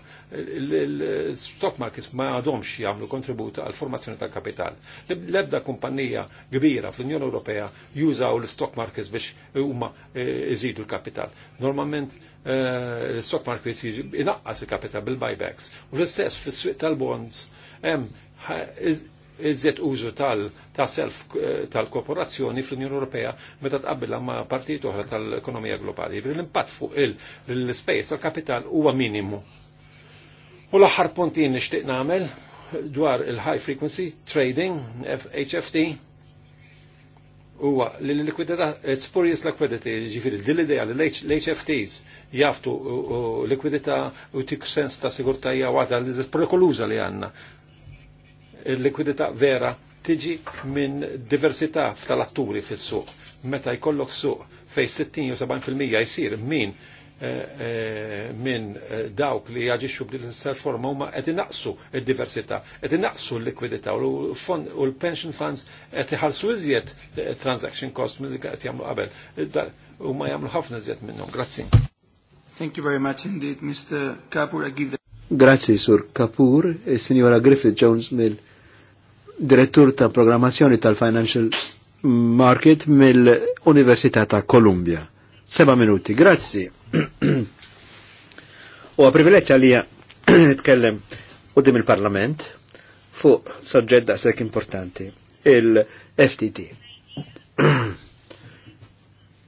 Speaker 3: l-stock markets ma għadhomx jagħmlu kontribut għal formazzjoni tal-kapital. L-ebda kumpanija kbira fl-Unjoni Ewropea jużaw l-stock markets biex huma eh, iżidu l-kapital. Normalment eh, l-stock markets inaqqas il-kapital bil-buybacks. U l-istess fis-suq tal-bonds hemm iżet użu tal-self eh, tal-korporazzjoni fl-Unjoni Ewropea meta tqabbilha ma' partijiet oħra tal-ekonomija globali. L-impatt fuq il-space tal-kapital huwa minimu. U l-aħħar puntin nixtieq nagħmel dwar il-high frequency trading, HFT, huwa li l-likwidità, spurious liquidity, din l idea li l-HFTs jaftu likwidità u tik sens ta' sigurtajja għada li prokoluza li għandna il-likwidità vera tiġi minn diversità ftal atturi fis-suq. Meta jkollok suq fej 60 u 70% jisir min eh, eh, minn eh, dawk li jaġixxu bl-istess forma huma qed inaqsu d-diversità, qed inaqsu l-likwidità u l-pension funds qed iħallsu iżjed transaction cost milli qed jagħmlu qabel. Huma jagħmlu ħafna iżjed minnhom. Grazzi. Thank you very much indeed, Mr. Kapur. I give the...
Speaker 4: Grazzi, Sur Kapur. Signora Griffith Jones mill direttur ta' programmazzjoni tal-Financial Market mill-Università ta' Columbia. Seba minuti, grazzi. u għaprivileċ għalija nitkellem u dim il-Parlament fuq soġġett daqshekk importanti, il-FTT.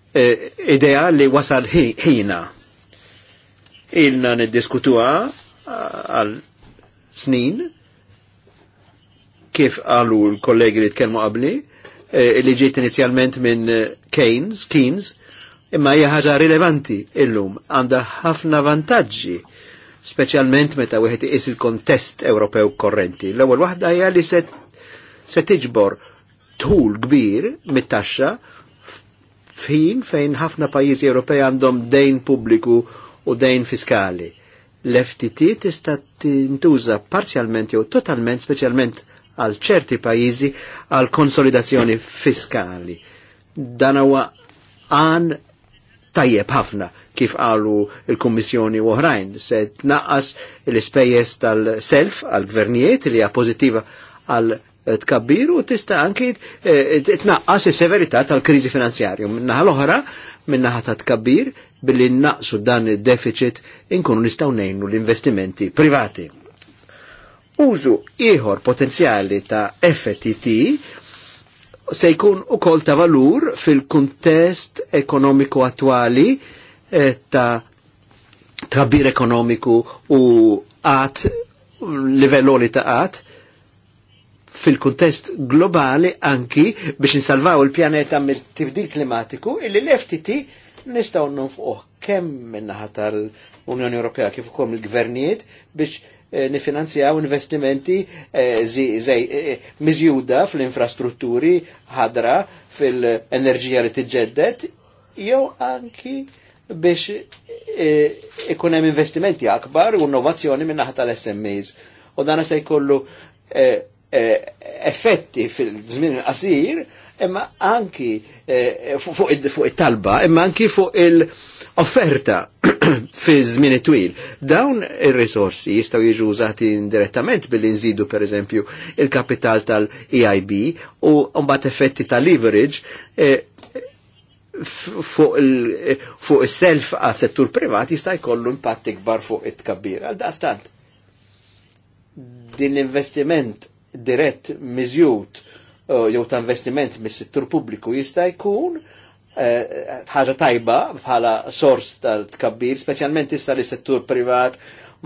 Speaker 4: E, idea li wasal ħina. Ilna niddiskutuha għal snin kif għalu l-kollegi li tkellmu qabli, eh, li ġiet inizjalment minn eh, Keynes, Keynes, imma hija ħaġa rilevanti illum, għandha ħafna vantaġġi, speċjalment meta wieħed iqis il-kontest Ewropew korrenti. L-ewwel waħda hija li se tiġbor tul kbir mit-taxxa f'ħin fejn ħafna pajjiżi Ewropej għandhom dejn pubbliku u dejn fiskali. L-FTT tista' tintuża parzjalment jew totalment speċjalment għal ċerti pajjiżi għal konsolidazzjoni fiskali. Dan huwa għan tajjeb ħafna kif qalu il-Kummissjoni oħrajn se tnaqqas l-ispejjeż tal-self għal gvernijiet li hija pożittiva għal tkabbir u tista' anki eh, tnaqqas is-severità tal-kriżi finanzjarju. Minnaħa l-oħra, minnaħa ta' tkabbir billi naqsu dan id-deficit inkunu nistgħu ngħinu l-investimenti privati użu ieħor potenzjali ta' FTT se jkun ukoll ta' valur fil-kuntest ekonomiku attwali eh, ta' trabbir ekonomiku u għat livelloli ta' għat fil-kuntest globali anki biex insalvaw il-pjaneta mill-tibdil klimatiku illi l-FTT nistaw nunfuq kemm minnaħa tal-Unjoni Ewropea kif ukoll il-gvernijiet biex Eh, nifinanzjaw investimenti eh, eh, miżjuda fl-infrastrutturi ħadra fil-enerġija li tiġġeddet jew anki biex ikun hemm investimenti akbar u innovazzjoni minn naħa tal-SMEs. U dana se jkollu effetti fil-żmien qasir imma anki fuq it-talba, imma anki fuq il- offerta fi żmien twil. Dawn ir-risorsi jistgħu jiġu użati indirettament billi nżidu pereżempju il-kapital tal-EIB u mbagħad effetti ta' leverage eh, eh, fuq is-self fu għas settur privat jista' jkollu impatt ikbar fuq it-tkabbir. Għal daqstant, din investiment dirett miżjut eh, jew ta' investiment mis-settur pubbliku jista' jkun Eh, ħaġa tajba bħala sors tal-tkabbir, specialment issa li settur privat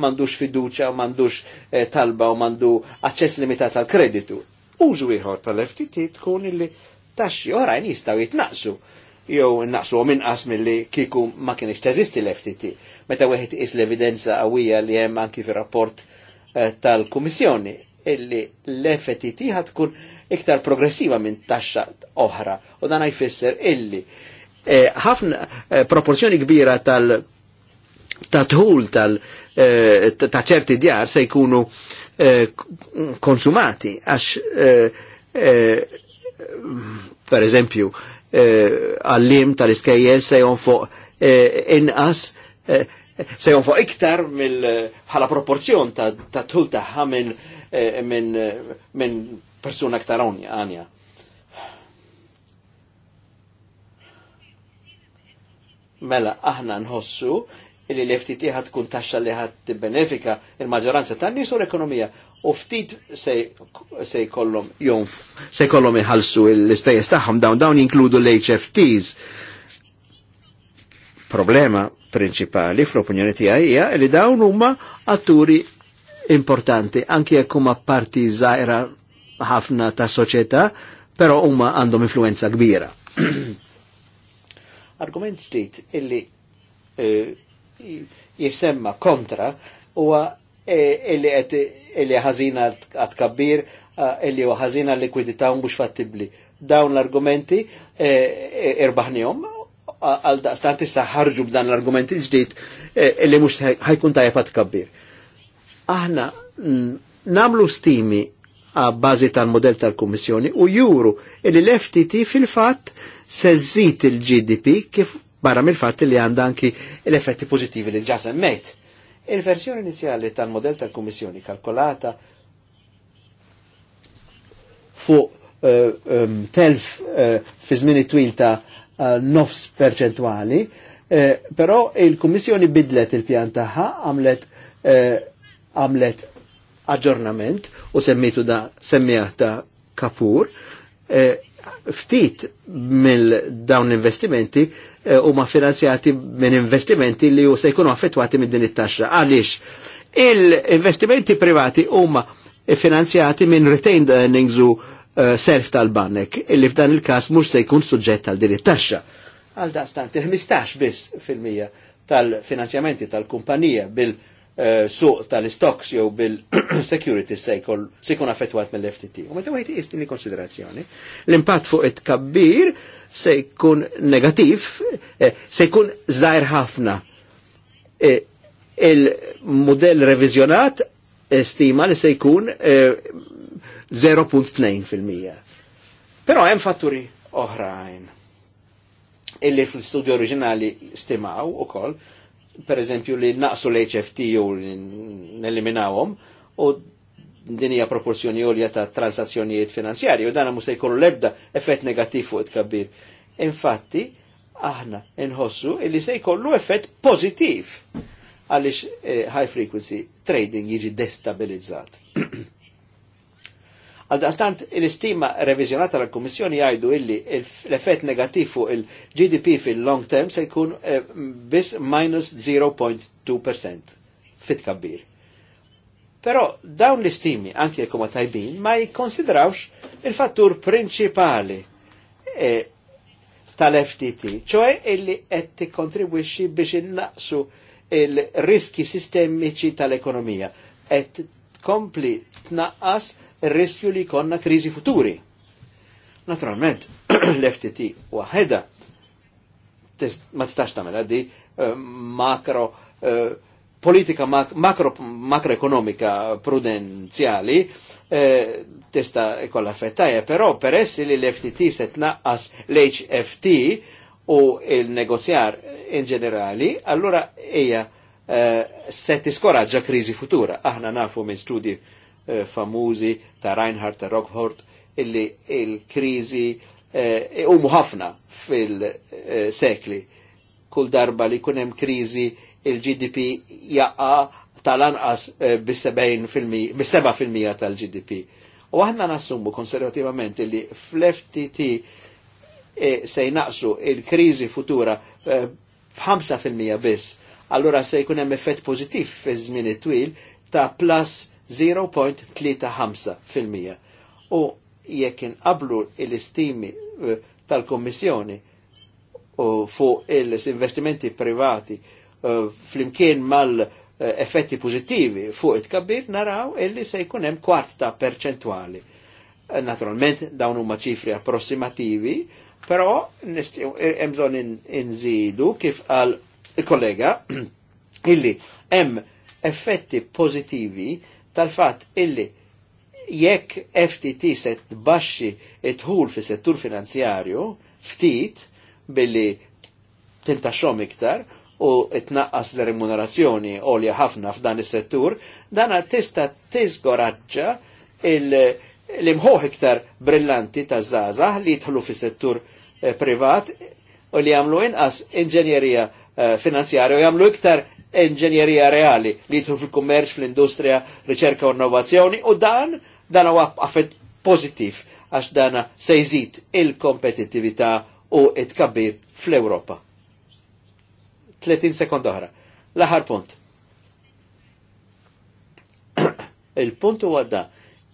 Speaker 4: mandux fiduċa, mandux eh, talba u mandu aċċess limitat tal kreditu Użu ieħor tal-FTT tkun illi taxxi oħrajn jistgħu jitnaqsu jew naqsu minqas milli kiku ma kienx teżisti l-FTT. Meta wieħed is l-evidenza qawwija li hemm anki fir-rapport eh, tal-Kummissjoni illi l-FTT ħatkun iktar progressiva minn taxxa oħra. U dan jfisser illi eh, ħafna eh, proporzjoni kbira tal ta' tħul tal eh, ta' ċerti djar se jkunu eh, konsumati għax eh, eh, per eżempju għallim tal-iskejjel se fuq inqas se jon fuq iktar mill bħala proporzjon ta' tħul taħħa minn min, min, min persuna aktar għanja. Mela, aħna nħossu li l-FTT ħat tkun taxxa li ħat benefika il-maġġoranza tan nies u l-ekonomija u ftit sej kollom jonf sej kollom iħalsu l-ispejjeż tagħhom dawn dawn jinkludu l-HFTs. Problema prinċipali fl-opinjoni tiegħi hija li dawn huma atturi importanti anke jekk huma parti żgħira ħafna ta' soċjetà, però huma għandhom influenza kbira. Argument ġdid illi eh, jisemma kontra huwa eh, illi qed illi ħażina għad kabbir eh, illi huwa ħażina likwidità mhux fattibbli. Dawn l-argumenti e, għal daqstan tista' ħarġu b'dan l-argument ġdid li mhux ħajkun tajjeb għad kabbir. Aħna namlu stimi bażi tal-modell tal-Kummissjoni u juru li l-FTT fil-fatt se żid il-GDP kif barra mill-fatt li għandha anki l-effetti pozitivi li ġa semmejt. Il-versjoni inizjali tal-modell tal-Kummissjoni kalkolata fuq uh, um, telf uh, fi żmien twil ta' uh, nofs perċentwali, uh, però il-Kummissjoni bidlet il-pjan tagħha għamlet għamlet aġġornament u semmitu da ta' kapur, e, ftit mill dawn investimenti e, huma ma finanzjati minn investimenti li se jkunu affettwati minn din it-taxxa. Għaliex il-investimenti privati huma finanzjati minn retained earnings u e, self tal banek illi f'dan il-kas mhux se jkun suġġett għal din it-taxxa. Għal daqstant, il-15 biss fil-mija tal-finanzjamenti tal-kumpanija bil- Eh, suq tal-stocks jew bil-security se jkun affettwat mill-FTT. U meta wieħed jist li konsiderazzjoni, l-impatt fuq it-kabbir se jkun negativ, eh, se jkun żgħir ħafna. Eh, il-modell revizjonat stima li se jkun 0.2%. Però hemm fatturi oħrajn illi fl-studio oriġinali stimaw ukoll per eżempju li naqsu l-HFT u neliminawhom u dinija proporzjoni olja ta' transazzjonijiet finanzjari, u dana musa se jkollu lebda effett negativ fuq it-kabbir. Infatti, aħna nħossu illi se jkollu effett pozitiv għaliex eh, high frequency trading jiġi destabilizzat. Għaldaqstant l-istima revizjonata l kummissjoni jgħidu illi l-effett negativ fuq il-GDP fil-long term se jkun eh, bis minus 0.2% fit kabbir. Pero dawn l-istimi, anki jekk tajbin, ma jikonsidrawx il-fattur principali eh, tal-FTT, ċoħe illi etti tikkontribwixxi biex innaqsu il-riski sistemiċi tal-ekonomija. Et kompli tnaqqas il-riskju li konna krizi futuri. Naturalment, l-FTT waħeda ma tistax tamela di eh, makro eh, politika makro makroekonomika prudenziali eh, testa ikolla fettaja, però essi li l-FTT set tnaqqas l-HFT u il-negozjar in generali allora eja set eh, se krizi futura. Aħna nafu minn studi Eh, famużi ta' Reinhardt ta' Rockhort illi il-krizi eh, u ħafna fil-sekli. Kull darba li kunem krizi il-GDP jaqqa tal-anqas eh, bis-7% tal-GDP. U aħna nassumbu konservativament li fl-FTT se jnaqsu il-krizi futura b'5% biss, allura se jkun hemm effett pożittiv fi żmien twil ta' plus 0.35%. U jekk inqablu l-istimi eh, tal-Kommissjoni fuq l-investimenti privati eh, flimkien mal-effetti pozittivi fuq it kabir naraw illi se jkun hemm kwart ta' perċentwali. Eh, naturalment dawn huma ċifri approssimativi, però hemm bżonn inżidu kif għal il-kollega illi hemm effetti pozitivi tal-fat illi jekk FTT se tbaxxi tħul fis settur finanzjarju ftit billi tintaxxom iktar u tnaqqas l-remunerazzjoni għolja ħafna f'dan is-settur, dana tista' tiżgoraġġa l-imħuħ iktar brillanti ta' żgħażagħ li jidħlu fis-settur eh, privat u li jagħmlu inqas inġenjerija eh, u jagħmlu iktar inġenjerija reali li jitru fil-kummerċ, fil-industrija, riċerka u innovazzjoni u dan dan huwa affett pozittiv għax dana se jżid il-kompetittività u it-kabbir fl-Europa. 30 sekond oħra. L-aħar punt. Il-punt huwa għadda,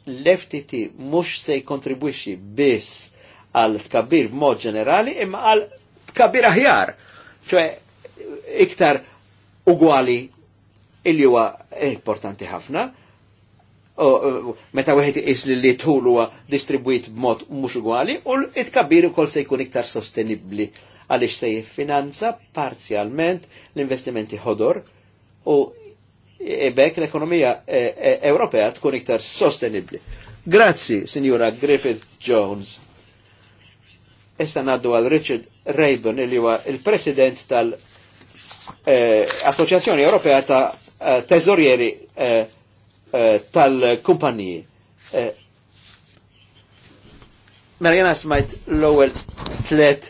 Speaker 4: l-FTT mhux se jkontribwixxi biss għal tkabbir b'mod ġenerali imma għal tkabbir aħjar. ċoe iktar uguali illi huwa importanti ħafna. Meta wieħed is li li tħul huwa distribwit b'mod mhux ugwali u it-kabbir ukoll se jkun iktar sostenibbli għaliex se jiffinanza parzjalment l-investimenti ħodor u ebek l-ekonomija e, e, Ewropea tkun iktar sostenibbli. Grazzi, Signora Griffith Jones. Issa naddu għal Richard Rayburn, huwa il-president tal- Eh, Associazione Europea ta' eh, teżorjeri eh, tal kumpanji Mela jena smajt l-ewwel tliet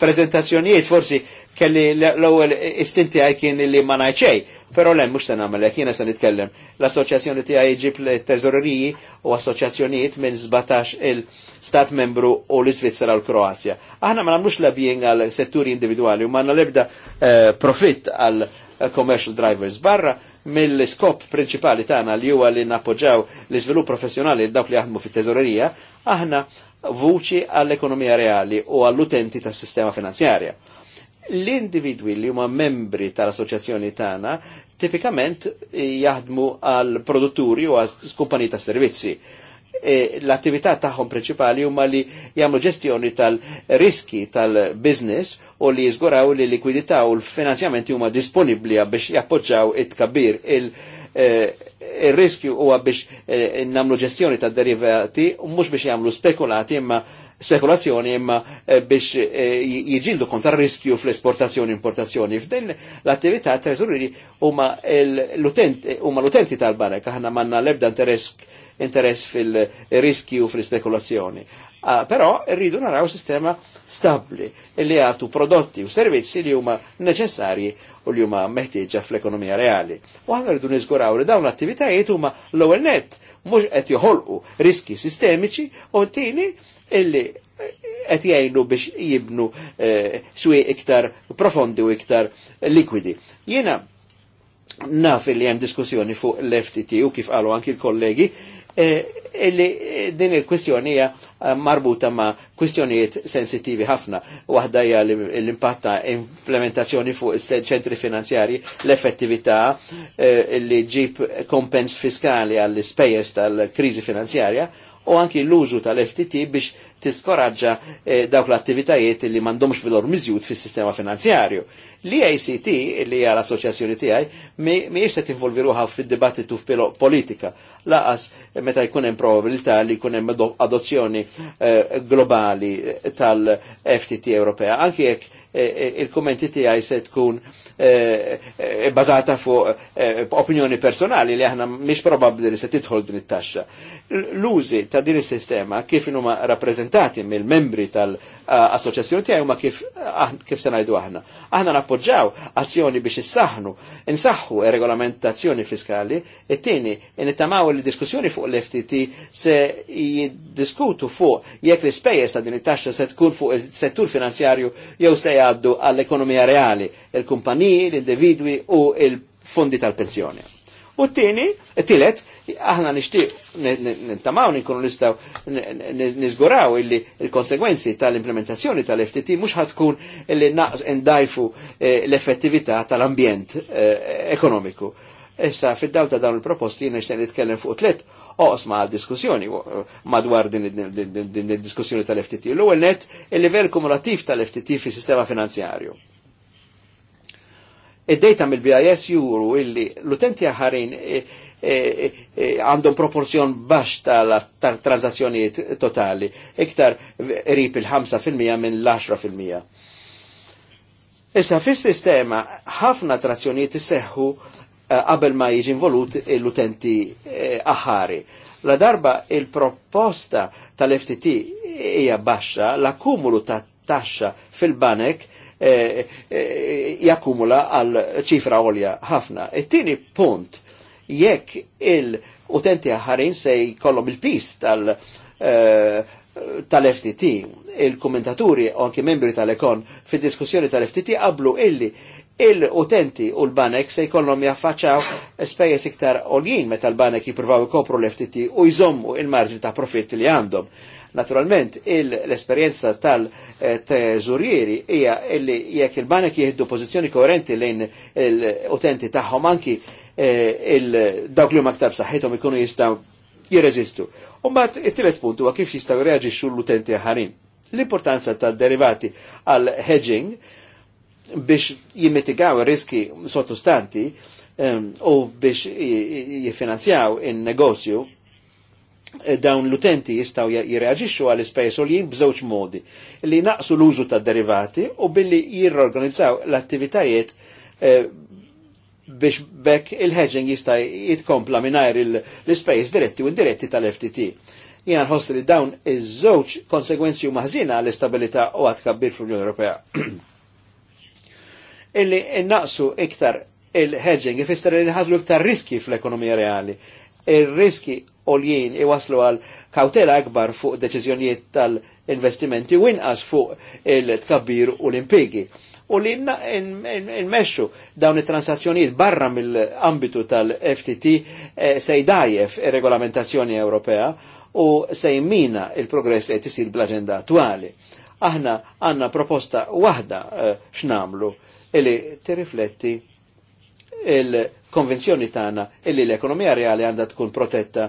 Speaker 4: prezentazzjonijiet forsi kelli l-ewwel istinti għaj kien li ma najċej, però le mhux se nagħmel hekk jiena se nitkellem. L-assoċjazzjoni tiegħi ġib teżoreriji u assoċjazzjonijiet minn 17 il-Stat membru u l-Iżvizzera u l-Kroazja. Aħna ma nagħmlux labjing għal setturi individwali u ma l-ebda eh, profitt għal eh, commercial drivers barra mill-skop prinċipali tagħna li huwa li nappoġġaw l-iżvilupp professjonali dawk li jaħdmu fit-teżorerija, aħna vuċi għall-ekonomija reali u għall-utenti tas-sistema finanzjarja L-individwi li huma membri tal-assoċjazzjoni tagħna tipikament jaħdmu għal produtturi u għal kumpaniji ta' servizzi. E, l-attività tagħhom principali huma li jagħmlu ġestjoni tal-riski tal-business u li jiżguraw li likwidità u l-finanzjamenti huma disponibbli biex jappoġġaw it-kabbir il- e, il-riskju huwa biex e, namlu ġestjoni tad derivati u mhux biex jagħmlu spekulati imma spekulazzjoni imma eh, biex eh, jiġildu kontra riskju fl-esportazzjoni importazzjoni. F'din l-attività teżuriri huma l-utenti tal-barek, aħna manna lebda interess interess fil-riskju fl spekulazzjoni ah, Però rridu naraw sistema stabli li għatu prodotti u servizzi li huma neċessarji u li huma meħtieġa fl-ekonomija reali. U għanna rridu nizguraw li dawn l-attivitajiet huma l-ewwel net mhux qed joħolqu riski sistemiċi u tieni illi eh, qed jgħinu biex jibnu eh, swi iktar profondi u iktar likwidi. Jiena naf li hemm diskussjoni fuq l-FTT u kif qalu anki l-kollegi eh, illi eh, din il-kwistjoni hija eh, marbuta ma' kwistjonijiet sensitivi ħafna. Waħda hija l-impatt ta' implementazzjoni fuq is-ċentri finanzjari, l-effettività eh, illi ġib kompens fiskali għall-ispejjeż tal-kriżi finanzjarja u anki l-użu tal-FTT biex tiskoraġġa eh, dawk l-attivitajiet li m'għandhomx vilor miżjud fis-sistema finanzjarju. L-IACT, li hija l-assoċjazzjoni tiegħi, mhijiex se tinvolvi ruħha fid-dibattitu politika. Laqas meta jkun hemm probabilità li jkun hemm adozzjoni eh, globali eh, tal-FTT Ewropea, anki jekk il-kommenti tiegħi se tkun bazata fuq opinjoni personali li aħna mhix probabbli li se titħol din it-taxxa. L-użi ta' din is-sistema kif huma rappreżentati deputati mill-membri tal-assoċjazzjoni tiegħi huma kif ah, kif se ngħidu aħna. Aħna nappoġġaw azzjoni biex issaħnu, insaħħu regolamentazzjoni fiskali, it-tieni inittamaw li diskussjoni fuq l-FTT se jiddiskutu fuq jekk l-ispejjeż ta' din it-taxxa se tkun fuq is settur finanzjarju jew se jgħaddu għall-ekonomija reali, il-kumpaniji, l-individwi u il-fondi tal-pensjoni. U t-tieni, t tilet aħna nixtieq nintamaw nkunu nistgħu nizguraw illi l-konsegwenzi tal-implementazzjoni tal-FTT mhux ħatkun illi naqs ndajfu eh, l-effettività tal-ambjent eh, ekonomiku. Issa fid-daw ta' dawn il-proposti jiena nixtieq nitkellem fuq tliet oqsma diskussjoni eh, madwar din id-diskussjoni tal-FTT. L-ewwel net il-livell kumulattiv tal-FTT fis-sistema finanzjarju Id-data mill-BIS juru illi l-utenti ħarin e, e, e, għandhom proporzjon baxx tal-transazzjonijiet totali, iktar rip il-5% minn l-10%. Issa fis-sistema ħafna trazzjonijiet isseħħu qabel ma jiġi involut l-utenti aħari. La darba il-proposta tal-FTT hija baxxa, l-akkumulu ta' taxxa fil-banek Eh, eh, jakkumula għal ċifra għolja ħafna. It-tieni punt, jekk il-utenti ħarin se jkollhom il-pis tal- eh, tal-FTT, il-kommentaturi u anki membri tal-ekon fid diskussjoni tal-FTT qablu illi il-utenti u l-banek se jkollhom jaffaċċaw spejjeż iktar oljin meta l-banek jippruvaw ikopru l-FTT u jżommu il-marġin ta' profitt li għandhom. Naturalment, l-esperienza tal teżurieri hija li jekk il-banek jieħdu pożizzjoni koerenti lejn l-utenti tagħhom anki eh, dawk li huma ktar saħħithom ikunu jistgħu jirreżistu. mbagħad it-tielet punt huwa kif jistgħu reaġixxu l-utenti ħarin. L-importanza tad-derivati għal hedging biex jimitigaw riski sottostanti u biex jifinanzjaw in-negozju dawn l-utenti jistaw jirreagġixxu għal ispejjeż u li bżewġ modi li naqsu l-użu ta' derivati u billi jirorganizzaw l-attivitajiet eh, biex bekk il-hedging jista' jitkompla mingħajr l-ispejjeż diretti u indiretti tal-FTT. Jiena nħossi li dawn iż-żewġ konsegwenzi huma maħżina għall istabilità u għad kabbir fl-Unjoni Ewropea. Illi naqsu iktar il-hedging ifisser li nħadlu iktar riski fl-ekonomija reali ir-riski oljien iwaslu għal kautela akbar fuq deċiżjonijiet tal-investimenti u inqas fuq il-tkabbir u l-impigi. U li nmexxu dawn it-transazzjonijiet barra mill-ambitu tal-FTT eh, se jdajjef regolamentazzjoni Ewropea u se jmina il-progress li qed isir bl-aġenda attwali. Aħna għandna proposta waħda eh, x'namlu illi tirrifletti il- konvenzjoni tagħna illi l-ekonomija reali għandha tkun protetta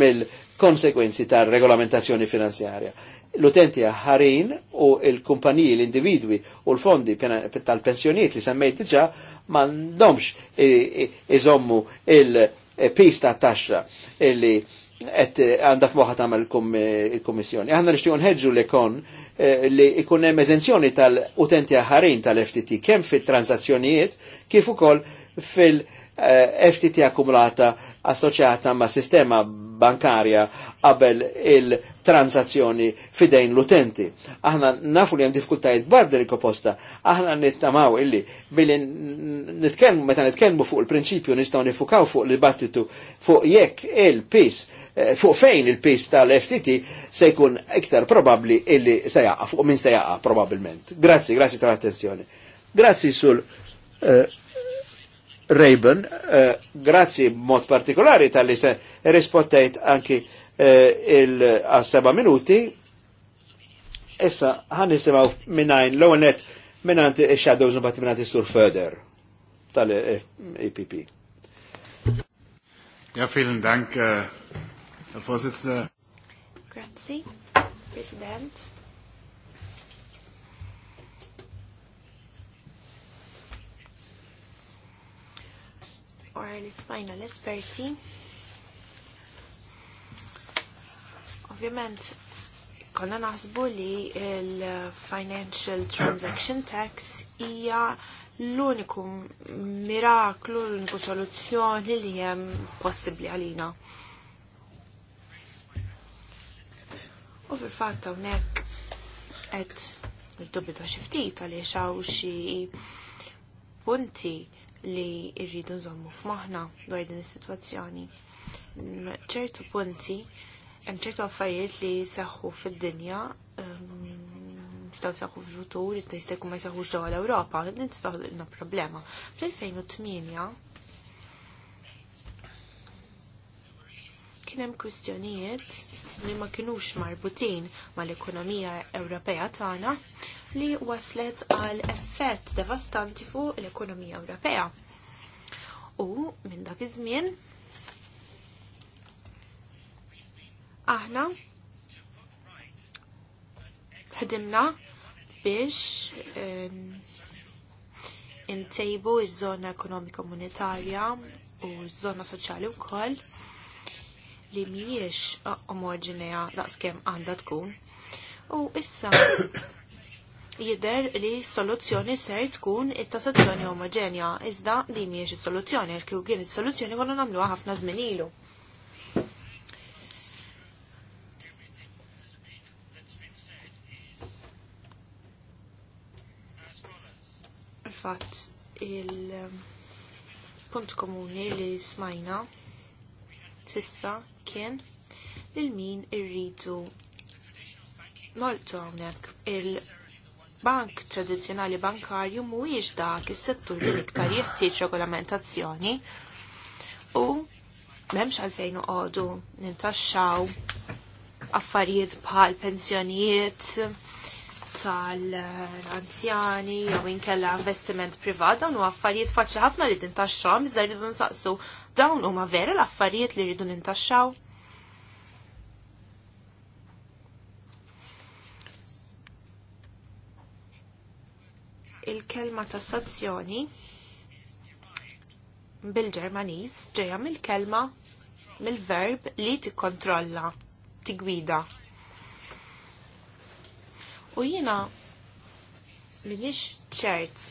Speaker 4: mill-konsekwenzi tar regolamentazzjoni finanzjarja. L-utenti ħarin u l-kumpaniji, l-individwi u l-fondi tal-pensjoniet li semmejt diġà m'għandhomx iżommu il pista ta' taxxa illi qed għandha f'moħħa tagħmel il-Kummissjoni. Aħna nixtiequ nħeġġu li kon eh, li jkun hemm tal-utenti ħarin tal-FTT kemm fit-transazzjonijiet kif ukoll fil- Eh, FTT akkumulata assoċjata ma' sistema bankarja qabel il-transazzjoni fidejn l-utenti. Aħna nafu li hemm diffikultajiet barb din il-proposta, aħna nittamaw illi billi nitkellmu meta nitkellmu fuq il-prinċipju nistgħu nifukaw fuq l-dibattitu fuq jekk il-pis eh, fuq fejn il-pis tal-FTT se jkun iktar probabbli illi se jaqa' fuq min se jaqa' probabbilment. Grazzi, grazzi tal-attenzjoni. Grazzi sul uh, Rayburn, eh, grazzi mod partikolari tal-li se rispottajt anki eh, il-7 a minuti, Essa, ħan nisimaw minnajn l net, minnant il-shadows un bat minnant il-sur further tal-EPP.
Speaker 2: Ja, vielen Dank, eh, Herr Vorsitzender.
Speaker 1: Grazie, Presidente. for li spajna esperti Ovvjament, konna naħsbu li il-Financial Transaction Tax hija l-uniku miraklu, l-uniku soluzzjoni li hemm possibbli għalina. U fil-fatt hawnhekk qed niddubita xi ftit għaliex hawn xie punti li irridu nżommu f'maħna dwar din is-sitwazzjoni. ċertu punti, hemm ċertu affarijiet li saħħu fid-dinja, staw ehm, saħħu fil-futur, jista' jkun ma jsaħħux ġewwa l-Ewropa, din tistaħolna problema. Fl-2008 kien hemm kwistjonijiet li ma kinux marbutin mal-ekonomija Ewropea tagħna li waslet għal effett devastanti fuq l-ekonomija Ewropea. U minn dak iż-żmien aħna ħdimna biex intejbu eh, iż-żona ekonomika monetarja u ż-żona soċjali wkoll li mhijiex omoġinea daqskemm għandha tkun. U issa jider li soluzzjoni ser tkun it-tasazzjoni omogenja, iżda li mijiex is-soluzzjoni, għal kju kien il soluzzjoni konna nagħmluha ħafna żmien ilu. Fatt il-punt komuni li smajna sissa flimkien lil min irridu noltu hawnhekk il- bank tradizjonali bankarju mhuwiex dak is-settur li iktar jeħtieġ regolamentazzjoni u m'hemmx għalfejn noqogħdu nintaxxaw affarijiet bħal pensjonijiet, tal-anzjani jew inkella investiment privat dawn u affarijiet faċli ħafna li tintaxxaw iżda rridu nsaqsu dawn huma vera l-affarijiet li rridu nintaxxaw. Il-kelma tassazzjoni bil-Ġermaniż ġejja mill-kelma mill-verb li tikkontrolla, tigwida u jina minix ċert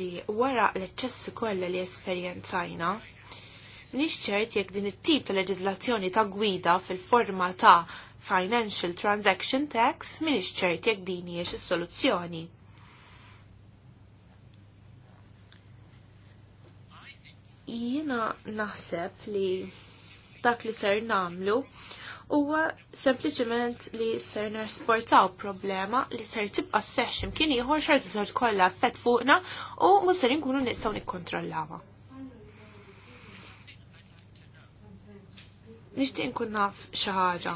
Speaker 1: li wara l-eċċessu kollha li esperjenzajna, minix ċert jekk din it-tip ta' leġizlazzjoni ta' gwida fil-forma ta' Financial Transaction Tax minix ċert jekk din hiex is-soluzzjoni. Jiena naħseb li dak li ser namlu huwa sempliċement li ser nesportaw problema li ser tibqa kien imkien ieħor t sort kollha fett fuqna u ma ser nkunu nistgħu nikkontrollawha. Nixtieq nkun naf xi ħaġa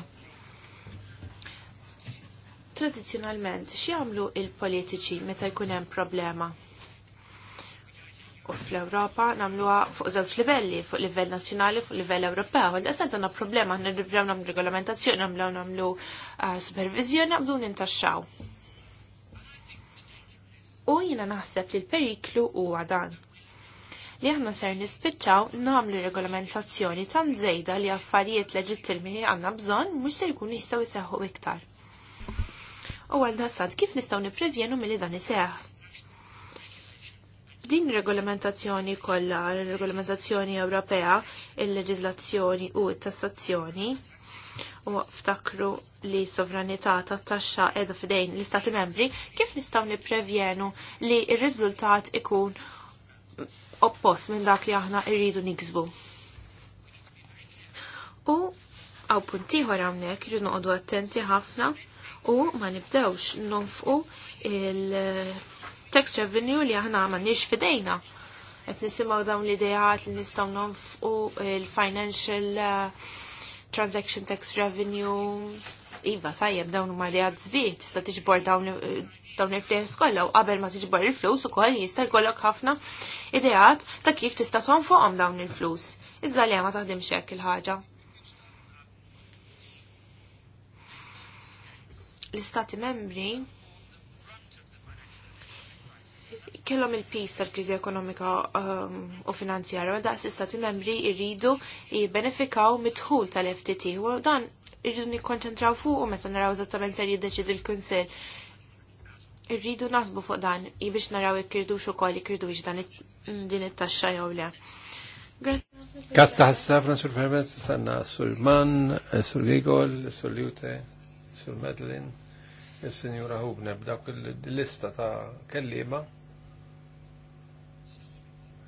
Speaker 1: xie għamlu il-politiċi meta jkun hemm problema? fl-Ewropa nagħmluha fuq żewġ livelli, fuq livell nazzjonali, fuq livell Ewropew. Għal da tagħna problema aħna nibdew nagħmlu regolamentazzjoni, nagħmlu nagħmlu uh, supervizjoni, nagħmlu nintaxxaw. U jiena naħseb li l-periklu huwa dan li aħna ser nispiċċaw nagħmlu regolamentazzjoni tan żejda li affarijiet leġittimi li għandna bżonn mhux se jkunu jistgħu jseħħu iktar. U għal kif nistgħu nipprevjenu milli dan iseħħ? Din regolamentazzjoni kollha, regolamentazzjoni Ewropea, il-leġiżlazzjoni u t-tassazzjoni u ftakru li sovranità ta' taxxa edha fidejn l-Istati membri, kif nistgħu nipprevjenu li r-riżultat ikun oppost minn dak li aħna rridu niksbu. U għaw puntiħor għamnek rridu noqogħdu attenti ħafna u ma nibdewx nonfqu il- tax revenue li aħna m'għandniex fidejna. Qed nisimgħu dawn l-idejat li nistgħu nonfqu il-financial uh, transaction tax revenue. Iva, sajjem dawn huma li għad żbiet, tista' tiġbor dawn uh, il flus kollha u qabel ma tiġbor il-flus ukoll jista' jkollok ħafna ideat ta' kif tista' tonfoqhom dawn il-flus. Iżda li ma taħdimx hekk il-ħaġa. L-istati membri kellhom il-pis tal-kriżi ekonomika ehm, u finanzjarja għal daqs istati membri jridu jibbenefikaw mitħul tal-FTT u dan irridu nikkonċentraw fuq u meta naraw eżattament ser jiddeċid il-Kunsill. Irridu nasbu fuq dan biex naraw xo irridu ukoll jekk dan din it-taxxa jew le. Kasta
Speaker 3: ħassa, Fransur Fermes, sanna Sur Mann, Sur Gigol, Sur Liute, Sur Medlin, il senjura Hubneb, dak il-lista ta' kellima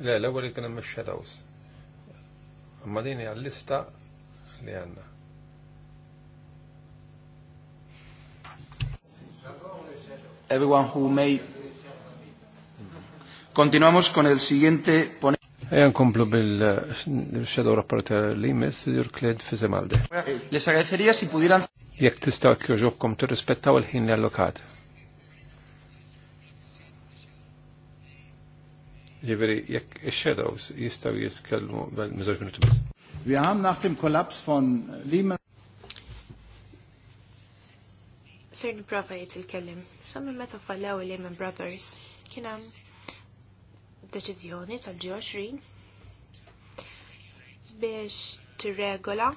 Speaker 3: Le, le, ewwel kena hemm shadows Imma din hija lista li għanna.
Speaker 4: Everyone who may Continuamos con el
Speaker 3: siguiente pone... Ejan komplu bil-shadow rapporter li jmiss jur kled fizemalde. Le eh, Les agradecería si pudiran... Jek tistaw kjoġobkom t-rispettaw il-ħin li allokat. Jiviri, jekk il-shadows jistaw jitkellmu bel-mizzoġ minuti bis. Vi għam naħtim Kollaps von
Speaker 4: Lima.
Speaker 1: Sir niprofa jitilkellim. Sammi meta fallaw il Lehman Brothers, kienam deċizjoni tal-G20 biex t-regola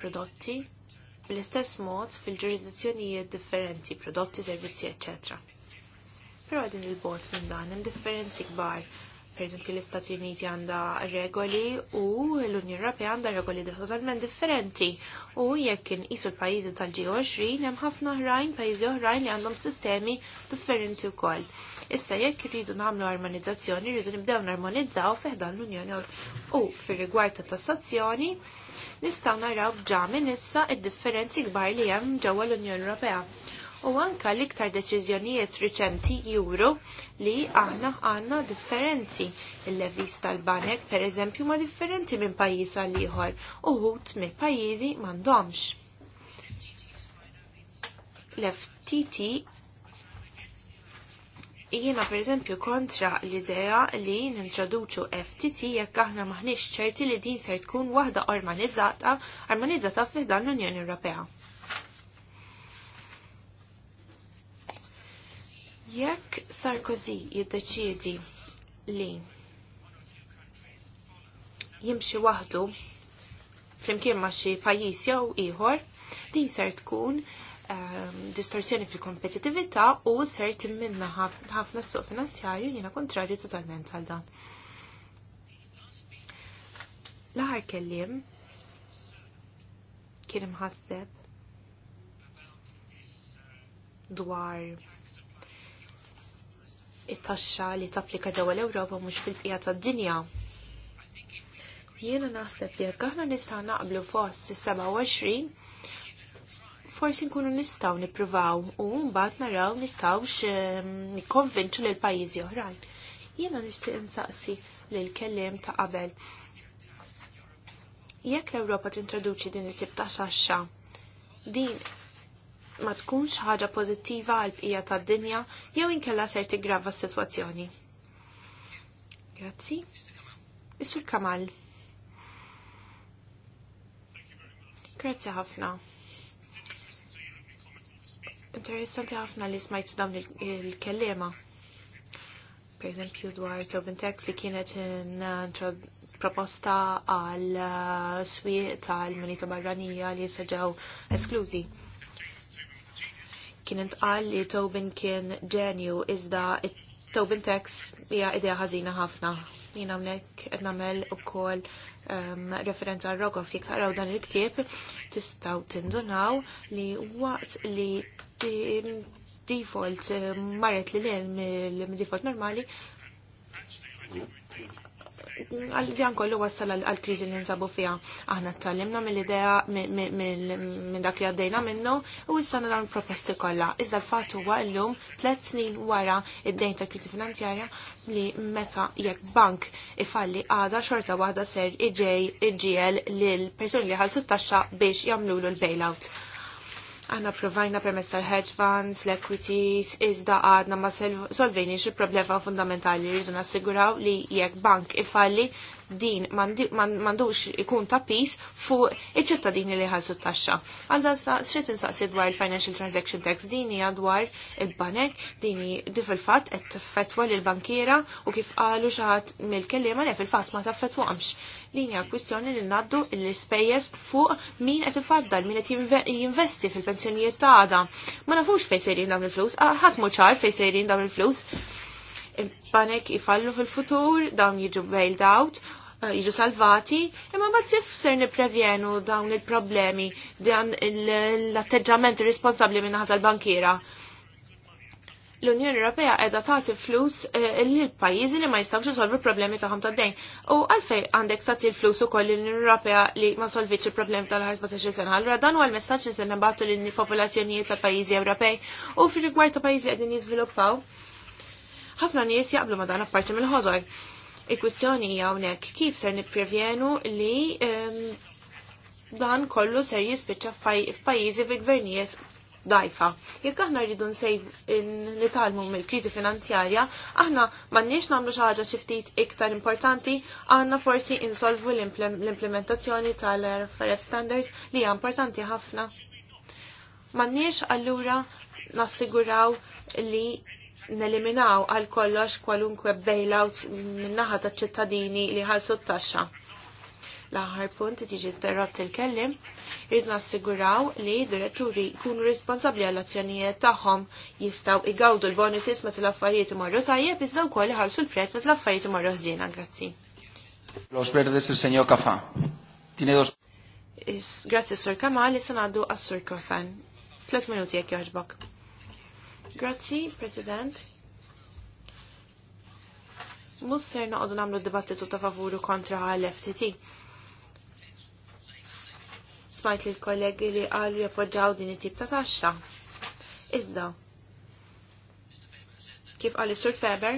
Speaker 1: prodotti bl-istess mod fil-ġurisdizzjonijiet differenti, prodotti, servizzi, eccetera però din il-bot minn dan hemm differenzi kbar. Per l-Istati Uniti għandha regoli u l-Unjoni Ewropea għandha regoli totalment differenti. U jekk inqisu l-pajjiżi tal-G20 hemm ħafna oħrajn pajjiżi oħrajn li għandhom sistemi differenti wkoll. Issa jekk irridu nagħmlu armonizzazzjoni, rridu nibdew narmonizzaw fih dan l-Unjoni u fir-rigward ta' tassazzjoni nistgħu naraw b'ġa minn issa id-differenzi kbar li hemm ġewwa l-Unjoni Ewropea u anka l-iktar deċiżjonijiet riċenti juru li aħna għanna differenzi. Il-levis tal-banek, per eżempju, ma differenti minn pajjiż għal ieħor u ħut minn pajjiżi m'għandhomx. L-FTT jiena per eżempju kontra l-idea li nintroduċu FTT jekk aħna maħniex ċerti li din se tkun waħda armonizzata armonizzata dan l-Unjoni Ewropea. Jekk Sarkozy jiddeċiedi li jimxi waħdu flimkien ma' xi pajjiż jew ieħor, din ser tkun um, distorsjoni fil-kompetitività u ser timminna ħafna suq finanzjarju jiena kontrarju totalment għal dan. L-aħar kellim kien imħasseb dwar it-taxxa li tapplika ġewwa l-Ewropa mhux fil-bqija tad-dinja. Jiena naħseb li jekk aħna nistgħu naqblu fost is-27 forsi nkunu nistgħu nippruvaw u mbagħad naraw nistgħux ehm, nikkonvinċu lil pajjiżi oħrajn. Jiena nixtieq insaqsi lil kelliem ta' qabel. Jekk l-Ewropa tintroduċi din it-tib ta' xaxxa, din ma tkunx ħaġa pozittiva għal bqija tad-dinja jew inkella ser tiggrava s-sitwazzjoni. Grazzi. is Kamal. Grazzi ħafna. Interessanti ħafna li smajt dawn il-kellema. Per eżempju dwar Tobin Tex li kienet proposta għal uh, swieq tal-munita barranija li jisġaw esklużi kien intqal li Tobin kien ġenju iżda Tobin Tex hija idea ħażina ħafna. Jien hawnhekk qed nagħmel ukoll um, referenza għal Rogov jekk taraw dan il-ktieb tistgħu tindunaw li waqt li default eh, marret li l-default normali għal-ġan kollu wassal għal-krizi li nsabu fija. Aħna t-tallimna mill-idea minn dak li għaddejna minnu u jissana għal proposti kolla. Iżda l-fat huwa tlet snin wara id-dejn ta' krizi finanzjarja li meta jekk bank ifalli għada xorta waħda ser iġej iġiel lil persuni li ħalsu t-taxxa biex jamlu l-bailout. Aħna provajna permess tal-hedge funds, l-equities, iżda għadna ma solvejniex il problema fundamentali li rridu nassiguraw li jekk bank ifalli din mandux ikun ta' pis fuq iċ-ċittadini li ħalsu t-taxxa. Għalda xie tinsaqsi dwar il-Financial Transaction Tax din hija dwar il-banek, din di fil-fatt qed tiffetwa lil bankiera u kif qalu xi ħadd mill-kelliema li fil-fatt ma taffetwamx. Din hija kwistjoni li ngħaddu l-ispejjeż fuq min qed ifaddal, min qed jinvesti fil-pensjonijiet ta' għada. Ma nafux fejn sejrin dawn il-flus, ħadd mhux ċar fejn sejrin dawn il-flus il-panek jifallu fil-futur, dawn jiġu bailed out, uh, jiġu salvati, imma ma tsif ser niprevjenu dawn il-problemi, dan l-atteġġament responsabli minna ħazal bankiera. L-Unjoni Ewropea edha tagħti flus lill-pajjiżi uh, li ma jistgħux isolvu problemi tagħhom tad-dejn. U għalfej għandek tagħti l-flus ukoll l-Unjoni Ewropea li ma solvitx il-problemi tal-ħarsba ta' xi sena. Allura dan huwa l-messaġġ li se nibgħatu lill popolazzjonijiet tal-pajjiżi Ewropej u fir-rigward ta' pajjiżi qegħdin jiżviluppaw ħafna nies jaqblu ma dan apparti mill-ħodor. Il-kwistjoni hija hawnhekk kif ser nipprevjenu li ehm, dan kollu ser jispiċċa f'pajjiżi bi gvernijiet dajfa. Jekk aħna rridu nitalmu mill-kriżi finanzjarja, aħna m'għandniex nagħmlu xi ħaġa xi ftit iktar importanti, għandna forsi insolvu l-implementazzjoni tal-RFRF standard li hija importanti ħafna. M'għandniex allura nassiguraw li neliminaw għal kollox kwalunkwe bailout minnaħa ta' ċittadini li ħalsu t-taxxa. L-aħħar punt tiġi interrott il-kellim, Irridna nassiguraw li diretturi jkunu responsabbli għall azzjonijiet tagħhom jistgħu igawdu l-bonuses meta l-affarijiet imorru tajjeb iżda wkoll iħallsu l-prezz meta l-affarijiet imorru ħżiena, grazzi.
Speaker 4: Los Verdes il-Senjor Kafa. Tiene dos.
Speaker 1: Grazzi Sur Kamal, issa ngħaddu għas-Sur Kafan. Tlet minuti jekk joħġbok. Grazzi, President. Mus ser naqdu namlu dibattitu ta' favuru kontra l-FTT. Smajt li l-kollegi li għalu jappoġġaw din it-tip ta' taxxa. Iżda, kif għalli Sur Feber,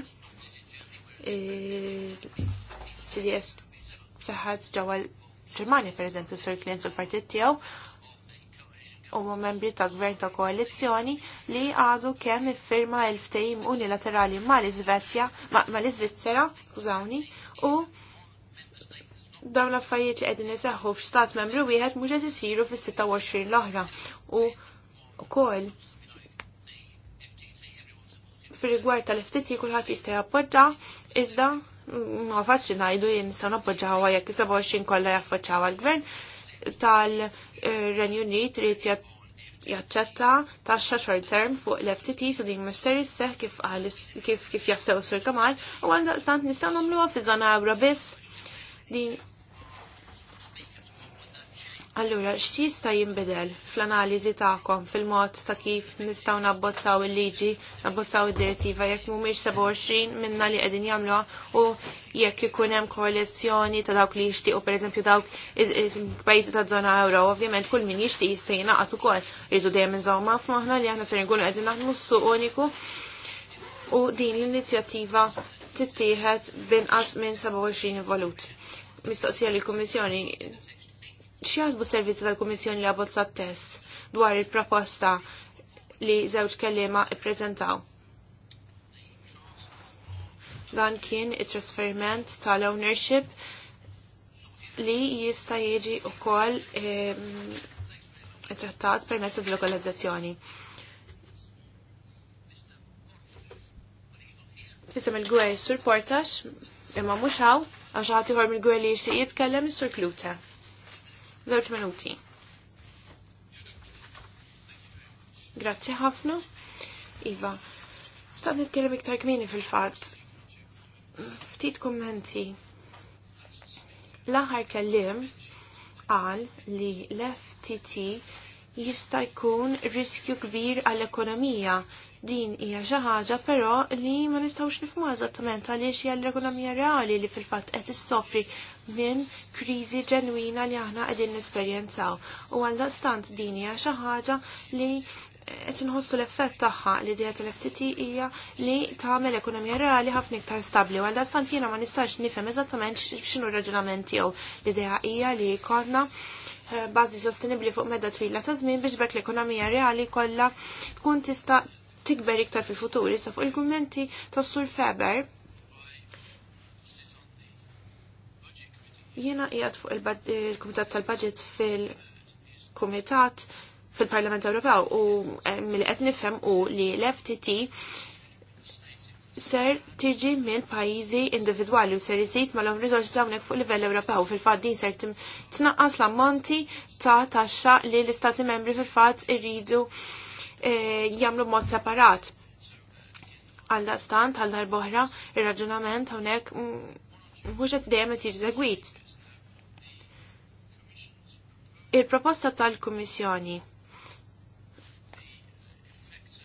Speaker 1: CDS saħħat ġewwa l ġermani per eżempju Sur Klient u l-partit tiegħu u membri ta' gvern ta' koalizjoni li għadu kemm iffirma il ftehim unilaterali mal-Iżvezja, mal-Iżvizzera, skużawni, u dawn l-affarijiet li qegħdin iseħħu f'stat membru wieħed mhux qed isiru fis-26 l-oħra. U wkoll fir-rigward tal-FTT kulħadd jista' jappoġġa iżda mm, ma faċċi ngħidu jien nistgħu nappoġġawha jekk 27 kollha jaffaċċaw għall-gvern, tal-Renju Unit jaċċetta taxxa short term fuq l-FTT su din misser isseħ kif kif kif jaħseb sur kamal u għandha stant nistgħu nagħmluha fi żona ewra biss din Allura, x'jista' jinbidel fl-analiżi tagħkom fil-mod ta' kif nistgħu nabbozzaw il-liġi, nabbozzaw id-direttiva jekk mhumiex 27 minna li qegħdin jagħmluha u jekk ikun hemm koalizzjoni ta' dawk li jixtiequ pereżempju dawk pajjiżi ta' żona euro, ovvjament kull min jixtieq jista' jingħaqad ukoll irdu dejjem inżomma f'moħħna li aħna ser nkunu qegħdin naħdmu suq uniku u din l-inizjattiva tittieħed binqas minn 27 valut. Mistoqsija li l-Kummissjoni xjazbu servizzi tal-Kummissjoni li abbozza test dwar il-proposta li żewġ kellima i-prezentaw. Dan kien it-trasferiment tal-ownership li jista' jiġi wkoll ehm, trattat permezz il-lokalizzazzjoni. Tisem il-gwej sur portax, imma mux għaw, għax ħati mill-gwej li jixtieq jitkellem is-sur Klute. Żewġ minuti. Grazzi ħafna. Iva, stat nitkellem iktar kmini fil-fatt. Ftit kummenti. L-aħħar kellim qal li l-FTT jista' jkun riskju kbir għall-ekonomija. Din hija xi ħaġa però li ma nistgħux nifhmu eżattament għaliex hija l-ekonomija reali li fil-fatt qed issofri minn kriżi ġenwina li aħna qegħdin nesperjenzaw. U għal stant din hija xi ħaġa li qed inħossu l-effett tagħha li dijat l-FTT hija li tagħmel ekonomija reali ħafna iktar stabbli għal dastant jiena ma nistax nifhem eżattament x'inhu r-raġunament tiegħu li dejha hija li jkollna eh, bażi sostenibbli fuq medda twila ta' żmien biex bekk l-ekonomija reali kollha tkun tista' tikber iktar fil-futur. Issa fuq il-kummenti tas-Sur Feber Jiena qiegħed fuq il-Kumitat tal-Budget fil-Kumitat fil-Parlament Ewropew u eh, milli qed nifhem u li l-FTT ser tiġi minn pajjiżi individwali u ser iżid mal om riżorsi hawnhekk fuq livell Ewropew fil-fatt din ser tnaqqas l-ammonti ta' taxxa li l-Istati membri fil-fatt irridu eh, jagħmlu mod separat. Għal dastant, għal darbohra, ir-raġunament hawnhekk mhux qed dejjem qed jiġi segwit il-proposta tal-Kummissjoni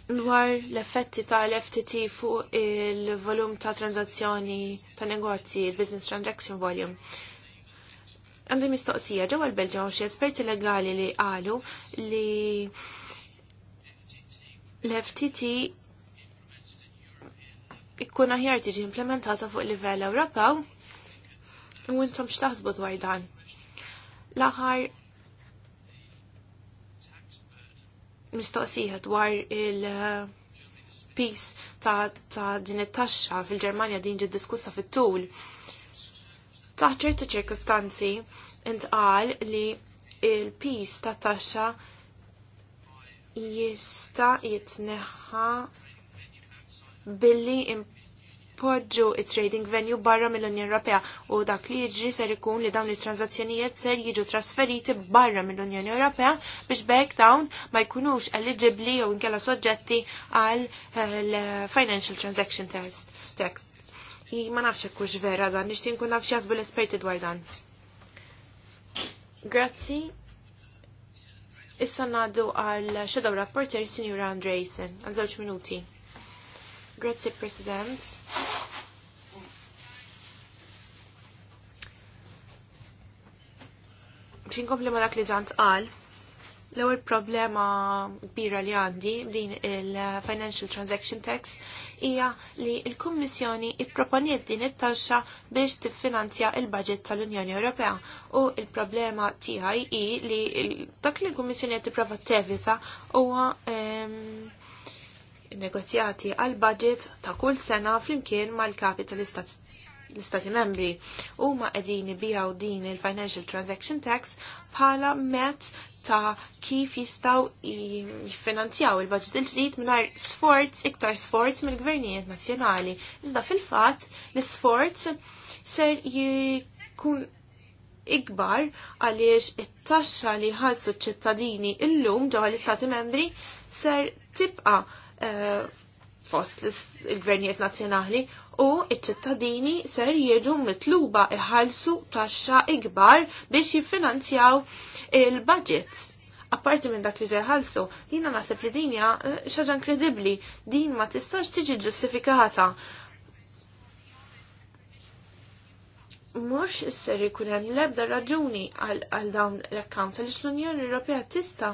Speaker 1: dwar l-effetti tal-FTT fuq il-volum ta' tranzazzjoni ta' negozji, il-Business Transaction Volume. Għandu mistoqsija, ġewa l belġa xi esperti legali li qalu li l-FTT ikkun aħjar tiġi implementata fuq livell Ewropew u intom x'taħsbu dwar dan. L-aħħar mistoqsija dwar il-pis uh, ta', ta din it-taxxa fil-Ġermanja din ġid diskussa fit-tul. Taħt ċertu ċirkostanzi intqal li il-pis ta' taxxa jista' jitneħħa billi imp poġġu it-trading venue barra mill-Unjoni Ewropea u dak li jiġri ser ikun li dawn it-transazzjonijiet ser jiġu trasferiti barra mill-Unjoni Ewropea biex bekk dawn ma jkunux eligibli jew inkella soġġetti għal eh, financial transaction test. Text. Ma nafx hekk vera dan, nixtieq nkun nafx jazbu l-esperti dwar dan. Grazzi. Issa ngħaddu għal Shadow Rapporter Sinjura Andrejsen, għal żewġ minuti. Grazie, President. Bxin komplema dak li ġant qal, l-ewwel problema kbira li għandi din il-Financial Transaction Tax hija li l-Kummissjoni ipproponiet din it-taxxa biex tiffinanzja il-budget tal-Unjoni Ewropea u il-problema tiegħi hi li dak li l-Kummissjoni qed tipprova tevita huwa ehm, negozjati għal budget ta' kull sena flimkien mal-kapi tal-istati membri u ma' edini u din il-Financial Transaction Tax bħala mezz ta' kif jistaw jiffinanzjaw il-budget il-ġdid minnar sforz, iktar sforz mill-gvernijiet nazjonali. Iżda fil-fat, l-sforz ser jikun ikbar għaliex it-taxxa li ħalsu ċittadini illum ġewwa l-Istati Membri ser tibqa' Eh, fost il-gvernijiet nazzjonali u iċ-ċittadini ser jieġu mitluba iħalsu taxxa ikbar biex jiffinanzjaw il-budget. Apparti minn dak li ġeħalsu, jina nasib li dinja eh, xaġa inkredibbli, din ma tistax tiġi ġustifikata mhux isser jkun hemm l-ebda raġuni għal dawn l account għaliex l-Unjoni Ewropea tista'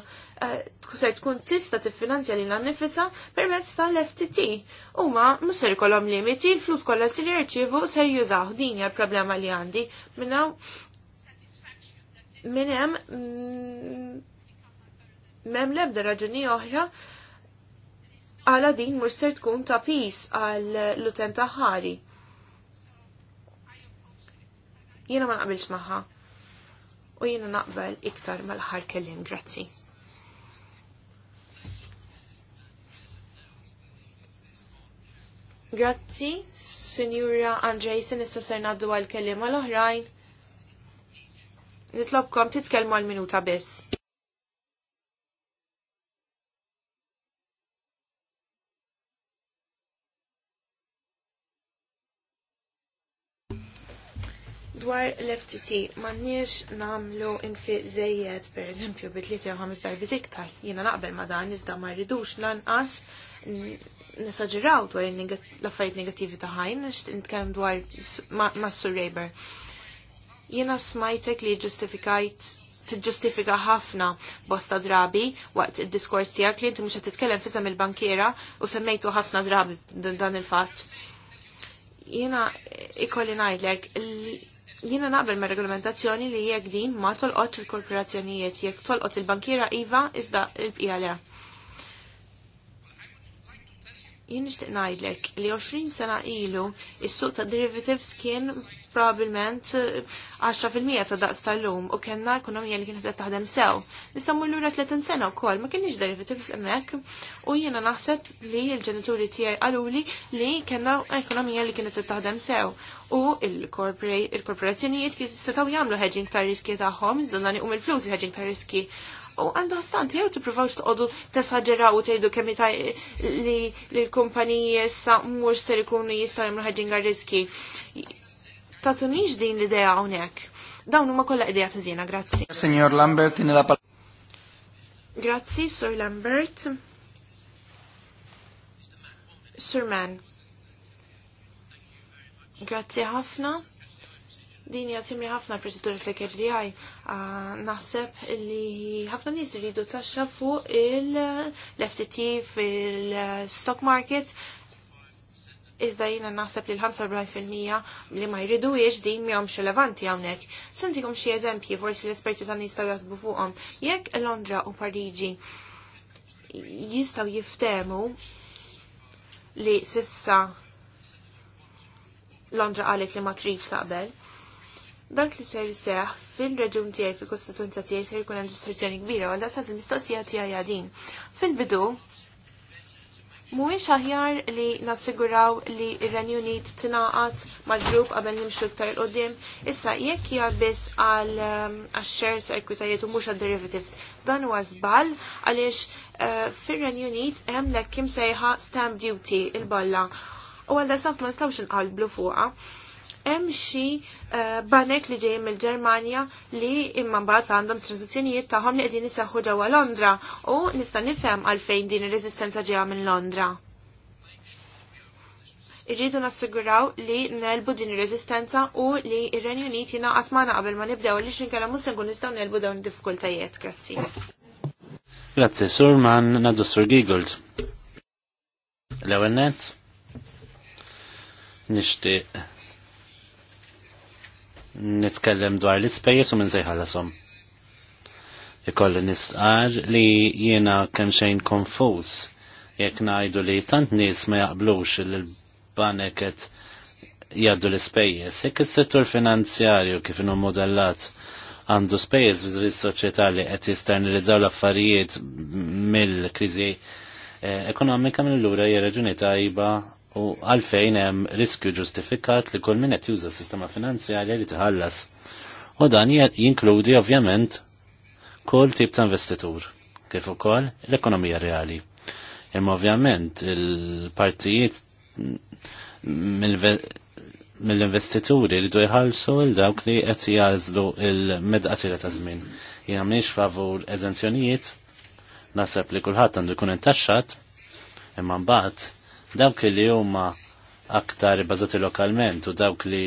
Speaker 1: eh, se tkun tista' tiffinanzja lil nifisa permezz tal-FTT. Huma mhux se jkollhom limiti, l-flus kollha se jirċievu se jużaw din hija l-problema li għandi. Minnaw, minn hemm mm, m'hemm l-ebda raġuni oħra għala din mhux se tkun ta' pis għall l-utent ħari Jiena ma naqbilx magħha. U jiena naqbel iktar mal-aħħar kellim, grazzi. Grazzi, Sinjura Andrejsen, issa ser naddu għal-kellim għal-oħrajn. Nitlobkom titkellmu għal-minuta biss. Dwar l-FTT, m'għandniex nagħmlu infiq per pereżempju bit li jew ħames darbi iktar. Jiena naqbel ma dan iżda ma rridux lanqas nisaġiraw dwar l-affarijiet negattivi ta' ħajn, nitkellem dwar Massur Rejber. Jiena smajtek li ġustifikajt tiġġustifika ħafna bosta drabi waqt id-diskors tiegħek li inti mhux qed titkellem fisem il-bankiera u semmejtu ħafna drabi dan il-fatt. Jiena ikolli ngħidlek Jiena naqbel ma' regolamentazzjoni li jekk din ma tolqot il-korporazzjonijiet, jekk tolqot il-bankiera iva iżda il-bqija le jien nixtieq ngħidlek li 20 sena ilu is-suq ta' derivatives kien probabbilment 10% eh, ta' daqs tal-lum u kellna ekonomija li kienet qed taħdem sew. Issa mmur lura 30 sena wkoll ma kienx derivatives hemmhekk u jiena naħseb li l-ġenituri tiegħi qaluli li kellna ekonomija li kienet qed taħdem sew u il-korporazzjonijiet kien setgħu jagħmlu hedging ta' riski tagħhom iżda dan iqum il-flus hedging ta' riski U għandu għastant, jew t-provaw t-qodu t-sagġeraw u t-għidu kemmi ta' li l-kumpaniji sa' mux ser ikunu jistaw jemlu ħagġinga riski. Tatunix din l-ideja għonek. Dawn huma kollha ideja ta' zina, grazzi.
Speaker 4: Signor
Speaker 3: Lambert, in la
Speaker 1: Grazzi, Sur Lambert. Sir Man. Grazzi ħafna. Din hija simli ħafna proċeduri fl-KHDI. Ah, naħseb li ħafna nies iridu taxxa fuq il-FTT fil-stock market iżda jina naħseb li l-45% li ma jridu jiex din miħom xelevanti għawnek. Sentikom xie eżempji, forsi l-esperti dan jistaw jasbu fuqom. Jekk Londra u Parigi jistaw jiftemu li sissa Londra għalet li ma trid taqbel, dak li ser seħ fin reġun tiegħi fil-kostituenza tiegħi ser jkun hemm distruzzjoni kbira għal daqsat il-mistoqsija tiegħi għadin. Fil-bidu mhuwiex aħjar li nassiguraw li r renju Unit tingħaqad mal-grupp qabel nimxu iktar il qoddim issa jekk hija biss għal ehm, għax-shares ekwitajiet u mhux għal derivatives dan huwa żball għaliex eh, fir-Renju Unit hemm kim sejħa stamp duty il-balla u għal dasaf ma nistawx inqalblu fuqha hemm banek li ġejjin mill-Ġermanja li imma mbagħad għandhom tranzizzjonijiet tagħhom li qegħdin iseħħu ġewwa Londra u nista' nifhem għalfejn din ir-reżistenza ġejja minn Londra. Irridu nassiguraw li nelbu din ir-reżistenza u li ir-Renju Unit jingħaqad magħna qabel ma nibdew li xinkella mhux se nkun nistgħu nelbu dawn id-diffikultajiet. Grazzi.
Speaker 2: Grazzi, Sur Man Nadu Sur Giggles. L-ewwel nett nixtieq nitkellem dwar l-ispejjeż u minn se jħallasom. Ikolli nistqar li jiena kemm xejn konfuż jekk ngħidu li tant nies ma jaqblux il l qed jgħaddu l-ispejjeż, jekk is-settur finanzjarju kif inhu modellat għandu spejjeż viżvis soċjetà li qed jisternalizzaw l-affarijiet mill-kriżi eh, ekonomika mill-lura hija raġuni tajba u għalfejn hemm riskju ġustifikat li kull min qed juża s-sistema finanzjarja li tħallas. U dan jinkludi ovvjament kull tip ta' investitur kif ukoll l-ekonomija reali. Imma ovvjament il-partijiet mill-investituri li du jħallsu il dawk li qed jażlu il-medqa sira ta' żmien. Jiena mhix favur eżenzjonijiet, naħseb li kulħadd għandu jkun intaxxat, imma mbagħad Dawk li huma aktar bazati lokalment u dawk li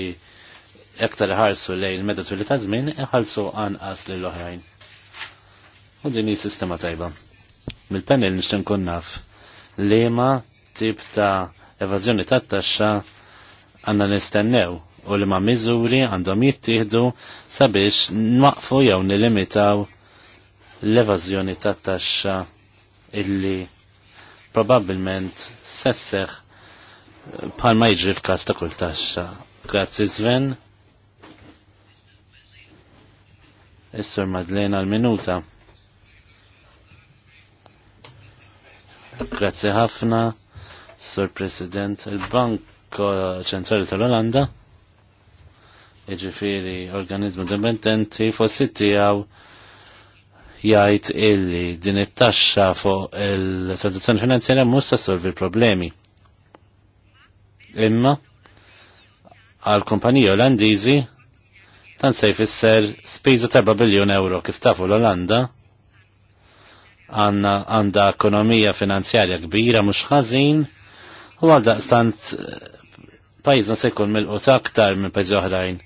Speaker 2: aktar ħarsu lejn meta twil ta' żmien ħarsu anqas lil oħrajn. U din hi sistema tajba. Mill-panel nixtieq nkun naf liema tip ta' evażjoni tat-taxxa għandna nistennew u li ma' miżuri għandhom jittieħdu sabiex nwaqfu jew nilimitaw l-evażjoni tat-taxxa illi Probabilment sesseħ eh, pal ma jiġri f'każ ta' kull taxxa. Grazzi Sven. Is-Sur Madlena l-minuta. Grazzi ħafna, Sur President, il-Bank Ċentrali tal-Olanda iġifiri organizmu dipendenti fossi tijaw jgħid illi din it-taxxa fuq il-transazzjoni finanzjarja mhux se solvi l-problemi. Imma għal kumpaniji Olandiżi tan se jfisser spiża 4 biljun euro kif tafu l-Olanda għanna għanda ekonomija finanzjarja kbira mhux ħażin u għal daqstant eh, pajjiżna se jkun mill-qut aktar minn pajjiżi oħrajn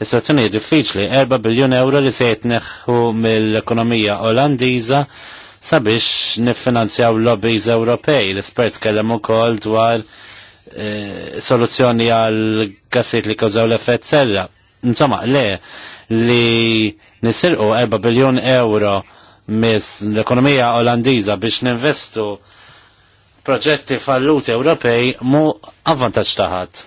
Speaker 2: Is-situazzjoni diffiċli 4 biljun euro li se jitneħħu mill-ekonomija Olandiża sabiex niffinanzjaw lobbies Ewropej. l isperts kellem ukoll dwar eh, soluzzjoni għal gassiet li kawżaw l-effett sella. Insomma, le li nisirqu 4 biljun euro mis l-ekonomija Olandiża biex ninvestu proġetti falluti Ewropej mu avvantaġġ taħat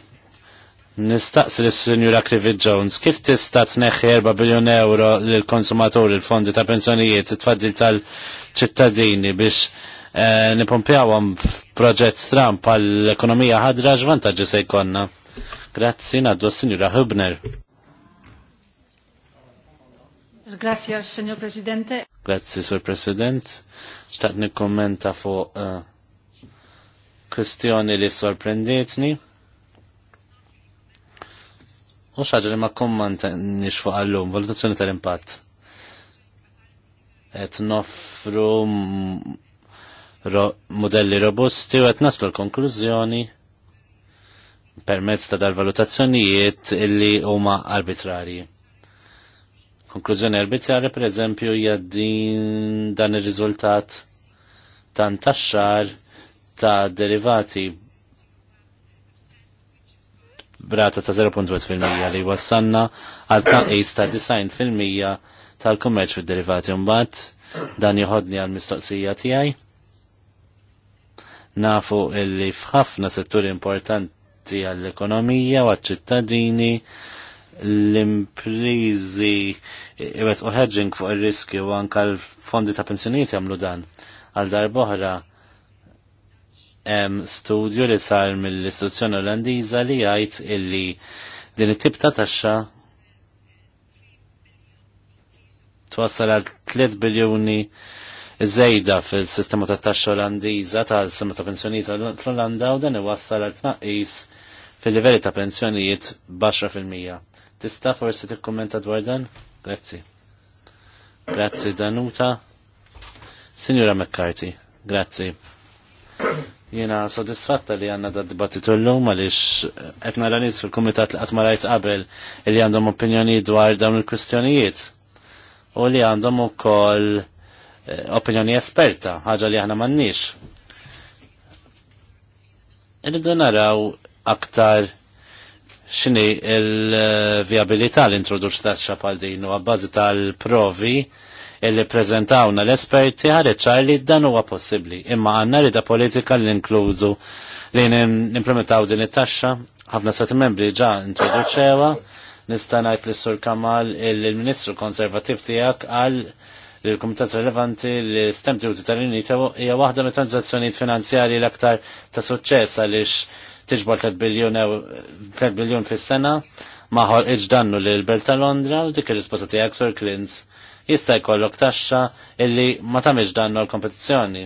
Speaker 2: Nistaqsi l-Sinjura Crivit Jones, kif tista tneħħi 4 biljon euro lil konsumaturi l-fondi ta' pensjonijiet, t-tfaddil tal-ċittadini biex eh, nipompjawam f'proġett stram pal-ekonomija ħadra ġvantaġġi se jkonna. Grazzi, naddu s-Sinjura Hubner.
Speaker 1: Grazie, Signor Presidente.
Speaker 2: Grazzi, Sur President. Xtaqt nikkommenta fuq eh, kwestjoni li sorprendetni Mux ħagġa li ma kommant nix fuq għallum, valutazzjoni tal-impatt. Et noffru modelli robusti u et naslu l-konklużjoni permezz ta' dal-valutazzjonijiet illi huma arbitrarji. Konklużjoni arbitrarja per eżempju jaddin dan ir-riżultat tan taxxar ta' derivati brata ta' fil-mija li wassanna għal tanqis ta' 90% tal-kummerċ fid derivati mbagħad dan joħodni għal mistoqsija tiegħi. Nafu illi f'ħafna setturi importanti għall-ekonomija u għaċ-ċittadini l-imprizi iwet u hedging fuq ir riski u anka l-fondi ta' pensjonijiet għamlu dan għal darboħra hemm studju li sar mill-istituzzjoni Olandiża li jgħid illi din it-tip ta' taxxa twassal għal 3 biljuni żejda fil-sistema ta' taxxa Olandiża tal-sistema ta' pensjonijiet fl olanda u dan iwassal għal tnaqqis fil-livelli ta' pensjonijiet baxra fil-mija. Tista' forsi tikkummenta dwar dan? Grazzi. Grazzi Danuta. Signora McCarthy, grazzi. Jena sodisfatta li għanna da dibattitu l-lum għalix eh, etna l-għanis fil-komitat li għatma rajt qabel li għandhom opinjoni dwar dawn il-kustjonijiet u li għandhom u kol eh, opinjoni esperta, ħaġa li aħna mannix. Irridu naraw aktar xini il-viabilità eh, l-introduċ ta' xapaldin u tal-provi illi prezentawna l-esperti ħareċar li dan huwa possibbli. Imma għandna rida politika l inkludu li implementaw din it-taxxa. Ħafna stati membri ġa introduċewa nista' ngħid s sur Kamal il-Ministru konservativ tiegħek għal li l-Kumitat Relevanti li stem duty tal-Unit hija waħda mit tranzazzjonijiet finanzjarji l-aktar ta' suċċess għaliex tiġbor 3 biljun 3 fis-sena maħor iġdannu li l-Belt ta' Londra u dik ir-risposta tiegħek Sir Clint jista' jkollok taxxa illi ma tagħmilx dannu l-kompetizzjoni.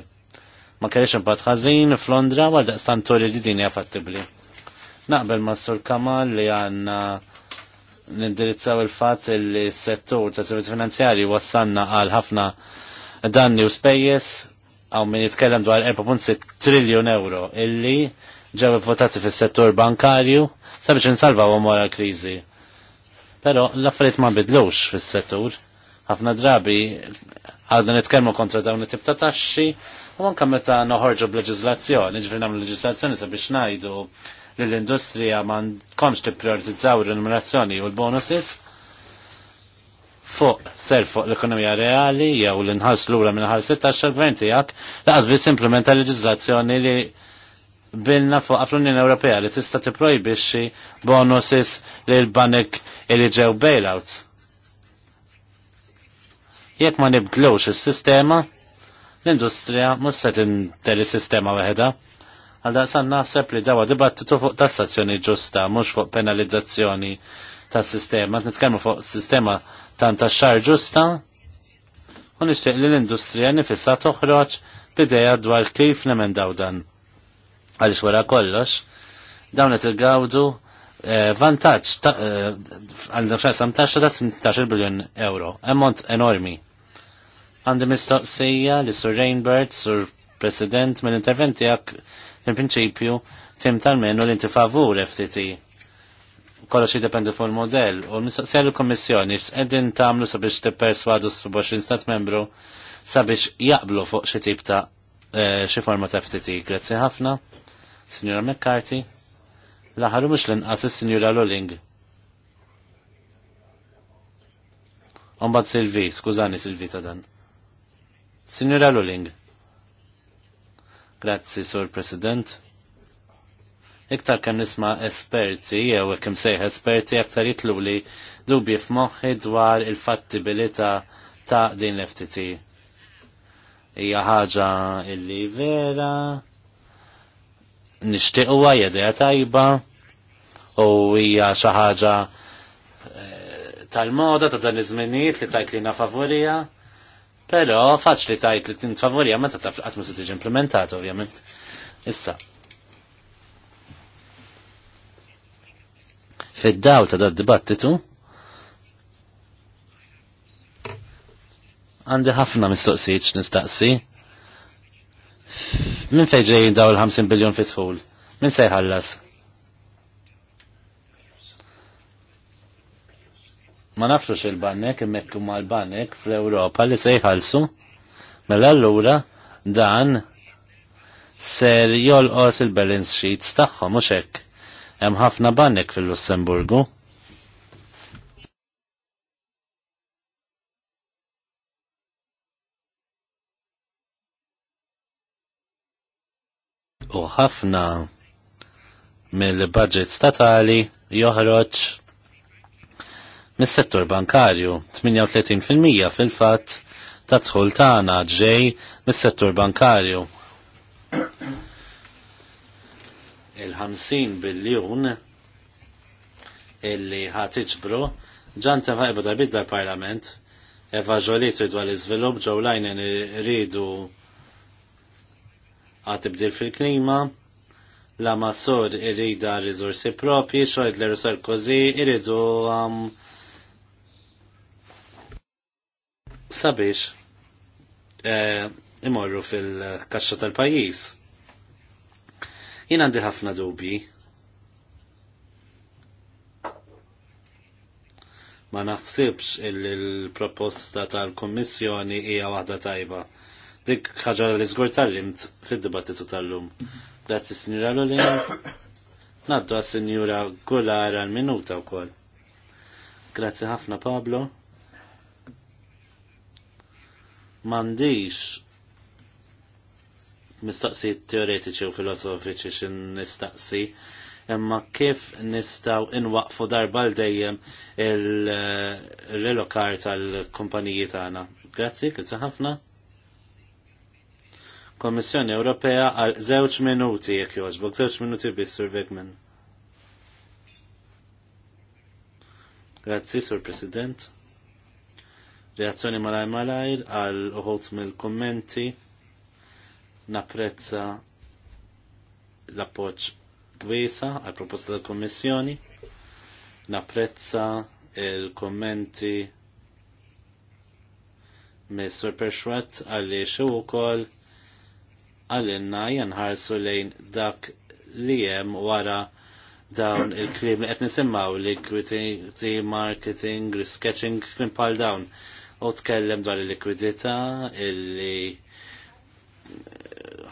Speaker 2: Ma kellix imbagħad ħażin f'Londra għal daqstan turi li din hija fattibbli. Naqbel ma' Sur Kamal li għandna nindirizzaw il-fatt li s-settur ta' servizzi finanzjari wassanna għal ħafna danni u spejjeż għaw min jitkellem dwar 4.6 triljon euro illi ġew votati fis-settur bankarju sabiex insalvaw għom wara l-kriżi. Però l-affarijiet ma bidlux fis-settur ħafna drabi għadna nitkellmu kontra dawn it-tip ta' taxxi u anke meta noħorġu b'leġiżlazzjoni, ġifri nagħmlu leġiżlazzjoni sabiex ngħidu li l-industrija ma nkomx tipprioritizzaw il-remunerazzjoni u l-bonuses fuq ser fuq l-ekonomija reali jew l-inħas lura minn ħalsi taxxa l-gvern tiegħek laqas biss implementa leġiżlazzjoni li bilna fuq fl-Unjoni Ewropea li tista' tipprojbixxi bonuses lil banek li ġew bailouts Jekk ma nibdlux is-sistema, l-industrija mhux se tindeli sistema waħedha. Għal daqsan naħseb li dawa dibattitu fuq tassazzjoni ġusta, mhux fuq penalizzazzjoni tas-sistema. Nitkellmu fuq sistema tant taxxar ġusta u nixtieq li l-industrija nifissa toħroġ b'ideja dwar kif nemendaw dan. Għaliex wara kollox, dawn qed igawdu eh, vantaġġ eh, għal xesam taxxa ta' 18 biljon euro, emmont enormi. Għandi mistoqsija li Sur Rainbird, Sur President, mill-interventi għak fil-prinċipju fim tal-menu li inti favur FTT. Kollox dependi fuq il-modell. U mistoqsija l-Kommissjoni, s-eddin tagħmlu sabiex tipperswadu s-27 stat membru sabiex jaqblu fuq xi tip ta' eh, xi forma ta' FTT. Grazzi ħafna, Signora McCarthy, l-aħħar mhux l-inqas is-Sinjura Loling. Ombat Silvi, skużani Silvi ta' dan. Signora Luling. Grazzi, Sur President. Iktar kan nisma esperti, jew kem sejħ esperti, aktar jitlu li dubi f'moħħi dwar il-fattibilita ta' din l-FTT. Hija ħaġa illi vera nixtiequha jedea tajba u hija xi ħaġa eh, tal-moda ta' dan iż-żminijiet li tajklina favorija Pero faċli tajt li tintfavorija meta taf qatt ma se tiġi implementat ovvjament. Issa. Fid-daw ta' da' dibattitu għandi ħafna mistoqsijiet nistaqsi. Min fejn ġejjin daw il-50 biljon fitħul? Min se jħallas? ma nafxux il bannek imekku ma l-banek fl-Europa li se jħalsu mela allura dan ser jolqos il-balance sheets tagħhom mhux hekk. Hemm ħafna banek fil-Lussemburgu. U ħafna mill-budget statali joħroġ mis-settur bankarju, 38% fil-fatt ta' tħul tagħna ġej mis-settur bankarju. Il-50 biljun illi ħat iġbru ġan fajbu ta' bidda parlament evaġoliet id l izvilup ġew lajnen ridu għatibdil fil-klima la masor irrida rizursi propi xoħid l-Sarkozy irridu um, sabiex eh, imorru fil-kaxxa tal-pajjiż. Jien għandi ħafna dubi. Ma naħsibx il-proposta tal-Kommissjoni hija waħda tajba. Dik ħaġa li żgur tal-limt fid-dibattitu tal-lum. Grazzi Sinjura Lulin. Naddu għas Sinjura Gulara għal-minuta wkoll. Grazzi ħafna Pablo. M'għandix mistaqsi teoretiċi u filosofiċi xin nistaqsi imma kif nistaw inwaqfu darba l dejjem il-relokar tal-kumpaniji tagħna. Grazzi, kitsa ħafna. Kommissjoni Ewropea għal żewġ minuti jekk jogħġbok, żewġ minuti biss Sur Wegman. Grazzi, Sur President reazzjoni malaj malajr għal uħolz mill-kommenti napprezza l-appoċ dwisa għal proposta tal kommissjoni napprezza il-kommenti Mr. Pershwet għalli xew ukoll għallinna jenħarsu lejn dak li hemm wara dawn il krim li qed nisimgħu li marketing, sketching, krim pal dawn u tkellem dwar il-likwidità illi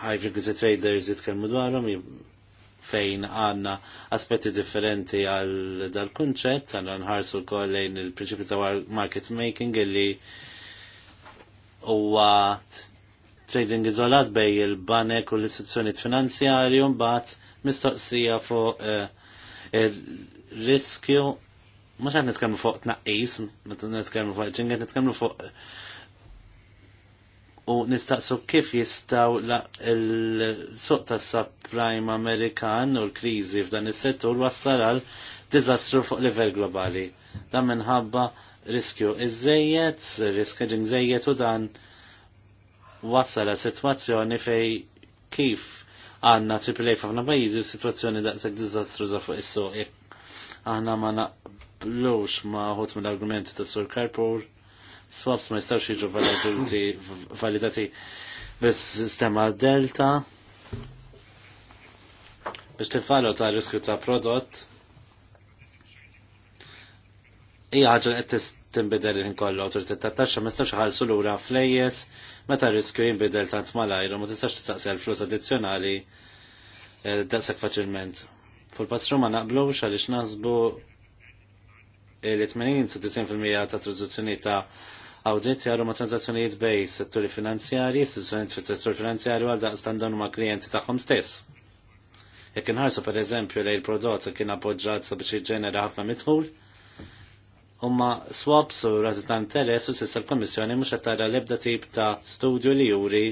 Speaker 2: high frequency traders jitkellmu dwarhom fejn għanna aspetti differenti għal dal-kunċett, għanna nħarsu l lejn il-prinċipju ta' market making illi huwa trading iżolat bej il-banek u l-istituzzjoni finanzjarju mbagħad mistoqsija fuq eh, riskju mux għan nitkellmu fuq tnaqqis, meta nitkellmu fuq ġinget, nitkellmu fuq u nistaqsu kif jistaw il-suq tas subprime Amerikan u l-krizi f'dan is-settur wassal għal diżastru fuq livell globali. Dan minħabba riskju iżejjed, riskju ġingżejjed u dan wassal għal sitwazzjoni fej kif għanna AAA f'ħafna pajjiżi u situazzjoni daqshekk diżastru fuq is-suq. Aħna ma Blux ma ħot mill-argumenti ta' Sur Karpur, swaps ma jistawx jiġu validati bis-sistema Delta, biex tifallu ta' riskju ta' prodott, hija ħaġa qed tinbidel il kollu awtoritet ta' taxxa ma tistax ħalsu lura flejjes meta riskju jinbidel tant malajr u ma tistax tistaqsi għal flus addizzjonali eh, daqshekk faċilment. Fil-pass ma naqblux għaliex naħsbu l-80 sa 90% ta' tranzazzjoni ta' audit jaru ma' tranzazzjonijiet bej setturi finanzjari, istituzzjonijiet fit settur finanzjari għal daqs dawn ma' klienti tagħhom stess. Jekk inħarsu per eżempju li il-prodott kien appoġġat sabiex jiġġenera ħafna mitħul, umma swaps u razitan interess u sissa l-Komissjoni mux għattara ebda tip ta' studju li juri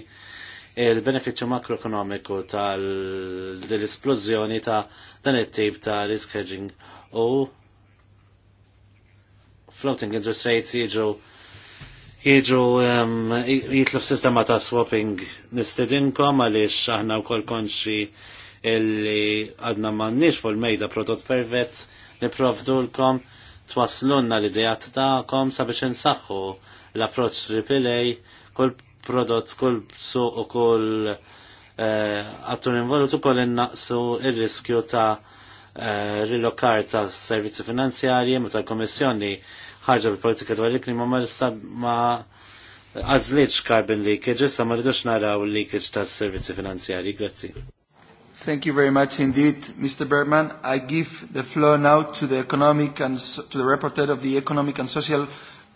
Speaker 2: il-beneficju makroekonomiku tal-esplozjoni ta' dan it-tip ta' risk hedging u floating interest rates jiġu jiġu um, jitlu sistema ta' swapping nistedinkom għalix aħna u kol konxi illi għadna mannix fuq il-mejda prodott pervet li l-kom twaslunna l-idejat kom sabiex nsaxħu l-approċ ripilej kull prodott, kull su u kull għattun eh, uh, involutu kull innaqsu il-riskju ta' uh, eh, rilokar ta' servizzi finanzjarji ma ta' komissjoni ħarġa bil-politika dwar il-klima ma ma għazliċ carbon leakage, sa ma rridux naraw leakage ta' servizzi finanzjari. Grazzi.
Speaker 4: Thank you very much indeed, Mr. Bergman. I give the floor now to the economic and to
Speaker 2: the reporter of the Economic and Social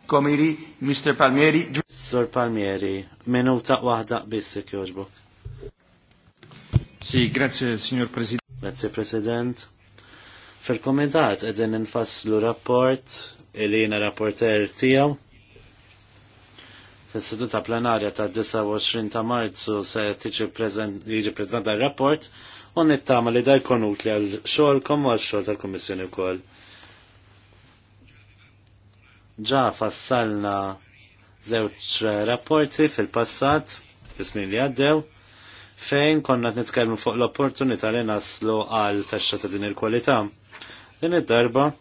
Speaker 2: Committee, Mr. Palmieri. Sir Palmieri, minuta wahda biss jogħġbok. si, grazie signor Presidente. Grazie President. Fil-Komitat edin nfasslu rapport Elina rapporter tijaw. Fis-seduta plenarja ta' 29 ta' marzu se tiġi prezent, prezentata r-rapport u nittama li dar konut li għal xogħolkom u għal xogħol tal-Kummissjoni wkoll. Ġa fassalna żewġ rapporti fil-passat, fis-snin li għaddew, fejn konna nitkellmu fuq l-opportunità li naslu għal taċċa ta' din il-kwalità. Din id-darba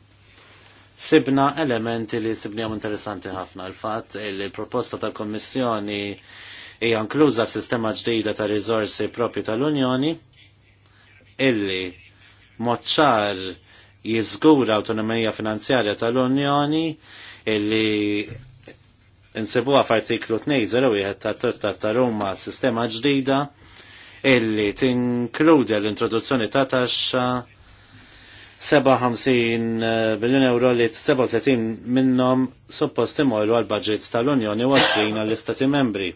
Speaker 2: sibna elementi li sibnijom interessanti ħafna. Il-fat il-proposta ta' kommissjoni hija f sistema ġdida ta' riżorsi propri tal-Unjoni illi moċċar jiżgura autonomija finanzjarja tal-Unjoni illi insibuha f'artiklu 201 ta' Trattat ta' Roma sistema ġdida illi tinkludja l-introduzzjoni ta' taxxa 57 eh, biljun euro li 37 minnom suppost imorru għal budget tal-Unjoni u 20 għall-Istati membri.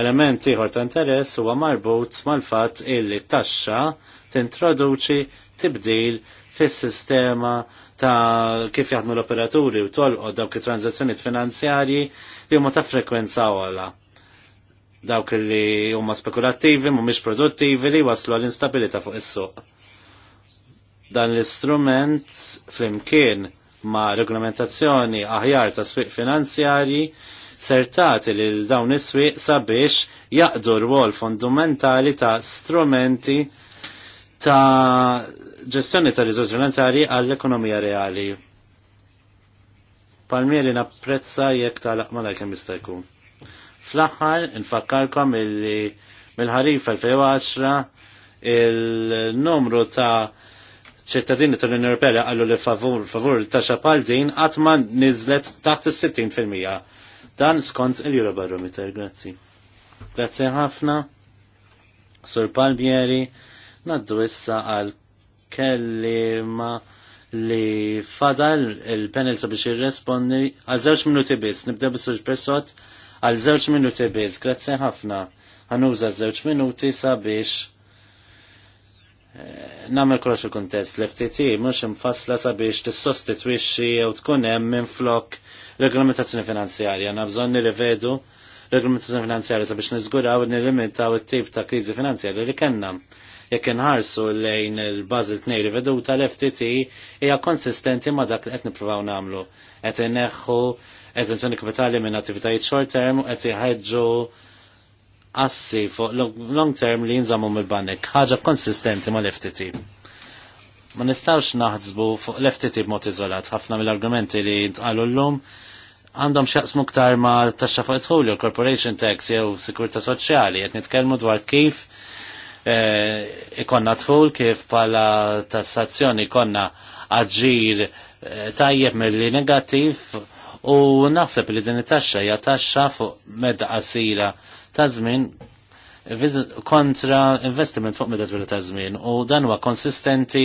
Speaker 2: Element ieħor ta' interess huwa marbut mal-fatt illi taxxa tintroduċi tibdil fis-sistema ta' kif jaħdmu l-operaturi u tolqod dawk it tranzazzjoni finanzjarji li huma ta' frekwenza ogħla. Dawk li huma spekulattivi, mhumiex produttivi li waslu għall-instabilità fuq is-suq Dan l-istrument flimkien ma' regolamentazzjoni aħjar ta' swieq finanzjarji sertati li l-dawn is-swieq sabiex jaqdu rwol fundamentali ta' strumenti ta' ġestjoni ta' riżorsi finanzjari għall-ekonomija reali. Palmieri napprezza jekk tal-aqma l jista' jkun. Fl-aħħar infakkarkom il mill-ħarif 2010 il-numru ta' ċittadini tal-Unjoni Ewropea qalu li favur favur ta' xapal din qatt ma taħt is-60%. Dan skont il-Eurobarometer, grazzi. Grazzi ħafna. Sur Palmieri, naddu issa għal kellima li fadal il-panel sabiex jirrespondi għal żewġ minuti biss, nibda bis persot għal żewġ minuti biss, grazzi ħafna. Għanuża żewġ minuti sabiex namel kollox il-kuntest l-FTT mhux imfassla sabiex tissostitwixxi jew tkun hemm minflok reglamentazzjoni finanzjarja. Nabżon nirrivedu reglamentazzjoni finanzjarja sabiex niżguraw nirlimitaw it-tip ta' kriżi finanzjarja li kellna. Jekk inħarsu lejn il-bażi tnej riveduta l-FTT hija konsistenti ma' dak li qed nippruvaw nagħmlu. Qed inneħħu eżenzjoni kapitali minn attivitajiet short term u qed iħeġġu assi fuq long term li jinżammu mill-banek, ħaġa konsistenti ma l-FTT. Ma nistawx naħsbu fuq l-FTT b'mod iżolat, ħafna mill-argumenti li jintqalu l-lum għandhom xaqs muktar ma taxxa fuq it corporation tax jew sikurta soċjali, qed nitkellmu dwar kif eh, ikonna tħul kif pala tassazzjoni ikonna aġir eh, tajjeb mill-li negattiv u naħseb li din it-taxxa hija taxxa fuq medda qasira ta' żmien kontra investiment fuq meta twila ta' żmien u dan huwa konsistenti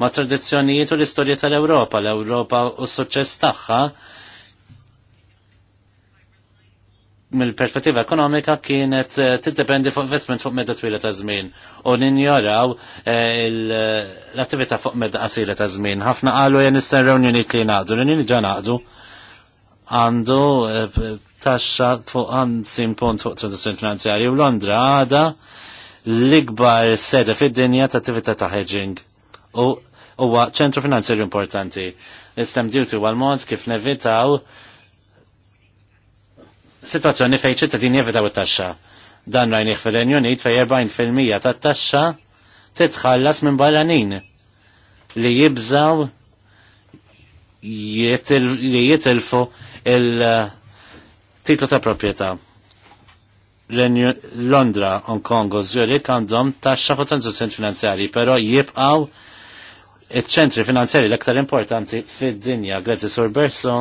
Speaker 2: ma' tradizzjonijiet u l-istorja tal-Ewropa, l-Ewropa u s-suċċess tagħha mill-perspettiva ekonomika kienet eh, tiddependi fuq investment fuq medda twila ta' żmien u ninjoraw eh, l-attività fuq medda qasira ta' żmien. Ħafna qalu jen nista' reunjoni li ngħaqdu, li ġa naqdu għandu eh, taxxa fuq 50 punt fuq transazzjoni finanzjarju u Londra għada l-ikbar sede fid-dinja ta' attività ta' hedging u huwa ċentru finanzjarju importanti. L-istem duty għal l-mod kif nevitaw situazzjoni fejn ċittadin jevitaw it-taxxa. Dan rajnih fil-Renju Unit fej 40% tat-taxxa titħallas minn barranin li jibżaw li jitilfu il- titlu ta' proprjetà. Londra, Hong Kong u Zurich għandhom taxxa fuq transazzjoni finanzjarji, però jibqgħu iċ-ċentri finanzjarji l-aktar importanti fid-dinja. Grazzi Sur Berso,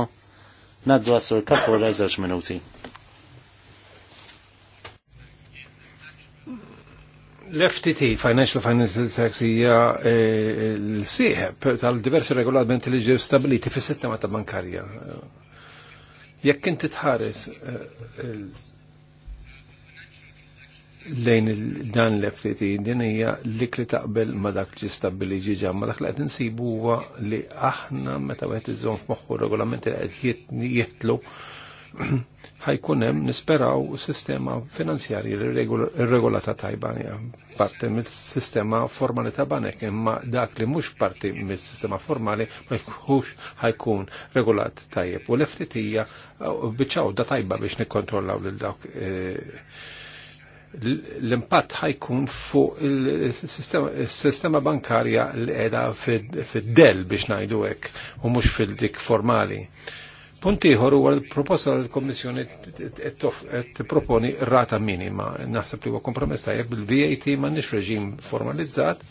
Speaker 2: naddu għasur sur Kapura żewġ minuti.
Speaker 3: l-FTT, Financial Financial Tax, hija eh, l-sieħeb tal-diversi regolamenti li ġew stabiliti fis-sistema ta' bankarja. Jekk inti tħares eh, lejn dan l ftit din hija lik li taqbel ma dak li stabbili ġiġa, ma dak li qed insibu huwa li aħna meta wieħed iżżomm f'moħħu regolamenti li qed jitlu ħajkunem hemm nisperaw sistema finanzjarji regolata tajba parti mill-sistema formali ta' banek imma dak li mhux parti mill-sistema formali ma jkunx ħajkun regolat tajjeb u l-FTT hija uh, biċċaw da tajba biex nikkontrollaw lil dawk eh, l-impatt ħajkun fuq il-sistema bankarja li qiegħda fid-del biex ngħidu hekk u mhux fil-dik formali. Punt ieħor huwa l-proposta l kommissjoni qed proponi rata minima. Naħseb li għu kompromessa jek bil-VAT m'għandniex reġim formalizzat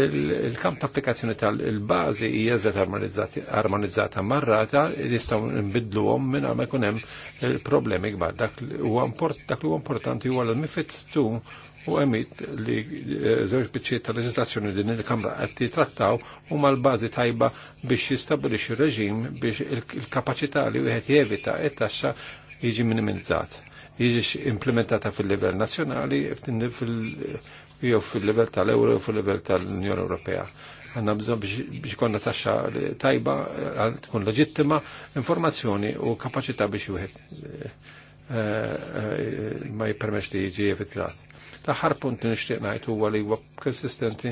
Speaker 3: il-kamp ta' applikazzjoni tal-bazi hija żed armonizzata marrata nistgħu għom minn ma jkun hemm problemi kbar. Dak huwa dak li huwa importanti huwa l mifittu tu u għemit li zewġ eh, biċċiet ta' leġislazzjoni din il-Kamra qed trattaw u mal bazi tajba biex jistabilixi reġim biex il-kapaċità li wieħed jevita it-taxxa jiġi minimizzat. Jiġi implementata fil-livell nazjonali jew fil level tal-Euro jew fil level tal-Unjoni Ewropea għanna bżon biex konna taxxa tajba, għal eh, tkun leġittima, informazzjoni u kapacità biex juħed eh, ma jipermex li jiġi evitrat. L-aħħar punt li nixtieq ngħid huwa li huwa konsistenti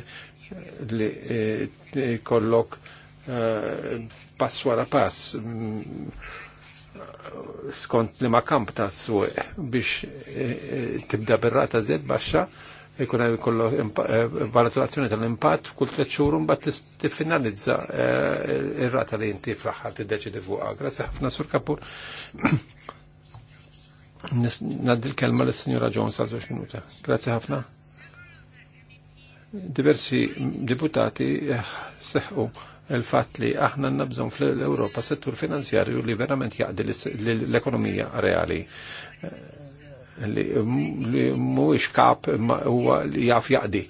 Speaker 3: li eh, kollok eh, pass wara pass mm, skont li ma kamp ta' s-suq biex eh, tibda birrata zed baxxa jkun hemm ikollu valutazzjoni tal-impatt kull tliet xhur mbagħad tiffinalizza ir-rata li inti fl-aħħar tiddeċidi fuqha. Grazzi ħafna Sur Kapur. Naddi l-kelma l-Signora Jones għal minuta. Grazie ħafna. Diversi deputati eh, seħu il-fat li aħna nabżon fl-Europa settur finanzjarju li verament jaqdi l-ekonomija reali eh, li mhuwiex kap huwa li jaf jaqdi.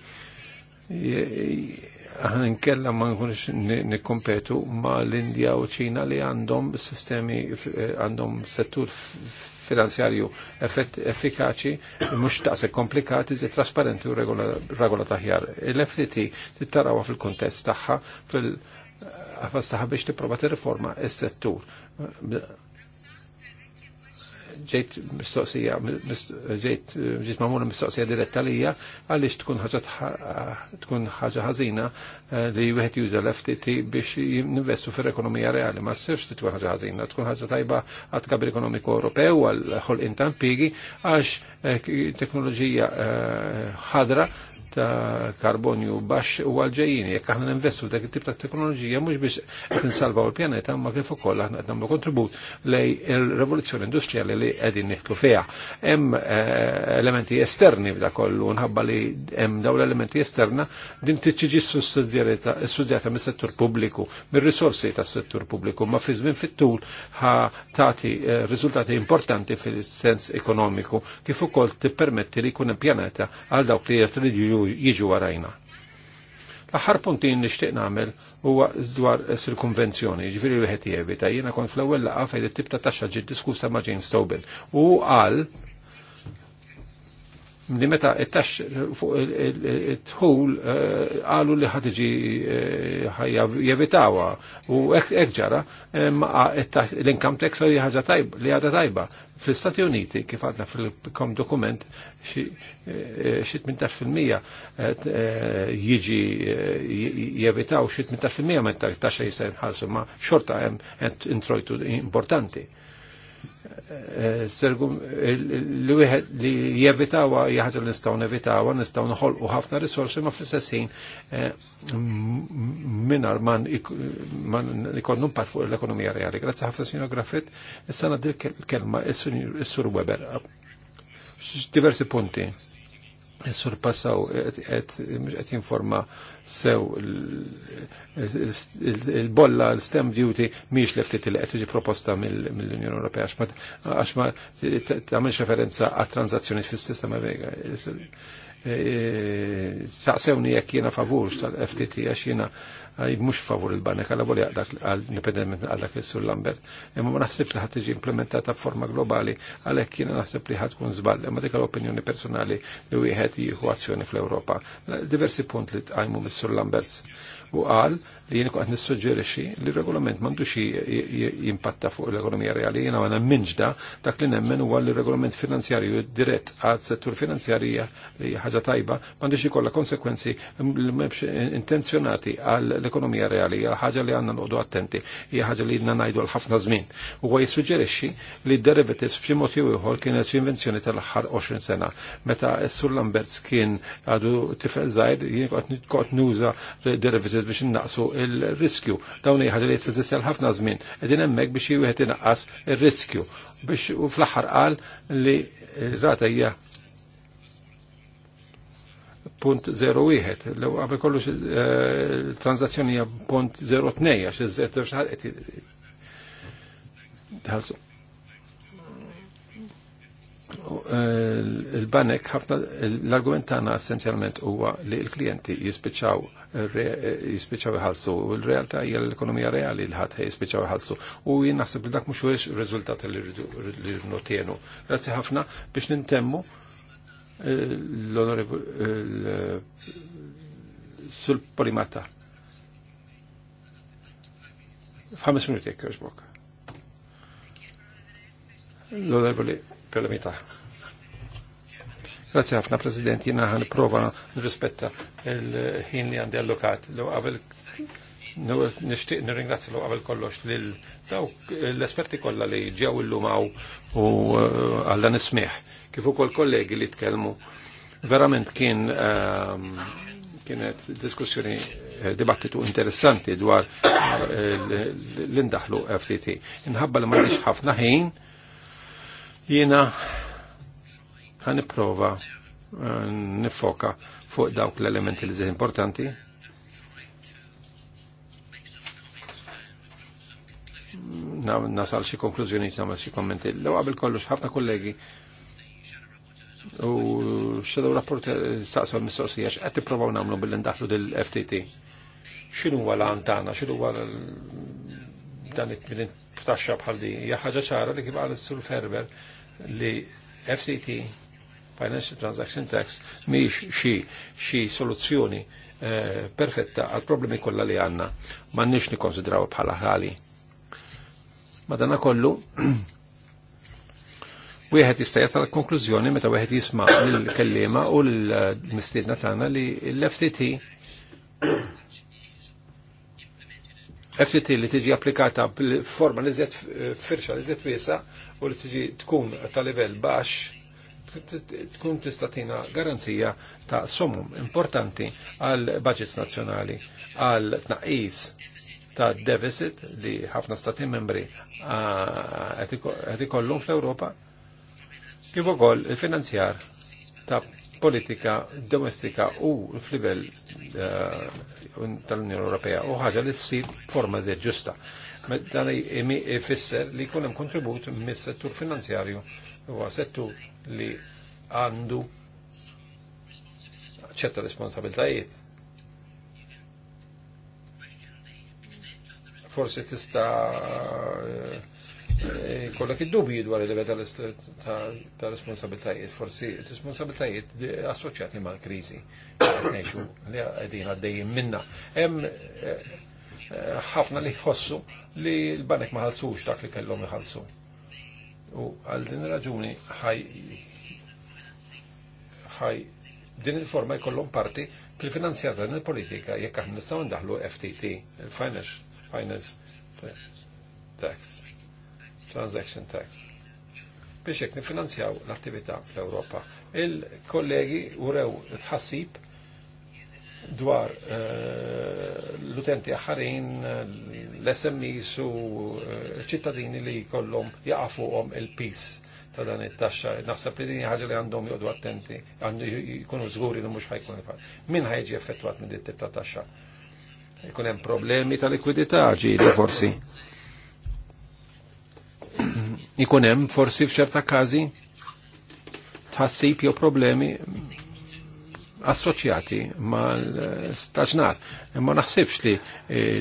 Speaker 3: Aħna nkella ma nkunx nikkompetu ma l-Indja u ċina li għandhom sistemi eh, għandhom settur finanzjarju effikaċi, mhux taqse komplikati, zi trasparenti u regola taħjar. Il-FTT tittarawa fil-kontest tagħha fil-għafas eh, taħħa biex tipprova reforma s-settur ġejt mistoqsija, ġejt ġejt mamur mistoqsija diretta lija, għalix tkun ħaġa tkun ħaġa ħażina eh, li wieħed juża l-FTT biex jinvestu fil-ekonomija reali, ma sirx li tkun ħaġa ħażina, tkun ħaġa tajba għad kabri ekonomiku Ewropew għal ħolqien tampigi għax eh, teknoloġija eh, ħadra ta' karbonju baxx u għalġejjini, jekk aħna ninvestu dak it-tip ta' teknoloġija mhux biex qed insalvaw il-pjaneta, ma kif ukoll aħna qed kontribut lej il-rivoluzzjoni industrijali li qegħdin niftlu fiha. Hemm eh, elementi esterni f'dak kollu nħabba li hemm dawn l-elementi esterna din tiġi studjata mis-settur pubbliku, mir-risorsi tas-settur pubbliku, ma fi żmien fit-tul ħa tagħti eh, riżultati importanti fil-sens ekonomiku kif ukoll tippermetti li jkun pjaneta għal dawk li jrid jiġu warajna. L-aħħar punti nixtieq nagħmel huwa dwar sil-konvenzjoni, ġifieri wieħed jevita. Jiena kont fl-ewwel laqgħa fejn it-tib ta' taxxa ġiet diskussa ma' James Tobin u qal li meta it-tax fuq it-tħul eh, għalu li ħatiġi eh, jevitawa u ek ġara eh, l-income tax li ħagġa tajba li ħaġa tajba fil stati Uniti kif għadna fil-kom dokument xi 18% jiġi jevitaw xi 18% meta taxxa jisajn nħallsu ma' xorta hemm introjtu importanti. Eh, sergum li wieħed li jevitawa li nistgħu nevitawa, nistgħu noħolqu ħafna risorsi ma fl-istess ħin eh, mingħajr man ikollu impatt fuq l-ekonomija reali. Grazzi ħafna Sinjor Graffit, issa ngħaddi l-kelma s sur Weber. Diversi punti surpassaw qed jinforma sew il-bolla l-stem duty miex leftit il qed tiġi proposta mill-Unjoni Ewropea għax ma tagħmel referenza għat transazzjoni fis-sistema vega. E, e, saqsewni jekk jiena favur tal-FTT għax mux favur il-banek għal għal dak għal-independent għal dak il-sur Lambert. Imma ma naħseb li ħatġi implementata forma globali għalek kien naħseb li ħatkun tkun imma dik l-opinjoni personali li jħed jieħu azzjoni fl europa Diversi punt li tqajmu mis-sur Lambert. u għal, li jien qed nissuġġerixxi li regolament mandu m'għandux jimpatta fuq l-ekonomija reali jena għana minġda dak li nemmen u li regolament finanzjarju dirett għad settur finanzjarju li tajba mandu m'għandux kolla konsekwenzi intenzjonati għal l-ekonomija reali hija ħaġa li għanna nuqdu attenti hija ħaġa li jidna najdu għal ħafna zmin żmien. Huwa jissuġġerixxi li derivatives f'imod jew ieħor kienet invenzjoni tal ħar 20 sena meta s-Sur Lamberts kien għadu tifel żgħir jien qed nuża derivatives biex naqsu il-riskju. Dawni ħadu li t jtfizisjal ħafna zmin. Edin emmek biex jieħed inaqqas il riskju Biex u fl axar qal li rata hija punt 01, l għabel kollox eh, transazzjoni hija punt 02 għax iż-żed tħallsu Eh, il-banek ħafna l-argument tagħna essenzjalment huwa li l-klijenti jispiċċaw jispiċċaw iħallsu u l-realtà hija l-ekonomija reali li ħadd jispiċċaw iħallsu u jien naħseb li dak mhux riżultat li rridu rnotienu. Grazzi ħafna biex nintemmu eh, l onorevol eh, sul-polimata. F'ħames minuti jekk jogħġbok. L-onorevoli per la Pelamita. Grazie ħafna, President, jina ħan prova nirrispetta il-ħin li għandi allokat. L-għabel nishtiq nirringrazzi l-għabel kollox lil dawk l-esperti kollha li ġew illumaw u eh, għalla ismiħ. Kif ukoll kollegi li tkellmu verament kien ehm, kienet diskussjoni eh, dibattitu interessanti dwar eh, l-indaħlu FTT. Inħabba li m'għandix ħafna ħin jiena Għan prova eh, nifoka fuq dawk l-elementi li zih importanti. Nasal xie konklużjoni namel xie kommenti. Lew għabil kollox, ħafna kollegi u xedaw rapport saqsaw mistoqsija x'qed provaw nagħmlu billi ndaħlu dil-FTT. X'inhu huwa l-għan tagħna, dan it-taxxa bħal di. Hija ċara li kif qal sur Ferber li FTT Financial Transaction Tax miex xi xi soluzzjoni eh, perfetta għal problemi kollha li għandna. M'għandniex nikkonsidraw bħala ħali. Madana kollu, wieħed jista' jasal konklużjoni meta wieħed jisma' lill-kellima u l-mistiedna tagħna li l-FTT FTT li tiġi applikata forma li żiet firxa li żiet wiesa u li tiġi tkun ta' livell baxx tkun tista' tina garanzija ta' summum importanti għal budgets nazzjonali għal tnaqis ta' deficit li ħafna stati membri qed fl europa kif ukoll il-finanzjar ta' politika domestika u fl-livell e, tal-Unjoni Ewropea u ħaġa li ssir forma żejt ġusta. Dan ifisser li jkun hemm kontribut mis-settur finanzjarju u settur li għandu ċerta responsabiltajiet. Forse tista eh, eh, kollok id-dubji dwar il-level ta' responsabiltajiet, forsi responsabiltajiet assoċjati ma' krizi nejxu li għedin għaddejjim minna. Hemm eh, ħafna li jħossu li l-banek ma ħalsux dak li kellhom iħalsu. U għal din raġuni ħaj din il-forma jkollhom parti fil finanzjata din il-politika jekk aħna nistgħu ndaħlu FTT, Finance, Finance Tax, Transaction Tax, biex jekk nifinanzjaw l-attività fl-Ewropa. Il-kollegi urew tħassib dwar eh, l-utenti aħħarin, l-SMEs u eh, ċittadini li kollom jaqafuhom il-pis ta' dan it-taxxa. Naħseb li din ħaġa li għandhom jgħodu attenti, għandu jkunu żguri li mhux ħajkun ifal. Min ħajġi effettwat minn dit-tip ta' taxxa? Ikun hemm problemi ta' likwidità ġieli forsi. Ikun hemm forsi f'ċerta każi tħassib jew problemi assoċjati mal-staġnar. Ma naħsibx li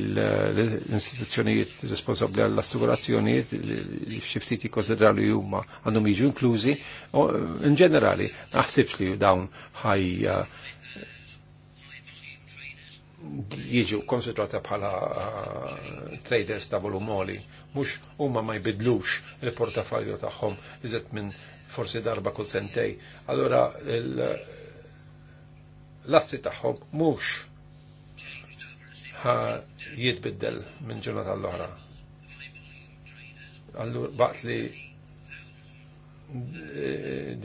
Speaker 3: l-istituzzjonijiet responsabli għall-assigurazzjonijiet xiftit jikonsidraw li huma għandhom jiġu inklużi, in ġenerali naħsibx li dawn ħajja eh, jiġu konsidrata bħala eh, traders ta' volumoli, mux huma ma jbidlux il-portafolju tagħhom iżet minn forsi darba kull sentej. Allora l-assi tagħhom mux ħa jitbiddel minn ġurnata l-oħra. Allura baqt li e,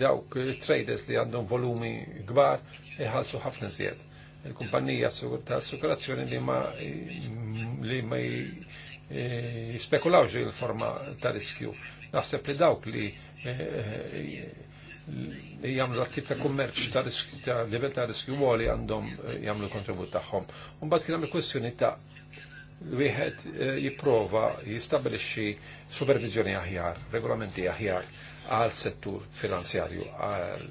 Speaker 3: dawk traders li għandhom volumi gbar iħalsu ħafna zjed. Il-kumpanija ta' assukurazzjoni li ma li ma e, jispekulawx il-forma ta' riskju. Naħseb li dawk li e, jagħmlu għattib ta' kummerċ ta' riskju ta' livell ta' għoli għandhom eh, jagħmlu kontribut tagħhom. Mbagħad kien hemm kwestjoni ta' wieħed eh, jipprova jistabilixxi supervizjoni aħjar, regolamenti aħjar għal settur finanzjarju, għal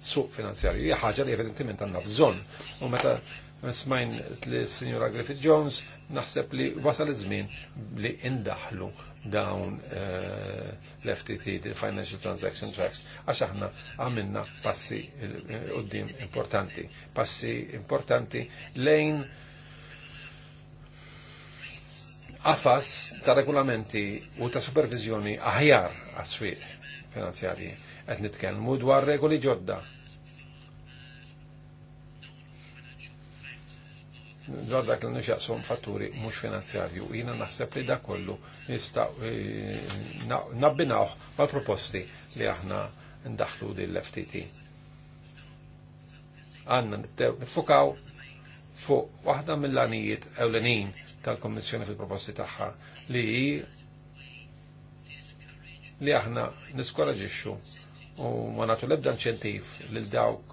Speaker 3: suq finanzjarju. Hija li evidentiment għanna bżon. U meta smajn li Signora Griffith Jones naħseb li wasal iż-żmien li indaħlu dawn eh, l-FTT, the Financial Transaction tax. għax aħna għamilna passi eh, qoddim importanti, passi importanti lejn għafas ta' regolamenti u ta' supervizjoni aħjar għas-swieq finanzjarji. Qed nitkellmu dwar regoli ġodda dwar dak li nixaqsum fatturi mux finanzjarju. Jina naħseb li dak kollu nista' e, nabbinawh ma proposti li aħna ndaħlu lill-FTT. Għanna nifukaw fuq wahda mill lanijiet ewlenin tal-Kommissjoni fil-proposti taħħa li li aħna niskoraġiċu u ma nagħtu l-ebda inċentiv lil dawk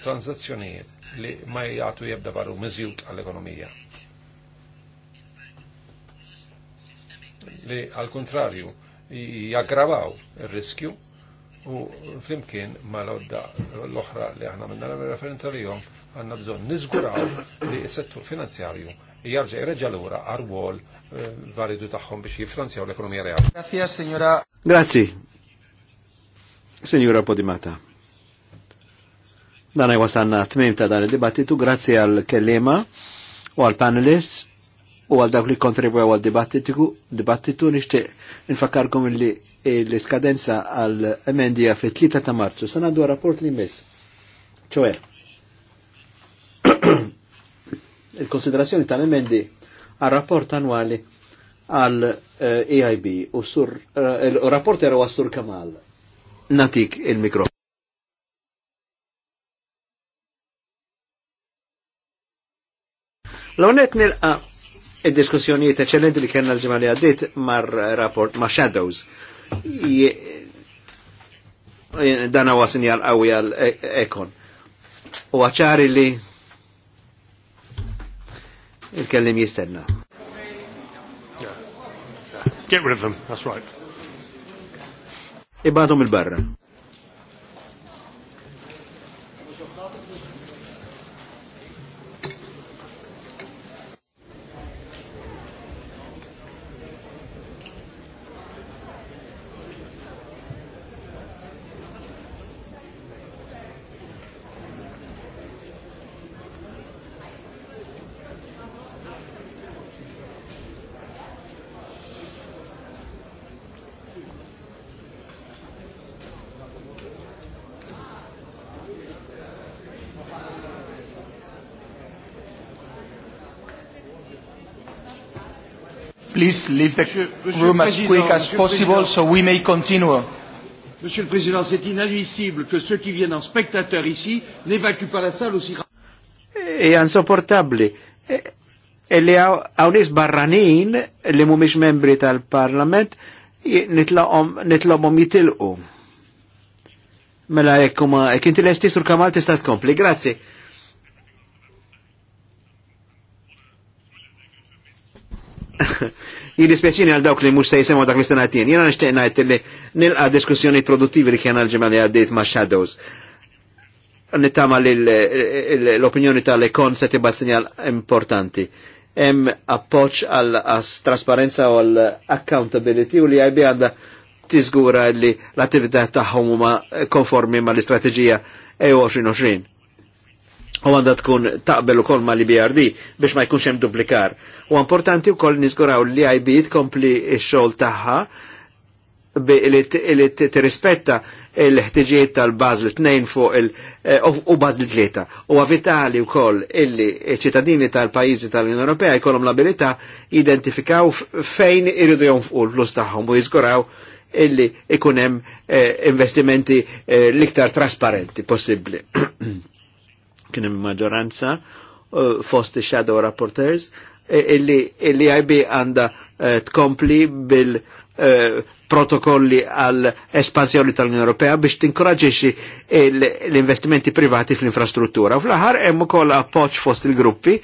Speaker 3: transazzjonijiet li ma jgħatu jibda barru mizjut għall-ekonomija. Li għal-kontrarju jaggravaw il-riskju u flimkien ma l-odda l-oħra li għanna minna l referenza li jom għanna bżon nizguraw li s-settur finanzjarju jarġa jreġa l-ura għarwol eh, validu taħħom biex jifranzjaw l-ekonomija reali. Grazie, signora.
Speaker 4: Grazie, signora Podimata. Dan għaj għasanna tmim ta' dan il-dibattitu, grazzi għal-kellima u għal-panelists u għal dawk li kontribwew għal dibattitu, dibattitu nishtiq nfakkarkom li l-iskadenza għal emendija fit 3 ta' marzu. Sana għaddu rapport li mis. ċoħe, il-konsiderazzjoni tal-emendi għal rapport annuali għal EIB eh, e u eh, rapport era għas sur Kamal. Natik il-mikro. L-onet nilqa il diskussjonijiet eċellenti li kena l-ġimma li għaddit mar rapport ma' Shadows. Dan huwa sinjal qawwi għal ekon. U għaċari li il-kellim jistenna. Get rid of them, that's right. Ibadhom il-barra. please leave the Monsieur room as quick as Monsieur possible Président. so we may continue. Monsieur le Président, c'est inadmissible que ceux qui viennent en spectateur ici n'évacuent pas la salle aussi rapidement. Et insopportable. E li għawnis e, e barranin li mumiex membri tal-parlament nitlobom jitilqu. Mela jekk inti l-estis ur kamal tista' tkompli. Grazie. Jini speċini għal dawk li mux se jisemaw dak li stanajtin. Jena nishtiq najt li nilqa diskussjoni produttivi li kien għal-ġimma li għaddejt ma' Shadows. Nittama li l-opinjoni tal-ekon se tibat sinjal importanti. Em appoċ għal-trasparenza u għal-accountability u li għajbi għanda tiżgura li l-attività tagħhom huma konformi mal-istrateġija EU 2020 u għanda tkun taqbel u kol ma li BRD biex ma jkunx hemm duplikar. U importanti u koll nizguraw li IB tkompli x-xol taħħa li t-rispetta il-ħtiġiet tal-Bazl 2 fuq il- eh, u Bazl 3. U għavitali u koll illi ċittadini tal-pajizi tal-Unjoni Ewropea jkollhom l-abilità identifikaw fejn iridu fuq l-flus taħħom u jizguraw illi ikunem eh, investimenti eh, l-iktar trasparenti possibbli. kien hemm maġġoranza uh, fost shadow rapporteurs e- illi għajbi għanda eh, tkompli bil eh, protokolli għal espansjoni tal-Unjoni Ewropea biex tinkoraġġixxi l-investimenti privati fl-infrastruttura. U fl-aħħar hemm ukoll appoġġ fost il-gruppi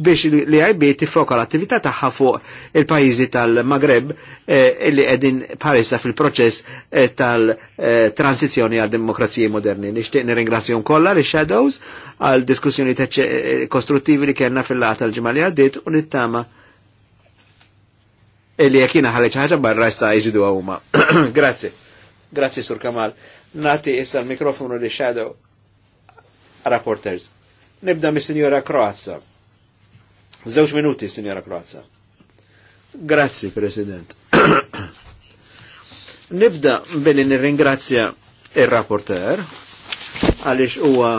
Speaker 4: biex li IB tifoka l-attività tagħha fuq il-pajjiżi tal-Magreb eh, li qegħdin bħalissa fil-proċess eh, tal-transizjoni eh, għal demokrazija moderni. Nixtieq nirringrazzjum kollha li shadows għal diskussjoni kostruttivi li kellna fil-laqgħa tal-ġimgħa li għaddiet u nittama' Eli jek jina ħareċ ħaġa barra issa jġidu għawma. Grazie. Grazie, Sur Kamal. Nati issa l-mikrofonu li Shadow Rapporters. Nibda mi signora Kroazza. Zewġ minuti, signora Kroazza. Grazie, President. Nibda billi nirringrazzja il-rapporter għalix huwa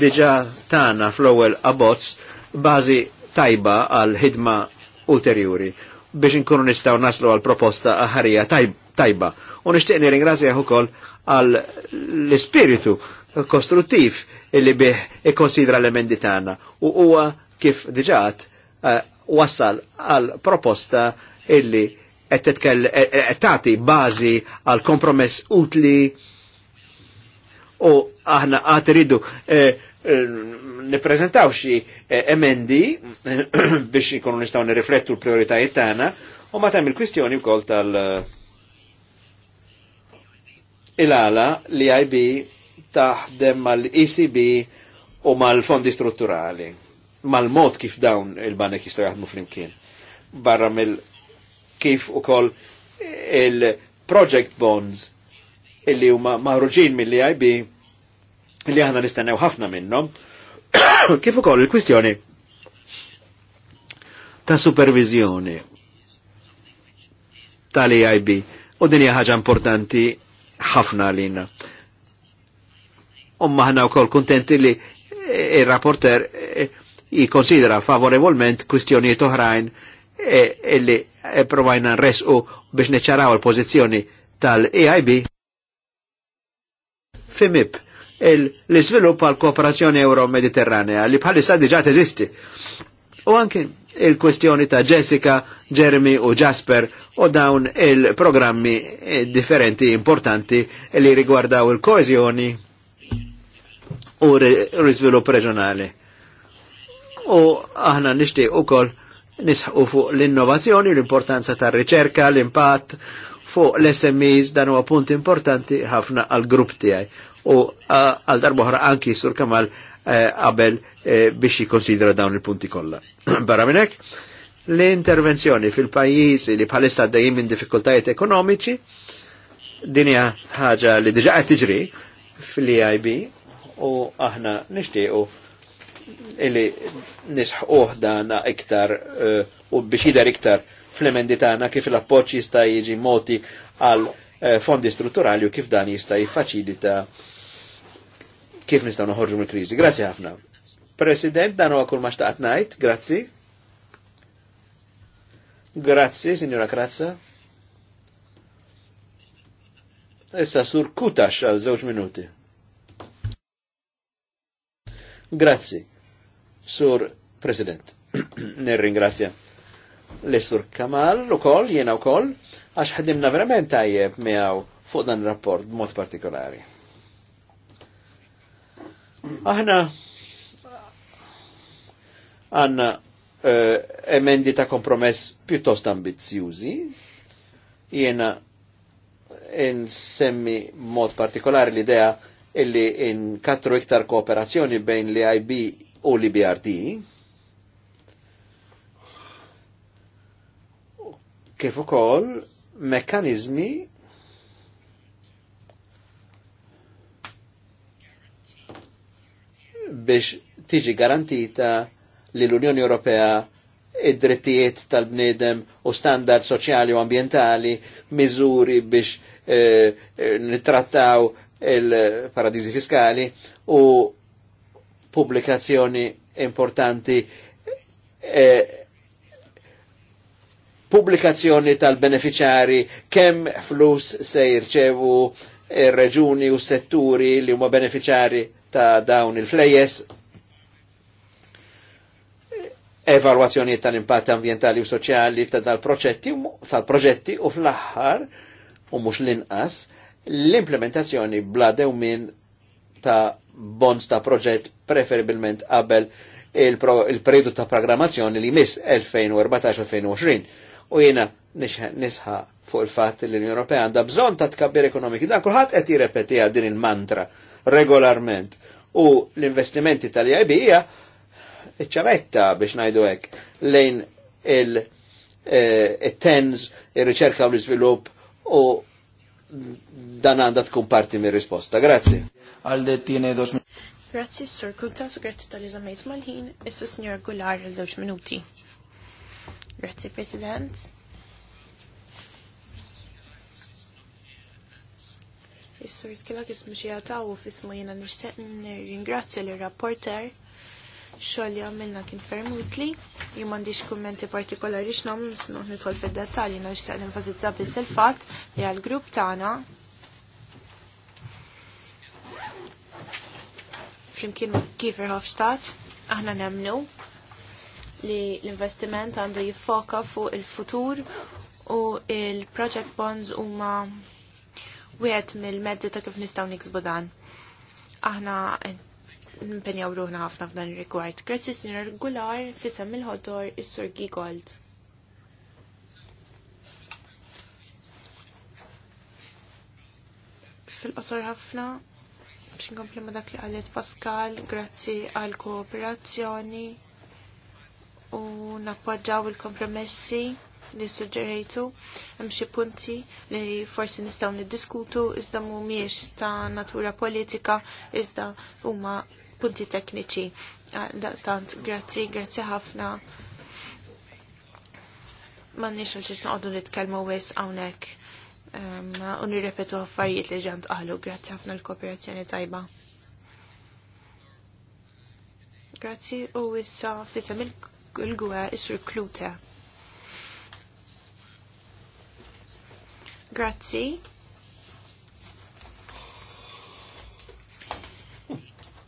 Speaker 4: diġa tana fl-ewwel abbozz bażi tajba għal ħidma ulterjuri biex inkunu nistaw naslu għal proposta ħarija tajba. U nishtiq ringrazja ukoll għal l-ispiritu kostruttiv illi bih ikkonsidra l-emendi tagħna u huwa kif diġat eh, wassal għal proposta illi eh, eh, qed tagħti bażi għal kompromess utli u aħna għad iridu niprezentaw xi eh, emendi biex ikonu nistgħu nirriflettu l-prioritajiet tagħna u ma il kwistjoni wkoll tal eh, il-għala li IB taħdem mal-ECB u mal-fondi strutturali, mal-mod kif dawn il-banek jistaw jaħdmu flimkien. Barra mill kif u koll il-project bonds illi huma maħruġin mill-IB li aħna nistennew ħafna minnhom Kif ukoll il-kwistjoni ta' supervizjoni tal-EIB u din hija ħaġa importanti ħafna għalina. Umma u wkoll kuntenti li il-rapporter eh, jikonsidra favorevolment kwistjoni oħrajn eh, illi eh, provajna nresqu biex neċċaraw il-pożizzjoni tal-EIB Femib l-izvilupp għal kooperazzjoni euro-mediterranea li bħalissa diġa teżisti. U anke il-kwestjoni ta' Jessica, Jeremy u Jasper u dawn il-programmi eh, differenti importanti li rigwardaw il-koezjoni u l izvilupp reġjonali. U aħna nishtiq ukoll nisħu fuq l-innovazzjoni, l-importanza tar riċerka l-impatt fuq l-SMEs dan huwa punt importanti ħafna għal grupp tiegħi u għal darba darbohra anki sur kamal għabel eh, eh, biex jikonsidra dawn il-punti kolla. Barra minnek, l-intervenzjoni fil pajis li bħalista dejjem minn diffikultajiet ekonomiċi, dinja ħaġa li diġa qed tiġri fil ib u aħna nishtiqu illi nisħuħ dana iktar eh, u biex jider iktar fl-emendi tagħna kif l-appoġġ jista' jiġi moti għal fondi strutturali u kif dan jista' jiffaċilita uh, kif nistgħu noħorġu mill-kriżi. Grazzi ħafna. President, dan huwa kull ma xtaqt ngħid, grazzi. Grazzi, Signora Krazza. Issa sur kutax għal żewġ minuti. Grazzi, sur President. Nirringrazzja l-Sur Kamal u koll, jena u koll, għax ħadimna verament tajjeb miegħu fuq dan rapport b'mod partikolari. Aħna għanna eh, emendi ta' kompromess piuttost ambizzjużi, jena n-semmi mod partikolari l-idea illi in nkattru iktar kooperazzjoni bejn li IB u li BRD, kif ukoll mekkanizmi biex tiġi garantita li l-Unjoni Ewropea id-drittijiet tal-bnedem u standard soċjali u ambientali, miżuri biex eh, eh, nittrattaw il-paradisi fiskali u pubblikazzjoni importanti eh, pubblikazzjoni tal beneficiari kemm flus se jirċevu reġuni u setturi li huma beneficiari ta' dawn il-flejes, evalwazzjoniet tal-impatt ambientali u soċjali ta' tal-proġetti tal-proġetti u fl-aħħar u mhux l-inqas l-implementazzjoni bladew minn ta' bonds ta' proġett preferibilment qabel il-periodu ta' programmazzjoni li miss 2014-2020. U jiena nisħa fuq il-fatt li l-Unjoni Ewropea għandha bżonn ta' tkabbir ekonomiki. Dan kulħadd qed jirrepetiha din il-mantra regolarment. U l-investimenti tal-IB hija iċċavetta biex najdu hekk lejn il-tens, il eh, riċerka u l izvilup u dan għandha tkun parti mir-risposta. Grazzi. Għalde tiene dos
Speaker 1: Grazzi Sir Kutas, grazzi tal-eżamejt mal-ħin, issu Signora Gular, żewġ minuti. Grazzi President. Is-sur skilak ismu xi u f'ismu jiena nixtieq nirringrazzja lir rapporter xogħol għamilna kien fermutli. utli. Jien m'għandix kummenti partikolari xnom s noqgħod nitħol fid-dettalji jiena nixtieq nenfasizza biss il-fatt li għall-grupp tagħna flimkien kif Hofstadt, aħna nemnu li l-investiment għandu jiffoka fuq il-futur u il-project bonds huma wieħed mill-mezzi ta' kif nistgħu niksbu dan. Aħna nimpenjaw ruħna ħafna f'dan ir-rigward. Grazzi Sinjor Gular fisem il-ħodor is-Sur Gold. Fil-qosor ħafna biex nkompli ma dak li qalet Pascal, grazzi għal kooperazzjoni u nappoġġaw il-kompromessi li suġġerejtu, hemm xi punti li forsi nistgħu niddiskutu iżda mhumiex ta' natura politika iżda huma punti tekniċi. Daqstant, grazzi, grazzi ħafna. M'għandniex għal xiex noqogħdu nitkellmu wis hawnhekk u nirrepetu affarijiet li ġant qalu. Grazzi ħafna l-kooperazzjoni tajba. Grazzi u issa fisem il-gwe isur klute. Grazzi.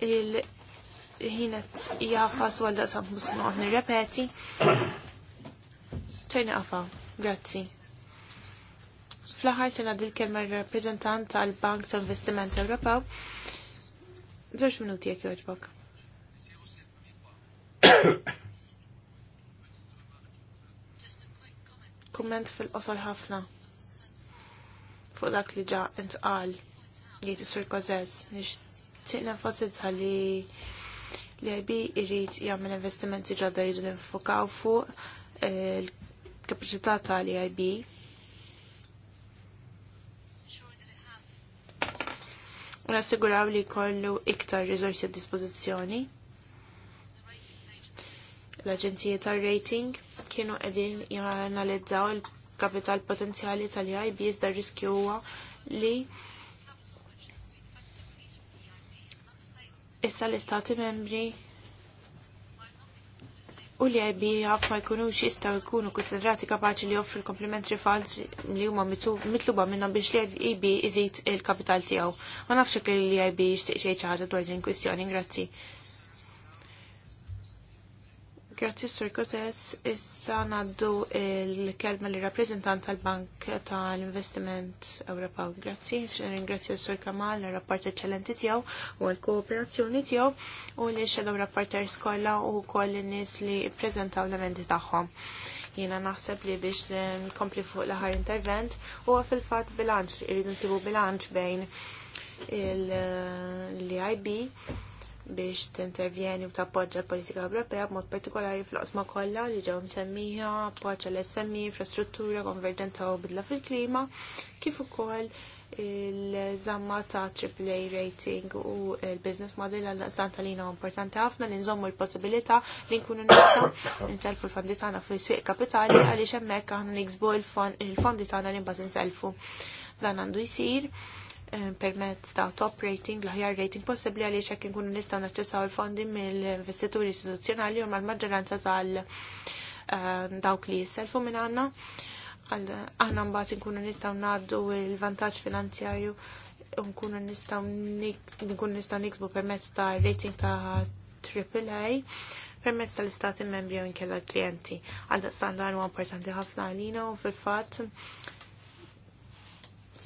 Speaker 1: il ħinet jafas għal daqsam musnu għahni repeti. Tajna għafa, grazzi. fl sena dil-kelma rappresentant tal-Bank tal-Investiment Ewropew. Zoċ minuti jek joġbok. Komment fil qosol ħafna fuq dak li ġa intqal jgħid is-sur Kozes nixtieq nenfasizza li li IB jrid jagħmel investimenti ġodda jridu ninfokaw fuq il-kapaċità eh, tal IB u nassiguraw li jkollu iktar rizorsi a dispozizjoni. L-Aġenzija tar-Rating kienu qegħdin jgħanalizzaw il kapital potenzjali tal-IB iżda riskju huwa li issa l-istati membri u li IB għaf ma jkunux u jkunu konsiderati kapaċi li offri komplementary funds li huma mitluba minna biex li IB iżid il-kapital tiegħu. Ma nafxek li IB jixtieq xejn u dwar din kwistjoni, grazzi. Grazzi Sur Koses, issa naddu il-kelma li rappresentant tal-Bank tal-Investiment Ewropew. Grazzi, ringrazzi Sur Kamal, il-rapport eccellenti tiegħu u l-kooperazzjoni tiegħu u li xedew rapporters kollha u koll nies li ppreżentaw l-emendi tagħhom. Jiena naħseb li biex nkompli fuq l-aħħar intervent huwa fil-fatt bilanċ, irridu nsibu bilanċ bejn l-IB biex t-intervjeni u tappoġġa l-politika Ewropea b'mod partikolari fl-qosma kollha li ġew msemmija, appoġġa l-SMI, infrastruttura, konverġenza u bidla fil-klima, kif ukoll il-żamma ta' AAA rating u il-business model għal stant għalina importanti ħafna li nżommu l-possibilità li nkunu nista' nselfu l-fondi tagħna fis-swieq kapitali għaliex hemmhekk aħna niksbu l-fondi tagħna li mbagħad inselfu. Dan għandu jsir Eh, permezz ta' top rating, l-ħjar rating possibli għaliex hekk inkunu nistgħu naċċessaw il-fondi mill-investituri istituzzjonali u mal-maġġoranza tal eh, dawk li jisselfu minn għandna. Aħna mbagħad inkunu nistgħu ngħaddu l-vantaġġ finanzjarju u nkunu nistgħu niksbu permezz ta' rating ta' AAA permezz tal-istati membri u nkella l-klienti. Għal standard u importanti ħafna għalina u fil-fatt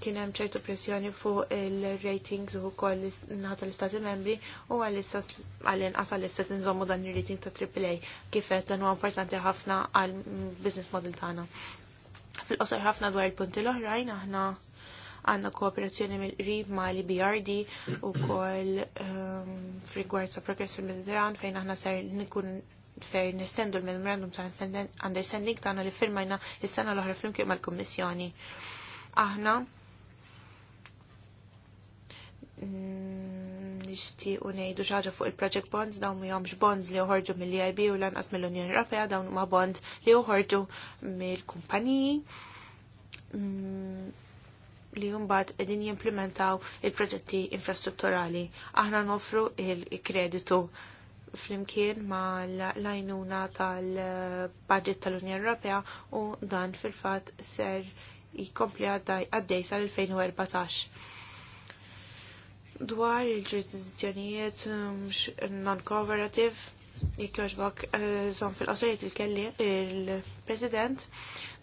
Speaker 1: kien hemm ċertu pressjoni fuq il-ratings u koll naħa l istati Membri u għal-issa għal inqas għalissa tinżommu dan ir-rating ta' AAA kif qed dan huwa importanti ħafna għal business model tagħna. Fil-qosor ħafna dwar il-punti l-oħrajn aħna għanna kooperazzjoni mill-qrib ma' li BRD u koll um, ehm, frigward sa' progress fil-Mediterran fejn aħna ser nikun fej nistendu l-memorandum ta' understanding ta' li firmajna l-sena l-oħra flimkien mal-Kommissjoni. Aħna Mm, nixtieq u ngħidu xi ħaġa fuq il-project bonds dawn mhumx bonds li joħorġu mill-EIB u lanqas mill-Unjoni Ewropea dawn huma bonds li joħorġu mill-kumpaniji mm, li jumbat edin jimplementaw il-proġetti infrastrutturali. Aħna nofru il-kreditu fl-imkien ma l-lajnuna tal-budget tal-Unjoni Ewropea u dan fil-fat ser jikompli għaddej sal-2014 dwar il-ġurisdizzjonijiet um, non-cooperative, jekk joġbok zon eh, fil-qosoriet il-kelli il-President,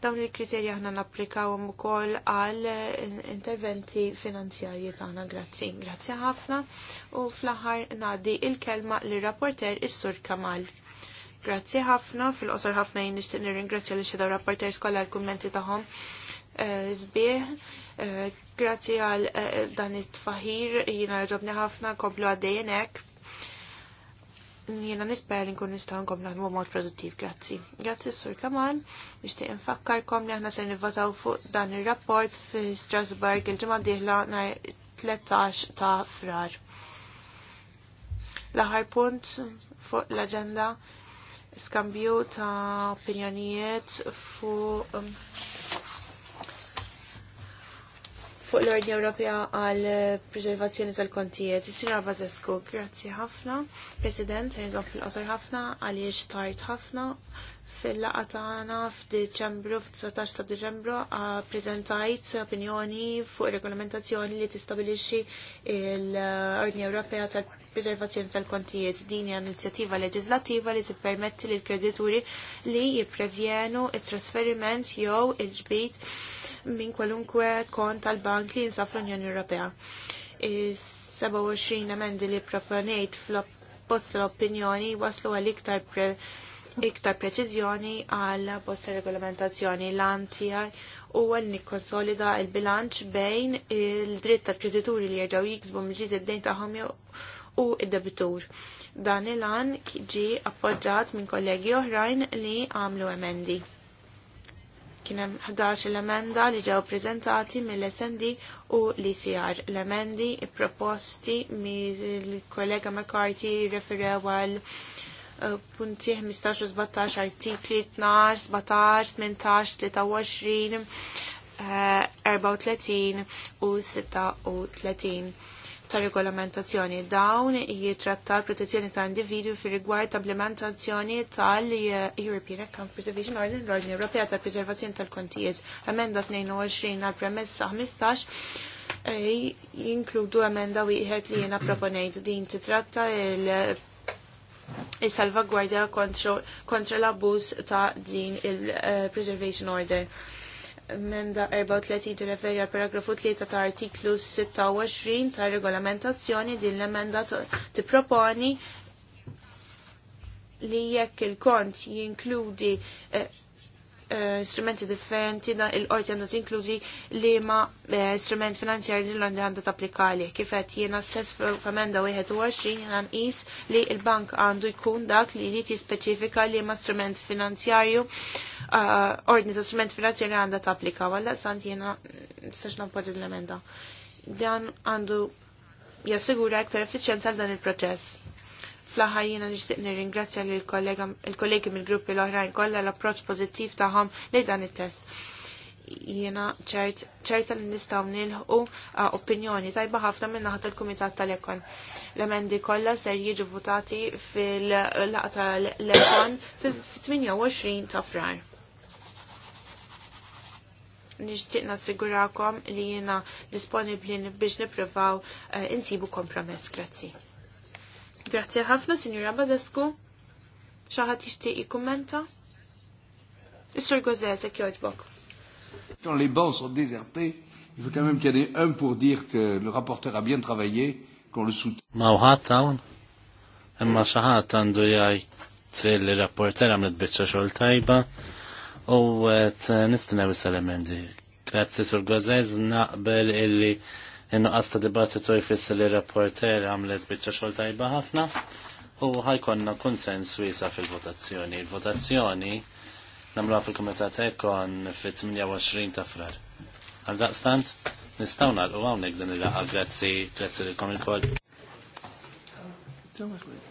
Speaker 1: dawn il-kriterji aħna napplikawhom ukoll għal eh, interventi finanzjarji tagħna grazzi. Grazzi ħafna u fl-aħħar ngħaddi il-kelma l rapporter is-Sur Kamal. Grazzi ħafna, fil-qosor ħafna jien nixtieq nirringrazzja li xi rapporter skolla l-kummenti tagħhom. Zbieħ, eh, Grazzi għal eh, dan it-tfahir, jina ġobni ħafna komplu għaddejnek. Jina nisper li nkun nistaw nkom naħdmu mod produttiv, grazzi. Grazzi s-sur Kamal, nishtiq nfakkarkom li aħna se nivvotaw fuq dan ir-rapport fi Strasbourg il-ġimgħa diħla nhar 13 ta' frar. L-aħħar punt fuq l-aġenda skambju ta' opinjonijiet fuq um, fuq l-Ordni Ewropea għal preservazzjoni tal-kontijiet. Sinjor Bazesku, grazzi ħafna. President, jenżom fil-qosor ħafna għaliex tart ħafna fil-laqa tagħna f'Diċembru, f'19 ta' Diċembru, preżentajt opinjoni fuq regolamentazzjoni li tistabilixxi l-Ordni Ewropea tal-Preservazzjoni tal-Kontijiet. Din hija inizjattiva leġislattiva li tippermetti lill kredituri li jipprevjenu it-trasferiment jew il-ġbit minn kwalunkwe kont tal-bank li jinsaf l-Unjoni Ewropea. 27 emendi li proponejt fl post l-opinjoni waslu għal iktar pre iktar preċiżjoni għal posta regolamentazzjoni l-antijaj u għal nikkonsolida il-bilanċ bejn il-dritt tal-kredituri li jerġaw jiksbu mġiet id-dejn taħħom u id-debitur. Dan il-għan ġi appoġġat minn kollegi oħrajn li għamlu emendi. Kien hemm 11 l-emenda li ġew preżentati mill-SND u l-ICR. L-emendi proposti mill-kollega McCarthy referew għal eh, punti 15 17 artikli 12, 17, 18, 23, 34 u 36 ta' regolamentazzjoni. Dawn jitratta l-protezzjoni ta' individwi fi rigward ta' implementazzjoni tal-European Account Preservation Order l ordin Europea tal preservazzjoni tal-kontijiet. Emenda 22 għal premessa 15 jinkludu emenda wieħed li jiena proponejt din titratta il- il-salvagwardja kontra l-abbuż ta' din il-Preservation eh, Order emenda 34 tirreferi għal paragrafu 3 ta' artiklu 26 ta' regolamentazzjoni din l-emenda tipproponi li jekk il-kont jinkludi eh, Eh, strumenti differenti dan il-qorti għandu tinkludi li ma eh, strument finanzjari li l t-applikali. Kifet jiena stess f'amenda 21 n nqis li il-bank għandu jkun dak li jrid jispeċifika li ma strument finanzjarju eh, ordni ta' strument finanzjarju għandha tapplika. Walla sant jiena mm, saxna poġi l-emenda. Dan għandu jassigura iktar effiċenza għal dan il-proċess Fl-aħħar jiena nixtieq nirringrazzja lil kollegi mill-gruppi l-oħrajn kollha l-approċċ pożittiv tagħhom lejn dan it-test. Jiena ċerta li nistgħu nilħu opinjoni tajba ħafna minn naħat il-Kumitat tal-Ekon. L-emendi kollha ser jiġu votati fil-laqgħa tal-Ekon fil-28 ta' frar Nixtieq nassigurakom li jiena disponibli biex nippruvaw insibu kompromess. Grazzi. Grazie ħafna, Sinjura Bazescu. Xaħat i kommenta? Is-Sur Gozzesek jogħġbok.
Speaker 4: Quand les bancs sont désertés, il faut quand même qu'il y en ait un pour dire que le rapporteur a bien travaillé,
Speaker 2: qu'on le soutient. Ma uħat hawn, emma xaħat ħadd għandu jgħid li rapporter għamlet bieċa xol tajba u nistennew is-elementi. Grazie, sur Gozez naqbel illi Inqas ta' dibattitu jfisser li rapporter għamlet biċċa xogħol tajba ħafna u ħajkonna konsens wiesa fil-votazzjoni. Il-votazzjoni namluha fil komitat Ekon fit-28 ta' frar. Għal daqstant, nistawna nagħlqu hawnhekk din il-laqgħa grazzi, l-komikol.
Speaker 3: Thank you.